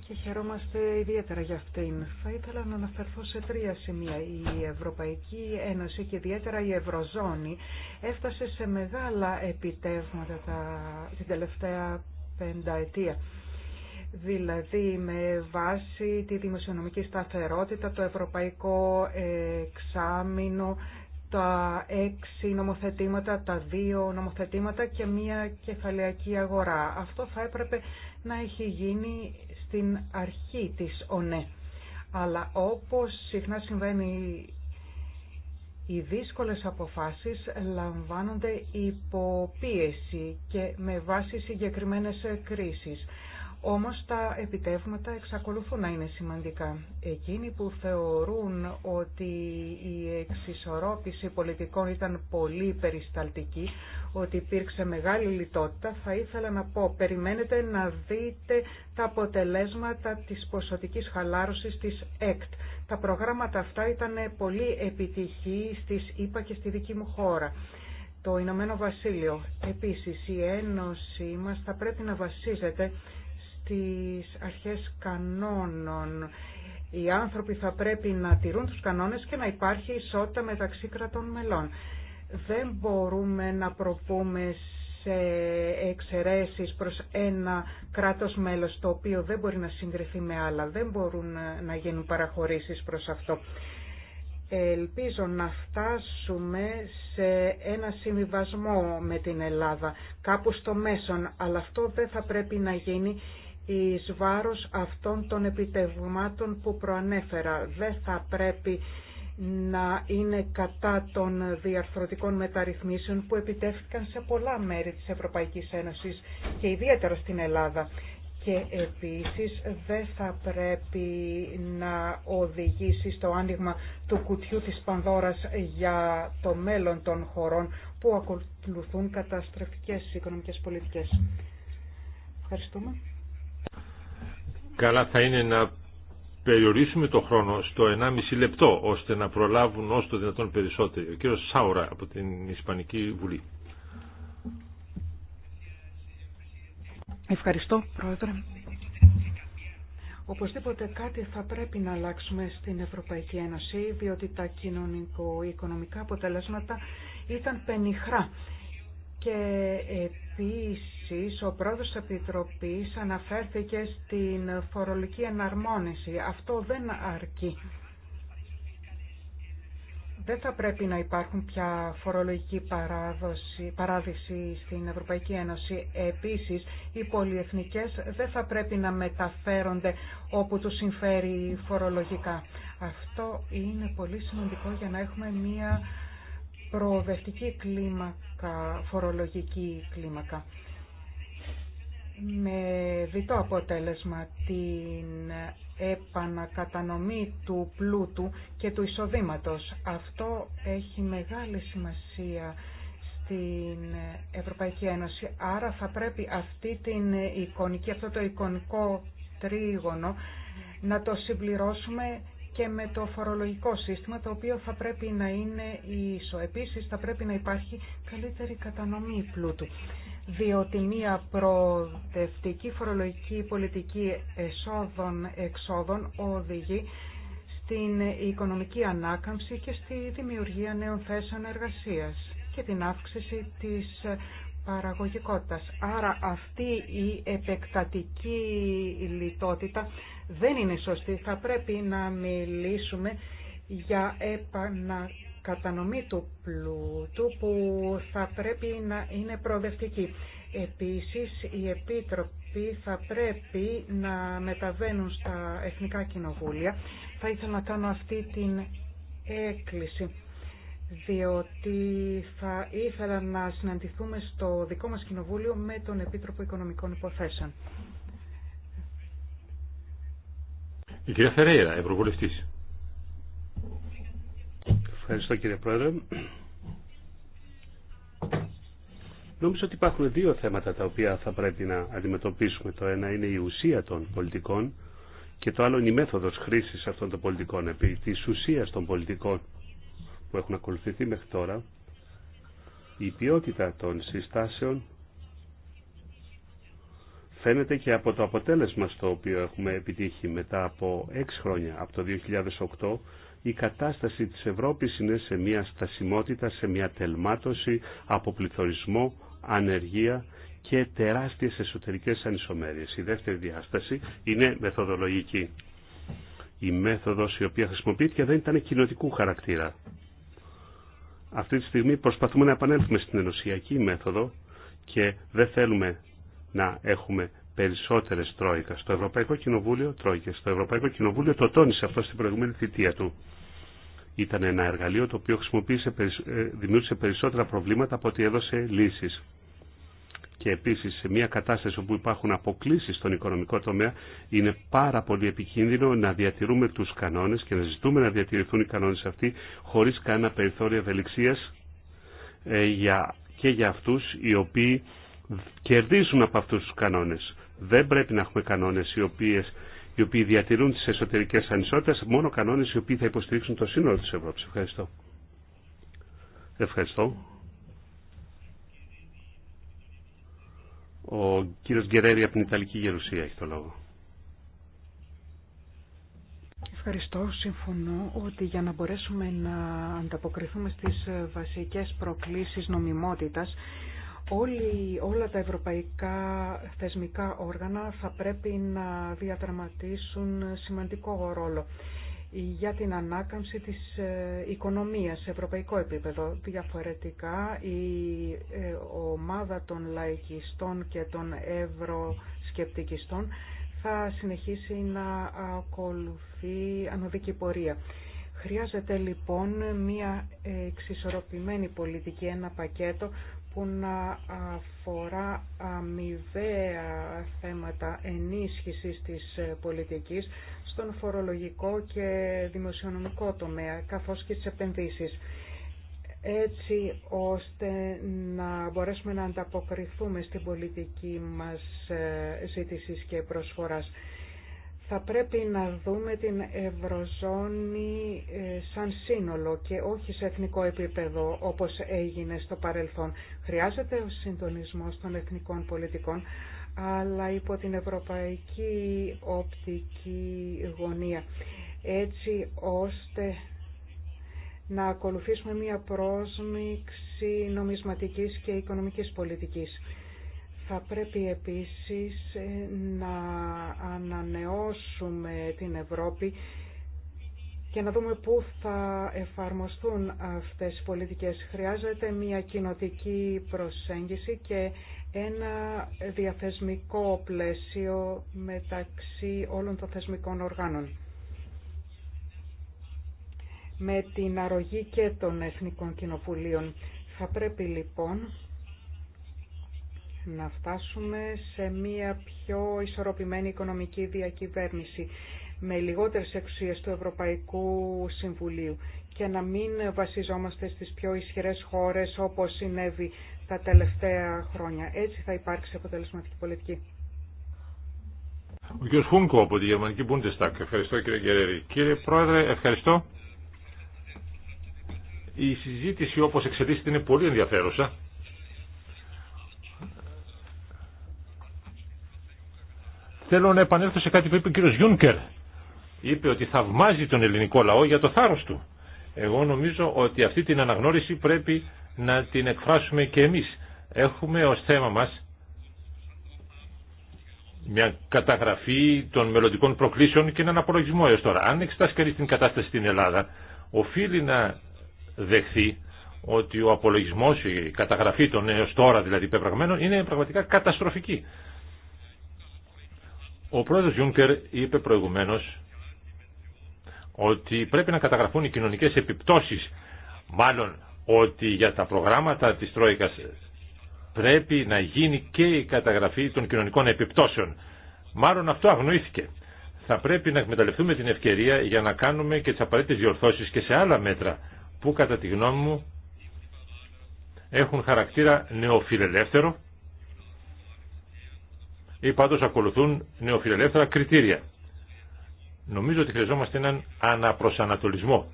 και χαιρόμαστε ιδιαίτερα για αυτήν. Θα ήθελα να αναφερθώ σε τρία σημεία. Η Ευρωπαϊκή Ένωση και ιδιαίτερα η Ευρωζώνη έφτασε σε μεγάλα επιτεύγματα την τελευταία πενταετία. Δηλαδή με βάση τη δημοσιονομική σταθερότητα, το ευρωπαϊκό εξάμεινο, τα έξι νομοθετήματα, τα δύο νομοθετήματα και μία κεφαλαιακή αγορά. Αυτό θα έπρεπε να έχει γίνει στην αρχή της ΟΝΕ. Αλλά όπως συχνά συμβαίνει οι δύσκολες αποφάσεις λαμβάνονται υπό πίεση και με βάση συγκεκριμένες κρίσεις. Όμως τα επιτεύγματα εξακολουθούν να είναι σημαντικά. Εκείνοι που θεωρούν ότι η εξισορρόπηση πολιτικών ήταν πολύ περισταλτική, ότι υπήρξε μεγάλη λιτότητα, θα ήθελα να πω, περιμένετε να δείτε τα αποτελέσματα της ποσοτικής χαλάρωσης της ΕΚΤ. Τα προγράμματα αυτά ήταν πολύ επιτυχή στις ΗΠΑ και στη δική μου χώρα. Το Ηνωμένο Βασίλειο. Επίσης, η Ένωση μας θα πρέπει να βασίζεται στις αρχές κανόνων. Οι άνθρωποι θα πρέπει να τηρούν τους κανόνες και να υπάρχει ισότητα μεταξύ κρατών μελών δεν μπορούμε να προπούμε σε εξαιρέσεις προς ένα κράτος μέλος το οποίο δεν μπορεί να συγκριθεί με άλλα. Δεν μπορούν να γίνουν παραχωρήσεις προς αυτό. Ελπίζω να φτάσουμε σε ένα συμβιβασμό με την Ελλάδα, κάπου στο μέσον, αλλά αυτό δεν θα πρέπει να γίνει εις βάρος αυτών των επιτευγμάτων που προανέφερα. Δεν θα πρέπει να είναι κατά των διαρθρωτικών μεταρρυθμίσεων που επιτεύχθηκαν σε πολλά μέρη της Ευρωπαϊκής Ένωσης και ιδιαίτερα στην Ελλάδα. Και επίσης δεν θα πρέπει να οδηγήσει στο άνοιγμα του κουτιού της Πανδώρας για το μέλλον των χωρών που ακολουθούν καταστροφικές οικονομικές πολιτικές. Ευχαριστούμε. Καλά θα είναι περιορίσουμε το χρόνο στο 1,5 λεπτό ώστε να προλάβουν όσο το δυνατόν περισσότεροι. Ο κύριος Σάουρα από την Ισπανική Βουλή. Ευχαριστώ, Πρόεδρε. Οπωσδήποτε κάτι θα πρέπει να αλλάξουμε στην Ευρωπαϊκή Ένωση, διότι τα κοινωνικο-οικονομικά αποτελέσματα ήταν πενιχρά και επίσης ο πρόεδρος της Επιτροπής αναφέρθηκε στην φορολογική εναρμόνιση. Αυτό δεν αρκεί. Δεν θα πρέπει να υπάρχουν πια φορολογική παράδοση, στην Ευρωπαϊκή Ένωση. Επίσης, οι πολυεθνικές δεν θα πρέπει να μεταφέρονται όπου τους συμφέρει φορολογικά. Αυτό είναι πολύ σημαντικό για να έχουμε μία προοδευτική κλίμακα, φορολογική κλίμακα. Με διτό αποτέλεσμα την επανακατανομή του πλούτου και του εισοδήματος. Αυτό έχει μεγάλη σημασία στην Ευρωπαϊκή Ένωση. Άρα θα πρέπει αυτή την εικονική, αυτό το εικονικό τρίγωνο να το συμπληρώσουμε και με το φορολογικό σύστημα, το οποίο θα πρέπει να είναι ίσο. Επίσης, θα πρέπει να υπάρχει καλύτερη κατανομή πλούτου, διότι μία προοδευτική φορολογική πολιτική εσόδων-εξόδων οδηγεί στην οικονομική ανάκαμψη και στη δημιουργία νέων θέσεων εργασίας και την αύξηση της παραγωγικότητας. Άρα αυτή η επεκτατική λιτότητα δεν είναι σωστή. Θα πρέπει να μιλήσουμε για επανακατανομή του πλούτου που θα πρέπει να είναι προοδευτική. Επίσης, οι επίτροποι θα πρέπει να μεταβαίνουν στα Εθνικά Κοινοβούλια. Θα ήθελα να κάνω αυτή την έκκληση διότι θα ήθελα να συναντηθούμε στο δικό μας κοινοβούλιο με τον Επίτροπο Οικονομικών Υποθέσεων. Η κυρία Φερέιρα, Ευρωβουλευτή. Ευχαριστώ κύριε Πρόεδρε. Νομίζω ότι υπάρχουν δύο θέματα τα οποία θα πρέπει να αντιμετωπίσουμε. Το ένα είναι η ουσία των πολιτικών και το άλλο είναι η μέθοδος χρήσης αυτών των πολιτικών. Επί της ουσίας των πολιτικών που έχουν ακολουθηθεί μέχρι τώρα, η ποιότητα των συστάσεων φαίνεται και από το αποτέλεσμα στο οποίο έχουμε επιτύχει μετά από 6 χρόνια, από το 2008, η κατάσταση της Ευρώπης είναι σε μια στασιμότητα, σε μια τελμάτωση, αποπληθωρισμό, ανεργία και τεράστιες εσωτερικές ανισομέρειες. Η δεύτερη διάσταση είναι μεθοδολογική. Η μέθοδος η οποία χρησιμοποιήθηκε δεν ήταν κοινοτικού χαρακτήρα. Αυτή τη στιγμή προσπαθούμε να επανέλθουμε στην ενωσιακή μέθοδο και δεν θέλουμε να έχουμε περισσότερε τρόικα στο Ευρωπαϊκό Κοινοβούλιο, τρόικες στο Ευρωπαϊκό Κοινοβούλιο, το τόνισε αυτό στην προηγούμενη θητεία του. Ήταν ένα εργαλείο το οποίο χρησιμοποίησε, ε, δημιούργησε περισσότερα προβλήματα από ότι έδωσε λύσει. Και επίση σε μια κατάσταση όπου υπάρχουν αποκλήσει στον οικονομικό τομέα είναι πάρα πολύ επικίνδυνο να διατηρούμε του κανόνε και να ζητούμε να διατηρηθούν οι κανόνε αυτοί χωρί κανένα περιθώριο ευελιξίας ε, για, και για αυτούς οι οποίοι κερδίζουν από αυτούς τους κανόνες. Δεν πρέπει να έχουμε κανόνες οι, οποίες, οι οποίοι διατηρούν τις εσωτερικές ανισότητες, μόνο κανόνες οι οποίοι θα υποστηρίξουν το σύνολο της Ευρώπης. Ευχαριστώ. Ευχαριστώ. Ο κύριος Γκερέρη από την Ιταλική Γερουσία έχει το λόγο. Ευχαριστώ. Συμφωνώ ότι για να μπορέσουμε να ανταποκριθούμε στις βασικές προκλήσεις νομιμότητας Όλοι, όλα τα ευρωπαϊκά θεσμικά όργανα θα πρέπει να διαδραματίσουν σημαντικό ρόλο για την ανάκαμψη της ε, οικονομίας σε ευρωπαϊκό επίπεδο. Διαφορετικά η ε, ομάδα των λαϊκιστών και των ευρωσκεπτικιστών θα συνεχίσει να ακολουθεί ανωδική πορεία. Χρειάζεται λοιπόν μια εξισορροπημένη πολιτική, ένα πακέτο που να αφορά αμοιβαία θέματα ενίσχυσης της ε, πολιτικής στον φορολογικό και δημοσιονομικό τομέα, καθώς και τις επενδύσεις. Έτσι ώστε να μπορέσουμε να ανταποκριθούμε στην πολιτική μας ε, ζήτησης και προσφοράς θα πρέπει να δούμε την Ευρωζώνη ε, σαν σύνολο και όχι σε εθνικό επίπεδο όπως έγινε στο παρελθόν. Χρειάζεται ο συντονισμός των εθνικών πολιτικών, αλλά υπό την ευρωπαϊκή οπτική γωνία, έτσι ώστε να ακολουθήσουμε μία πρόσμιξη νομισματικής και οικονομικής πολιτικής θα πρέπει επίσης ε, να ανανεώσουμε την Ευρώπη και να δούμε πού θα εφαρμοστούν αυτές οι πολιτικές. Χρειάζεται μια κοινοτική προσέγγιση και ένα διαθεσμικό πλαίσιο μεταξύ όλων των θεσμικών οργάνων. Με την αρρωγή και των Εθνικών Κοινοβουλίων θα πρέπει λοιπόν να φτάσουμε σε μια πιο ισορροπημένη οικονομική διακυβέρνηση με λιγότερες εξουσίες του Ευρωπαϊκού Συμβουλίου και να μην βασιζόμαστε στις πιο ισχυρές χώρες όπως συνέβη τα τελευταία χρόνια. Έτσι θα υπάρξει αποτελεσματική πολιτική. Ο κ. Χούνκο από τη Γερμανική Bundestag. Ευχαριστώ κύριε Γκερέρη. Κύριε Πρόεδρε, ευχαριστώ. Η συζήτηση όπως εξελίσσεται είναι πολύ ενδιαφέρουσα Θέλω να επανέλθω σε κάτι που είπε ο κύριος Γιούνκερ. Είπε ότι θαυμάζει τον ελληνικό λαό για το θάρρος του. Εγώ νομίζω ότι αυτή την αναγνώριση πρέπει να την εκφράσουμε και εμείς. Έχουμε ως θέμα μας μια καταγραφή των μελλοντικών προκλήσεων και έναν απολογισμό έως τώρα. Αν εξετάσει την κατάσταση στην Ελλάδα, οφείλει να δεχθεί ότι ο απολογισμός, η καταγραφή των έως τώρα δηλαδή πεπραγμένων είναι πραγματικά καταστροφική. Ο πρόεδρος Γιούνκερ είπε προηγουμένως ότι πρέπει να καταγραφούν οι κοινωνικές επιπτώσεις, μάλλον ότι για τα προγράμματα της Τρόικας πρέπει να γίνει και η καταγραφή των κοινωνικών επιπτώσεων. Μάλλον αυτό αγνοήθηκε. Θα πρέπει να εκμεταλλευτούμε την ευκαιρία για να κάνουμε και τις απαραίτητες διορθώσεις και σε άλλα μέτρα που κατά τη γνώμη μου έχουν χαρακτήρα νεοφιλελεύθερο ή πάντως ακολουθούν νεοφιλελεύθερα κριτήρια. Νομίζω ότι χρειαζόμαστε έναν αναπροσανατολισμό.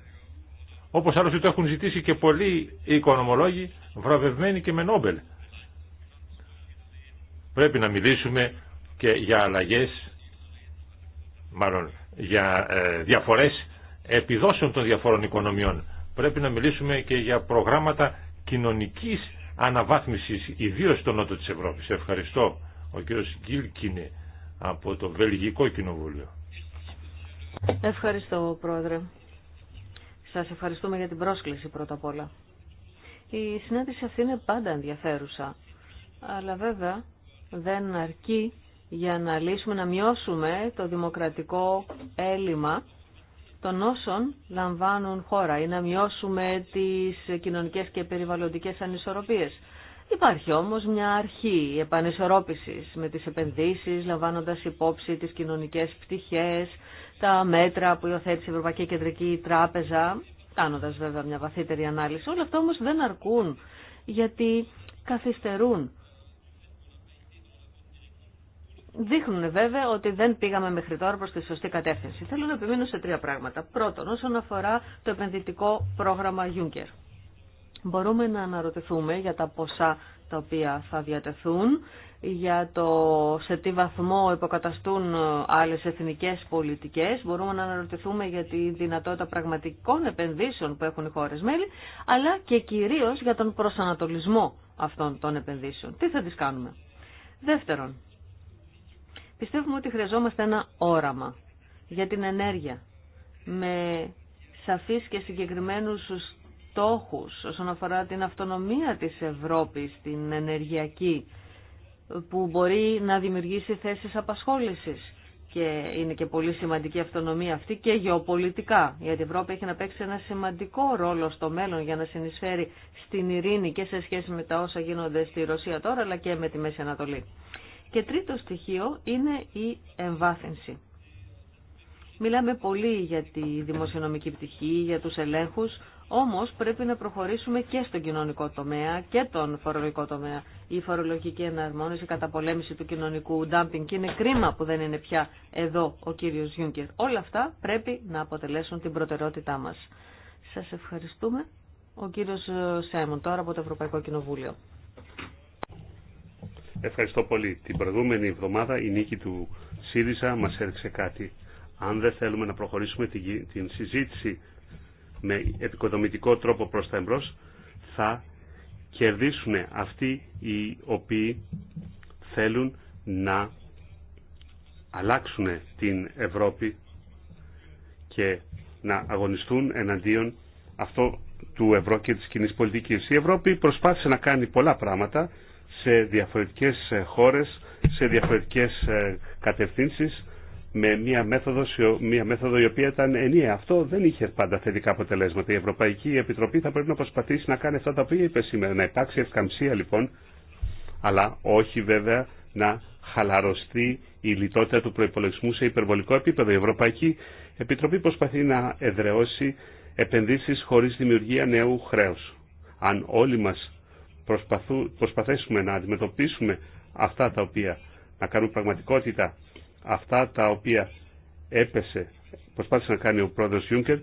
Όπως άλλωστε το έχουν ζητήσει και πολλοί οικονομολόγοι βραβευμένοι και με Νόμπελ. Πρέπει να μιλήσουμε και για αλλαγές, μάλλον για ε, διαφορές επιδόσεων των διαφόρων οικονομιών. Πρέπει να μιλήσουμε και για προγράμματα κοινωνικής αναβάθμισης, ιδίως στο νότο της Ευρώπης. Ευχαριστώ ο κ. Γκίλκινε από το Βελγικό Κοινοβούλιο. Ευχαριστώ, Πρόεδρε. Σας ευχαριστούμε για την πρόσκληση πρώτα απ' όλα. Η συνάντηση αυτή είναι πάντα ενδιαφέρουσα, αλλά βέβαια δεν αρκεί για να λύσουμε, να μειώσουμε το δημοκρατικό έλλειμμα των όσων λαμβάνουν χώρα ή να μειώσουμε τις κοινωνικές και περιβαλλοντικές ανισορροπίες. Υπάρχει όμως μια αρχή επανισορρόπησης με τις επενδύσεις, λαμβάνοντας υπόψη τις κοινωνικές πτυχές, τα μέτρα που υιοθέτησε η Ευρωπαϊκή Κεντρική Τράπεζα, κάνοντας βέβαια μια βαθύτερη ανάλυση. Όλα αυτά όμως δεν αρκούν, γιατί καθυστερούν. Δείχνουν βέβαια ότι δεν πήγαμε μέχρι τώρα προς τη σωστή κατεύθυνση. Θέλω να επιμείνω σε τρία πράγματα. Πρώτον, όσον αφορά το επενδυτικό πρόγραμμα Juncker μπορούμε να αναρωτηθούμε για τα ποσά τα οποία θα διατεθούν, για το σε τι βαθμό υποκαταστούν άλλες εθνικές πολιτικές, μπορούμε να αναρωτηθούμε για τη δυνατότητα πραγματικών επενδύσεων που έχουν οι χώρες μέλη, αλλά και κυρίως για τον προσανατολισμό αυτών των επενδύσεων. Τι θα τις κάνουμε. Δεύτερον, πιστεύουμε ότι χρειαζόμαστε ένα όραμα για την ενέργεια με σαφείς και συγκεκριμένους στόχους όσον αφορά την αυτονομία της Ευρώπης, την ενεργειακή, που μπορεί να δημιουργήσει θέσεις απασχόλησης. Και είναι και πολύ σημαντική αυτονομία αυτή και γεωπολιτικά, γιατί η Ευρώπη έχει να παίξει ένα σημαντικό ρόλο στο μέλλον για να συνεισφέρει στην ειρήνη και σε σχέση με τα όσα γίνονται στη Ρωσία τώρα, αλλά και με τη Μέση Ανατολή. Και τρίτο στοιχείο είναι η εμβάθυνση. Μιλάμε πολύ για τη δημοσιονομική πτυχή, για τους ελέγχους, όμως πρέπει να προχωρήσουμε και στον κοινωνικό τομέα και τον φορολογικό τομέα. Η φορολογική εναρμόνιση, η καταπολέμηση του κοινωνικού ντάμπινγκ είναι κρίμα που δεν είναι πια εδώ ο κύριος Γιούγκερ. Όλα αυτά πρέπει να αποτελέσουν την προτεραιότητά μας. Σας ευχαριστούμε. Ο κύριος ε, Σάιμον τώρα από το Ευρωπαϊκό Κοινοβούλιο. Ευχαριστώ πολύ. Την προηγούμενη εβδομάδα η νίκη του ΣΥΡΙΖΑ μας έδειξε κάτι. Αν δεν θέλουμε να προχωρήσουμε την συζήτηση με επικοδομητικό τρόπο προς τα εμπρός θα κερδίσουν αυτοί οι οποίοι θέλουν να αλλάξουν την Ευρώπη και να αγωνιστούν εναντίον αυτό του ευρώ και της κοινή πολιτικής. Η Ευρώπη προσπάθησε να κάνει πολλά πράγματα σε διαφορετικές ε, χώρες, σε διαφορετικές ε, κατευθύνσεις με μια μέθοδο, μια μέθοδο η οποία ήταν ενιαία. Αυτό δεν είχε πάντα θετικά αποτελέσματα. Η Ευρωπαϊκή Επιτροπή θα πρέπει να προσπαθήσει να κάνει αυτά τα οποία είπε σήμερα. Να υπάρξει ευκαμψία λοιπόν, αλλά όχι βέβαια να χαλαρωστεί η λιτότητα του προπολογισμού σε υπερβολικό επίπεδο. Η Ευρωπαϊκή Επιτροπή προσπαθεί να εδραιώσει επενδύσει χωρί δημιουργία νέου χρέου. Αν όλοι μα προσπαθήσουμε να αντιμετωπίσουμε αυτά τα οποία να κάνουν πραγματικότητα αυτά τα οποία έπεσε, προσπάθησε να κάνει ο πρόεδρος Ιούνκερ,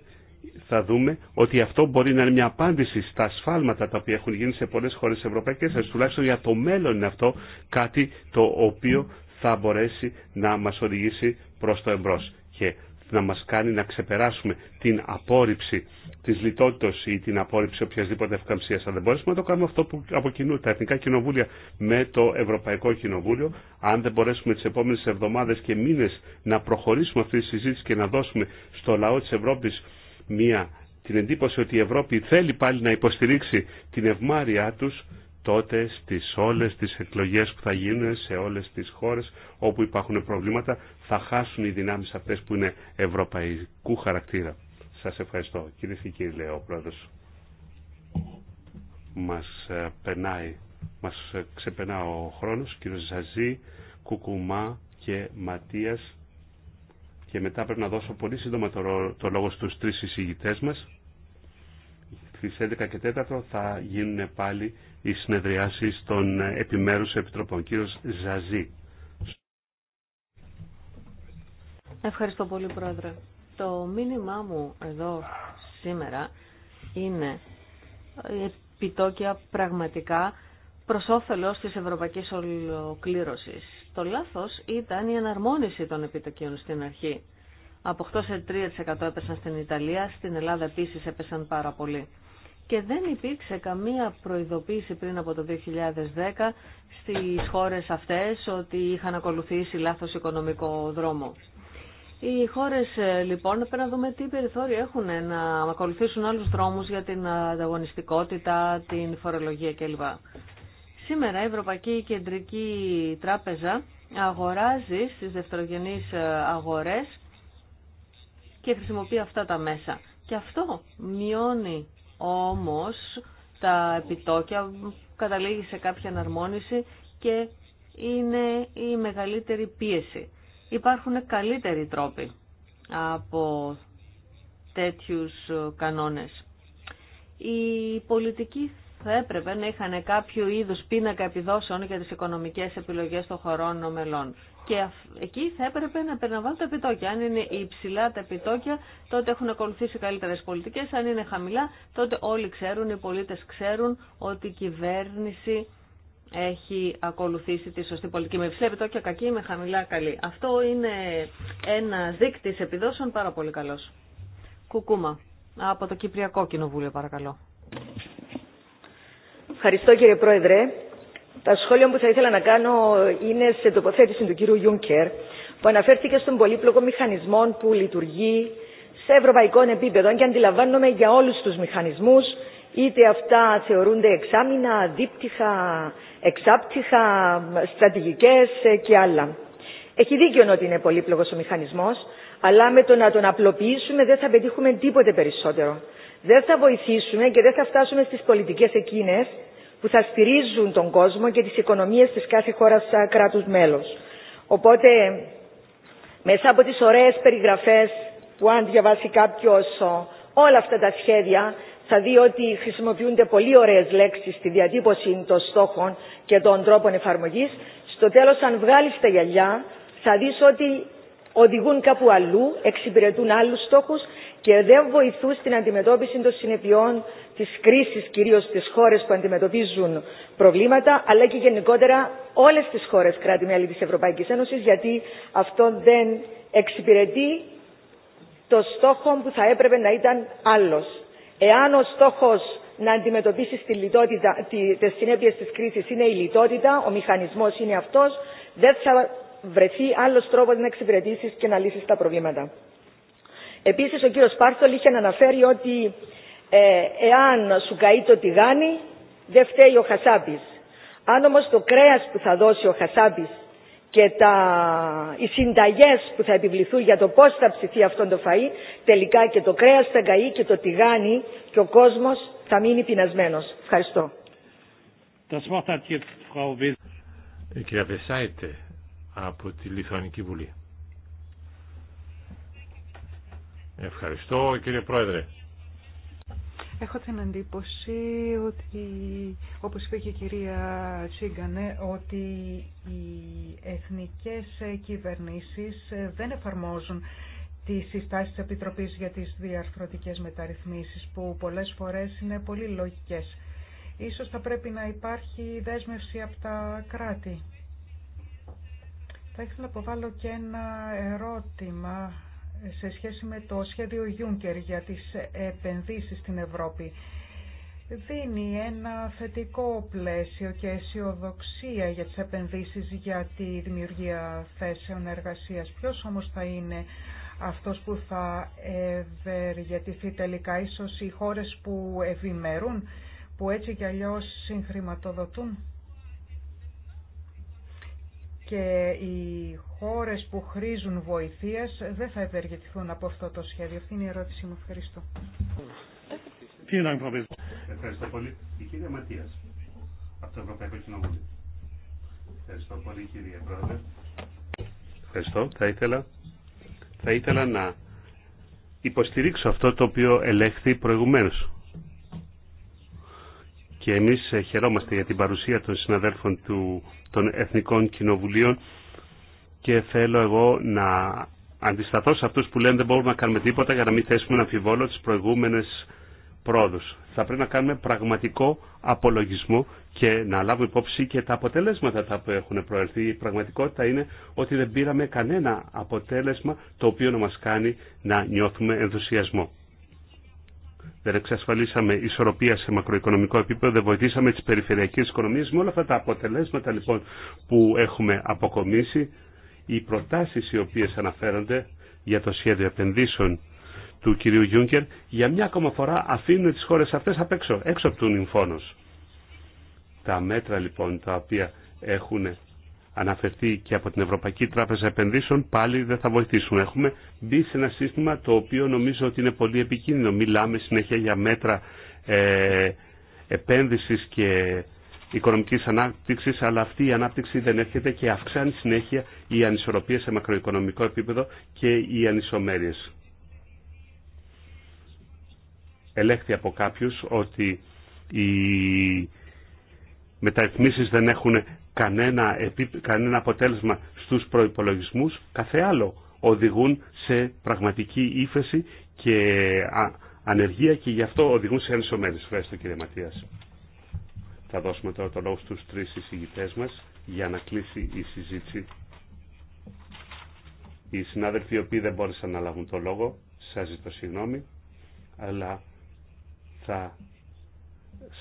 θα δούμε ότι αυτό μπορεί να είναι μια απάντηση στα σφάλματα τα οποία έχουν γίνει σε πολλές χώρες ευρωπαϊκές, τουλάχιστον για το μέλλον είναι αυτό κάτι το οποίο θα μπορέσει να μας οδηγήσει προς το εμπρός. Και να μας κάνει να ξεπεράσουμε την απόρριψη της λιτότητας ή την απόρριψη οποιασδήποτε ευκαμψίας. Αν δεν μπορέσουμε να το κάνουμε αυτό που από κοινού τα Εθνικά Κοινοβούλια με το Ευρωπαϊκό Κοινοβούλιο, αν δεν μπορέσουμε τις επόμενες εβδομάδες και μήνες να προχωρήσουμε αυτή τη συζήτηση και να δώσουμε στο λαό της Ευρώπης μια την εντύπωση ότι η Ευρώπη θέλει πάλι να υποστηρίξει την ευμάρειά τους, τότε στις όλες τις εκλογές που θα γίνουν σε όλες τις χώρες όπου υπάρχουν προβλήματα θα χάσουν οι δυνάμεις αυτές που είναι ευρωπαϊκού χαρακτήρα. Σας ευχαριστώ. Κυρίε και κύριοι, λέει ο Μας ε, περνάει, μας ε, ξεπερνά ο χρόνος. Κύριο Ζαζή, Κουκουμά και Ματίας. Και μετά πρέπει να δώσω πολύ σύντομα το λόγο στους τρεις εισηγητές μας στις 11 και 4 θα γίνουν πάλι οι συνεδριάσεις των επιμέρους επιτροπών. κύριο Ζαζή. Ευχαριστώ πολύ Πρόεδρε. Το μήνυμά μου εδώ σήμερα είναι επιτόκια πραγματικά προ όφελο τη Ευρωπαϊκή Ολοκλήρωση. Το λάθος ήταν η αναρμόνιση των επιτοκίων στην αρχή. Από 8 σε 3% έπεσαν στην Ιταλία, στην Ελλάδα επίση έπεσαν πάρα πολύ και δεν υπήρξε καμία προειδοποίηση πριν από το 2010 στις χώρες αυτές ότι είχαν ακολουθήσει λάθος οικονομικό δρόμο. Οι χώρες ε, λοιπόν πρέπει να δούμε τι περιθώριο έχουν να ακολουθήσουν άλλους δρόμους για την ανταγωνιστικότητα, την φορολογία κλπ. Σήμερα η Ευρωπαϊκή Κεντρική Τράπεζα αγοράζει στις δευτερογενείς ε, αγορές και χρησιμοποιεί αυτά τα μέσα. Και αυτό μειώνει όμως τα επιτόκια καταλήγει σε κάποια αναρμόνιση και είναι η μεγαλύτερη πίεση. Υπάρχουν καλύτεροι τρόποι από τέτοιους κανόνες. Η πολιτική θα έπρεπε να είχαν κάποιο είδους πίνακα επιδόσεων για τις οικονομικές επιλογές των χωρών μελών. Και εκεί θα έπρεπε να περιλαμβάνουν τα επιτόκια. Αν είναι υψηλά τα επιτόκια, τότε έχουν ακολουθήσει καλύτερες πολιτικές. Αν είναι χαμηλά, τότε όλοι ξέρουν, οι πολίτες ξέρουν ότι η κυβέρνηση έχει ακολουθήσει τη σωστή πολιτική. Με υψηλά επιτόκια κακή, με χαμηλά καλή. Αυτό είναι ένα δείκτης επιδόσεων πάρα πολύ καλός. Κουκούμα. Από το Κυπριακό Κοινοβούλιο, παρακαλώ. Ευχαριστώ κύριε Πρόεδρε. Τα σχόλια που θα ήθελα να κάνω είναι σε τοποθέτηση του κύριου Γιούνκερ που αναφέρθηκε στον πολύπλοκο μηχανισμό που λειτουργεί σε ευρωπαϊκό επίπεδο και αντιλαμβάνομαι για όλους τους μηχανισμούς είτε αυτά θεωρούνται εξάμεινα, δίπτυχα, εξάπτυχα, στρατηγικές ε, και άλλα. Έχει δίκιο ότι είναι πολύπλοκος ο μηχανισμός, αλλά με το να τον απλοποιήσουμε δεν θα πετύχουμε τίποτε περισσότερο δεν θα βοηθήσουμε και δεν θα φτάσουμε στις πολιτικές εκείνες που θα στηρίζουν τον κόσμο και τις οικονομίες της κάθε χώρας κράτους μέλος. Οπότε, μέσα από τις ωραίες περιγραφές που αν διαβάσει κάποιος όλα αυτά τα σχέδια, θα δει ότι χρησιμοποιούνται πολύ ωραίες λέξεις στη διατύπωση των στόχων και των τρόπων εφαρμογής. Στο τέλος, αν βγάλεις τα γυαλιά, θα δεις ότι οδηγούν κάπου αλλού, εξυπηρετούν άλλους στόχους και δεν βοηθούν στην αντιμετώπιση των συνεπειών τη κρίση, κυρίω στι χώρε που αντιμετωπίζουν προβλήματα, αλλά και γενικότερα όλε τι χώρε κράτη-μέλη τη Ευρωπαϊκή Ένωση, γιατί αυτό δεν εξυπηρετεί το στόχο που θα έπρεπε να ήταν άλλο. Εάν ο στόχο να αντιμετωπίσει τη λιτότητα, τη, τις συνέπειες της κρίσης είναι η λιτότητα, ο μηχανισμός είναι αυτός, δεν θα βρεθεί άλλος τρόπος να εξυπηρετήσει και να λύσει τα προβλήματα. Επίσης ο κύριος Πάρθολ είχε αναφέρει ότι ε, εάν σου καεί το τηγάνι δεν φταίει ο χασάπης. Αν όμως το κρέας που θα δώσει ο χασάπης και τα, οι συνταγές που θα επιβληθούν για το πώς θα ψηθεί αυτό το φαΐ, τελικά και το κρέας θα καεί και το τηγάνι και ο κόσμος θα μείνει πεινασμένος. Ευχαριστώ. Η ε, Βεσάιτε από τη Βουλή. Ευχαριστώ κύριε Πρόεδρε. Έχω την εντύπωση ότι, όπως είπε και η κυρία Τσίγκανε, ότι οι εθνικές κυβερνήσεις δεν εφαρμόζουν τις συστάσεις της Επιτροπής για τις διαρθρωτικέ μεταρρυθμίσεις, που πολλές φορές είναι πολύ λογικές. Ίσως θα πρέπει να υπάρχει δέσμευση από τα κράτη. Θα ήθελα να αποβάλω και ένα ερώτημα σε σχέση με το σχέδιο Juncker για τις επενδύσεις στην Ευρώπη δίνει ένα θετικό πλαίσιο και αισιοδοξία για τις επενδύσεις για τη δημιουργία θέσεων εργασίας. Ποιος όμως θα είναι αυτός που θα ευεργετηθεί τελικά, ίσως οι χώρες που ευημερούν, που έτσι κι αλλιώς συγχρηματοδοτούν και οι χώρες που χρήζουν βοηθείας δεν θα ευεργετηθούν από αυτό το σχέδιο. Αυτή είναι η ερώτησή μου. Ευχαριστώ. Ευχαριστώ πολύ. Η κυρία Ματίας, από το Ευρωπαϊκό Κοινοβούλιο. Ευχαριστώ πολύ κυρία Πρόεδρε. Ευχαριστώ. Θα ήθελα, θα ήθελα να υποστηρίξω αυτό το οποίο ελέγχθη προηγουμένως και εμείς ε, χαιρόμαστε για την παρουσία των συναδέλφων του, των Εθνικών Κοινοβουλίων και θέλω εγώ να αντισταθώ σε αυτούς που λένε δεν μπορούμε να κάνουμε τίποτα για να μην θέσουμε να αμφιβόλο τις προηγούμενες πρόοδους. Θα πρέπει να κάνουμε πραγματικό απολογισμό και να λάβουμε υπόψη και τα αποτελέσματα τα που έχουν προερθεί. Η πραγματικότητα είναι ότι δεν πήραμε κανένα αποτέλεσμα το οποίο να μας κάνει να νιώθουμε ενθουσιασμό δεν εξασφαλίσαμε ισορροπία σε μακροοικονομικό επίπεδο, δεν βοηθήσαμε τις περιφερειακές οικονομίες. Με όλα αυτά τα αποτελέσματα λοιπόν που έχουμε αποκομίσει, οι προτάσεις οι οποίες αναφέρονται για το σχέδιο επενδύσεων του κυρίου Γιούγκερ, για μια ακόμα φορά αφήνουν τις χώρες αυτές απ' έξω, έξω από τον Τα μέτρα λοιπόν τα οποία έχουν αναφερθεί και από την Ευρωπαϊκή Τράπεζα Επενδύσεων, πάλι δεν θα βοηθήσουν. Έχουμε μπει σε ένα σύστημα το οποίο νομίζω ότι είναι πολύ επικίνδυνο. Μιλάμε συνέχεια για μέτρα ε, επένδυσης και οικονομικής ανάπτυξης, αλλά αυτή η ανάπτυξη δεν έρχεται και αυξάνει συνέχεια οι ανισορροπία σε μακροοικονομικό επίπεδο και οι ανισομέρειες. Ελέγχθη από κάποιους ότι οι μεταρρυθμίσεις δεν έχουν κανένα, κανένα αποτέλεσμα στους προϋπολογισμούς, κάθε άλλο οδηγούν σε πραγματική ύφεση και ανεργία και γι' αυτό οδηγούν σε ενσωμένες. Ευχαριστώ κύριε Ματίας. Θα δώσουμε τώρα το λόγο στους τρεις εισηγητές μας για να κλείσει η συζήτηση. Οι συνάδελφοι οι οποίοι δεν μπόρεσαν να λάβουν το λόγο, σας ζητώ συγγνώμη, αλλά θα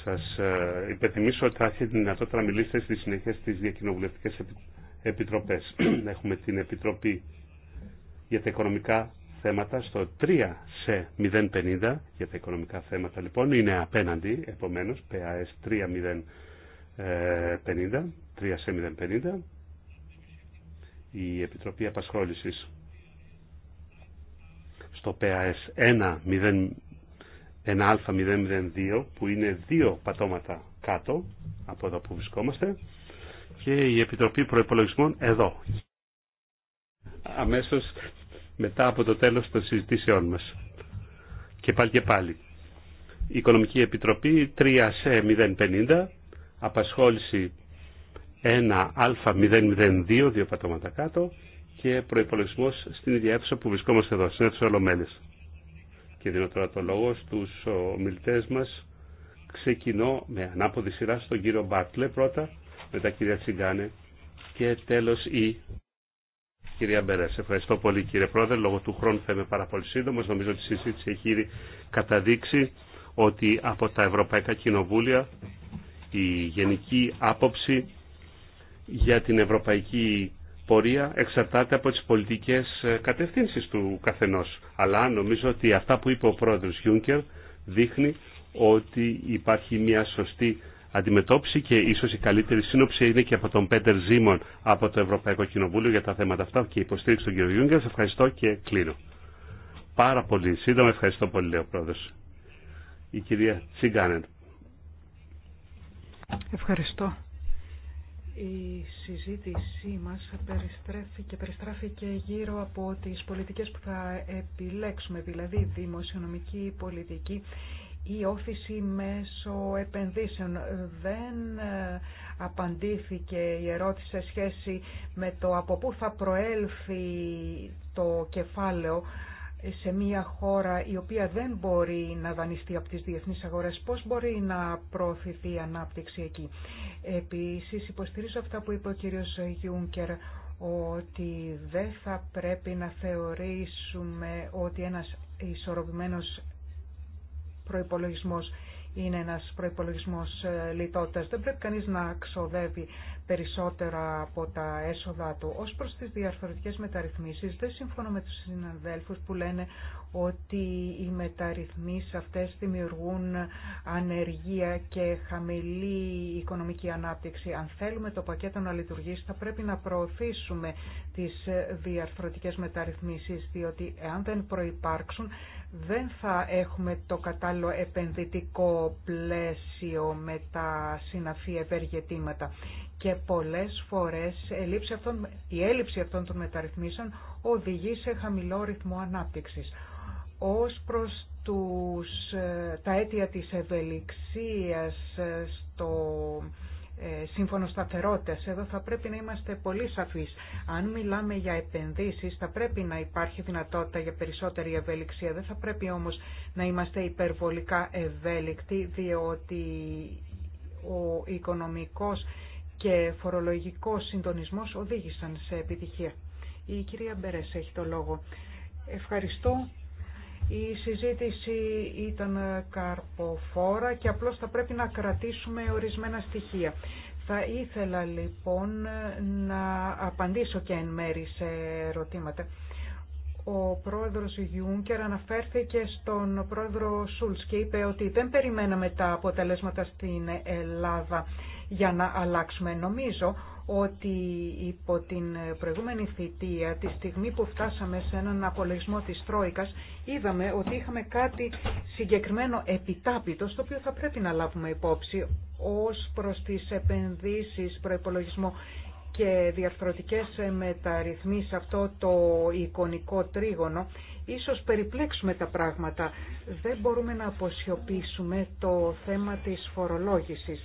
Σα ε, υπενθυμίσω ότι θα έχετε τη δυνατότητα να μιλήσετε στη συνέχεια στι διακοινοβουλευτικέ επιτροπέ. <clears throat> Έχουμε την Επιτροπή για τα οικονομικά θέματα στο 3 σε 050 για τα οικονομικά θέματα λοιπόν είναι απέναντι επομένως PAS 3050 3 σε 050 η Επιτροπή Απασχόλησης στο PAS 1 ένα α002 που είναι δύο πατώματα κάτω από εδώ που βρισκόμαστε και η Επιτροπή Προϋπολογισμών εδώ. Αμέσως μετά από το τέλος των συζητήσεών μας. Και πάλι και πάλι. Η Οικονομική Επιτροπή 3 σε 050 απασχόληση 1 α002 δύο πατώματα κάτω και προϋπολογισμός στην ίδια αίθουσα που βρισκόμαστε εδώ, στην αίθουσα Ολομέλης και δίνω τώρα το λόγο στους ομιλητές μας. Ξεκινώ με ανάποδη σειρά στον κύριο Μπάτλε πρώτα, μετά κυρία Τσιγκάνε και τέλος η κυρία Μπερές. Ευχαριστώ πολύ κύριε Πρόεδρε, λόγω του χρόνου θα είμαι πάρα πολύ σύντομο. Νομίζω ότι η συζήτηση έχει καταδείξει ότι από τα Ευρωπαϊκά Κοινοβούλια η γενική άποψη για την Ευρωπαϊκή πορεία εξαρτάται από τις πολιτικές ε, κατευθύνσεις του καθενός. Αλλά νομίζω ότι αυτά που είπε ο πρόεδρος Γιούνκερ δείχνει ότι υπάρχει μια σωστή αντιμετώπιση και ίσως η καλύτερη σύνοψη είναι και από τον Πέτερ Ζήμον από το Ευρωπαϊκό Κοινοβούλιο για τα θέματα αυτά και υποστήριξη του κ. Γιούγκερ. Σε ευχαριστώ και κλείνω. Πάρα πολύ σύντομα, ευχαριστώ πολύ, λέει ο πρόεδρος. Η κυρία Τσιγκάνεν. Ευχαριστώ. Η συζήτησή μας περιστράφει περιστράφηκε γύρω από τις πολιτικές που θα επιλέξουμε, δηλαδή δημοσιονομική πολιτική ή όθηση μέσω επενδύσεων. Δεν ε, απαντήθηκε η ερώτηση σε σχέση με το από πού θα προέλθει το κεφάλαιο σε μια χώρα η οποία δεν μπορεί να δανειστεί από τις διεθνείς αγορές, πώς μπορεί να προωθηθεί η ανάπτυξη εκεί. Επίσης, υποστηρίζω αυτά που είπε ο κύριος Γιούνκερ, ότι δεν θα πρέπει να θεωρήσουμε ότι ένας ισορροπημένος προϋπολογισμός είναι ένας προϋπολογισμός ε, λιτότητας. Δεν πρέπει κανείς να ξοδεύει περισσότερα από τα έσοδα του. Ως προς τις διαρθρωτικές μεταρρυθμίσεις, δεν συμφωνώ με τους συναδέλφους που λένε ότι οι μεταρρυθμίσεις αυτές δημιουργούν ανεργία και χαμηλή οικονομική ανάπτυξη. Αν θέλουμε το πακέτο να λειτουργήσει, θα πρέπει να προωθήσουμε τις διαρθρωτικές μεταρρυθμίσεις, διότι εάν δεν προϋπάρξουν, δεν θα έχουμε το κατάλληλο επενδυτικό πλαίσιο με τα συναφή ευεργετήματα. Και πολλές φορές η έλλειψη αυτών των μεταρρυθμίσεων οδηγεί σε χαμηλό ρυθμό ανάπτυξης. Ως προς τους, ε, τα αίτια της ευελιξίας ε, στο ε, σύμφωνο σταθερότητα, Εδώ θα πρέπει να είμαστε πολύ σαφείς. Αν μιλάμε για επενδύσεις θα πρέπει να υπάρχει δυνατότητα για περισσότερη ευέλιξία. Δεν θα πρέπει όμως να είμαστε υπερβολικά ευέλικτοι διότι ο οικονομικός και φορολογικός συντονισμός οδήγησαν σε επιτυχία. Η κυρία Μπερές έχει το λόγο. Ευχαριστώ η συζήτηση ήταν καρποφόρα και απλώς θα πρέπει να κρατήσουμε ορισμένα στοιχεία. Θα ήθελα λοιπόν να απαντήσω και εν μέρη σε ερωτήματα. Ο πρόεδρος Γιούνκερ αναφέρθηκε στον πρόεδρο Σούλτς και είπε ότι δεν περιμέναμε τα αποτελέσματα στην Ελλάδα για να αλλάξουμε. Νομίζω ότι υπό την προηγούμενη θητεία, τη στιγμή που φτάσαμε σε έναν απολογισμό της Τρόικας, είδαμε ότι είχαμε κάτι συγκεκριμένο επιτάπητο, στο οποίο θα πρέπει να λάβουμε υπόψη ως προς τις επενδύσεις, προϋπολογισμό και διαρθρωτικές μεταρρυθμίσεις αυτό το εικονικό τρίγωνο, ίσως περιπλέξουμε τα πράγματα. Δεν μπορούμε να αποσιωπήσουμε το θέμα της φορολόγησης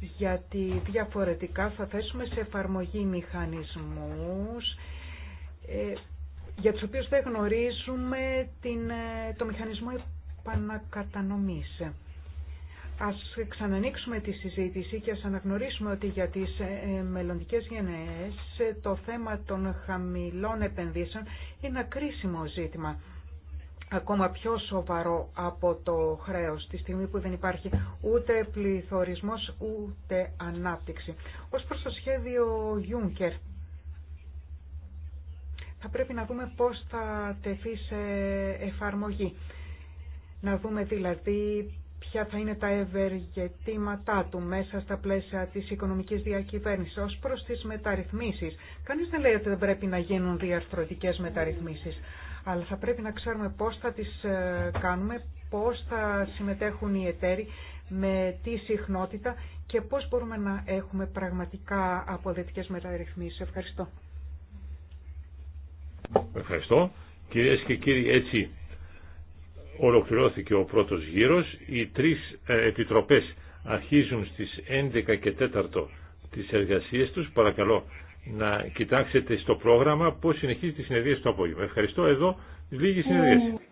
γιατί διαφορετικά θα θέσουμε σε εφαρμογή μηχανισμούς ε, για τους οποίους δεν γνωρίζουμε την, ε, το μηχανισμό επανακατανομής. Ας ξανανοίξουμε τη συζήτηση και ας αναγνωρίσουμε ότι για τις ε, μελλοντικές γενναίες το θέμα των χαμηλών επενδύσεων είναι ένα κρίσιμο ζήτημα ακόμα πιο σοβαρό από το χρέος, τη στιγμή που δεν υπάρχει ούτε πληθωρισμός ούτε ανάπτυξη. Ως προς το σχέδιο Juncker, θα πρέπει να δούμε πώς θα τεθεί σε εφαρμογή. Να δούμε δηλαδή ποια θα είναι τα ευεργετήματά του μέσα στα πλαίσια της οικονομικής διακυβέρνησης ως προς τις μεταρρυθμίσεις. Κανείς δεν λέει ότι δεν πρέπει να γίνουν διαρθρωτικές μεταρρυθμίσεις αλλά θα πρέπει να ξέρουμε πώς θα τις ε, κάνουμε, πώς θα συμμετέχουν οι εταίροι, με τι συχνότητα και πώς μπορούμε να έχουμε πραγματικά αποδετικές μεταρρυθμίσεις. Ευχαριστώ. Ευχαριστώ. Κυρίες και κύριοι, έτσι ολοκληρώθηκε ο πρώτος γύρος. Οι τρεις ε, επιτροπές αρχίζουν στις 11 και 4 τις εργασίες τους. Παρακαλώ να κοιτάξετε στο πρόγραμμα πώς συνεχίζει τη συνεδρία στο απόγευμα. Ευχαριστώ εδώ. Λίγη συνεδρίαση.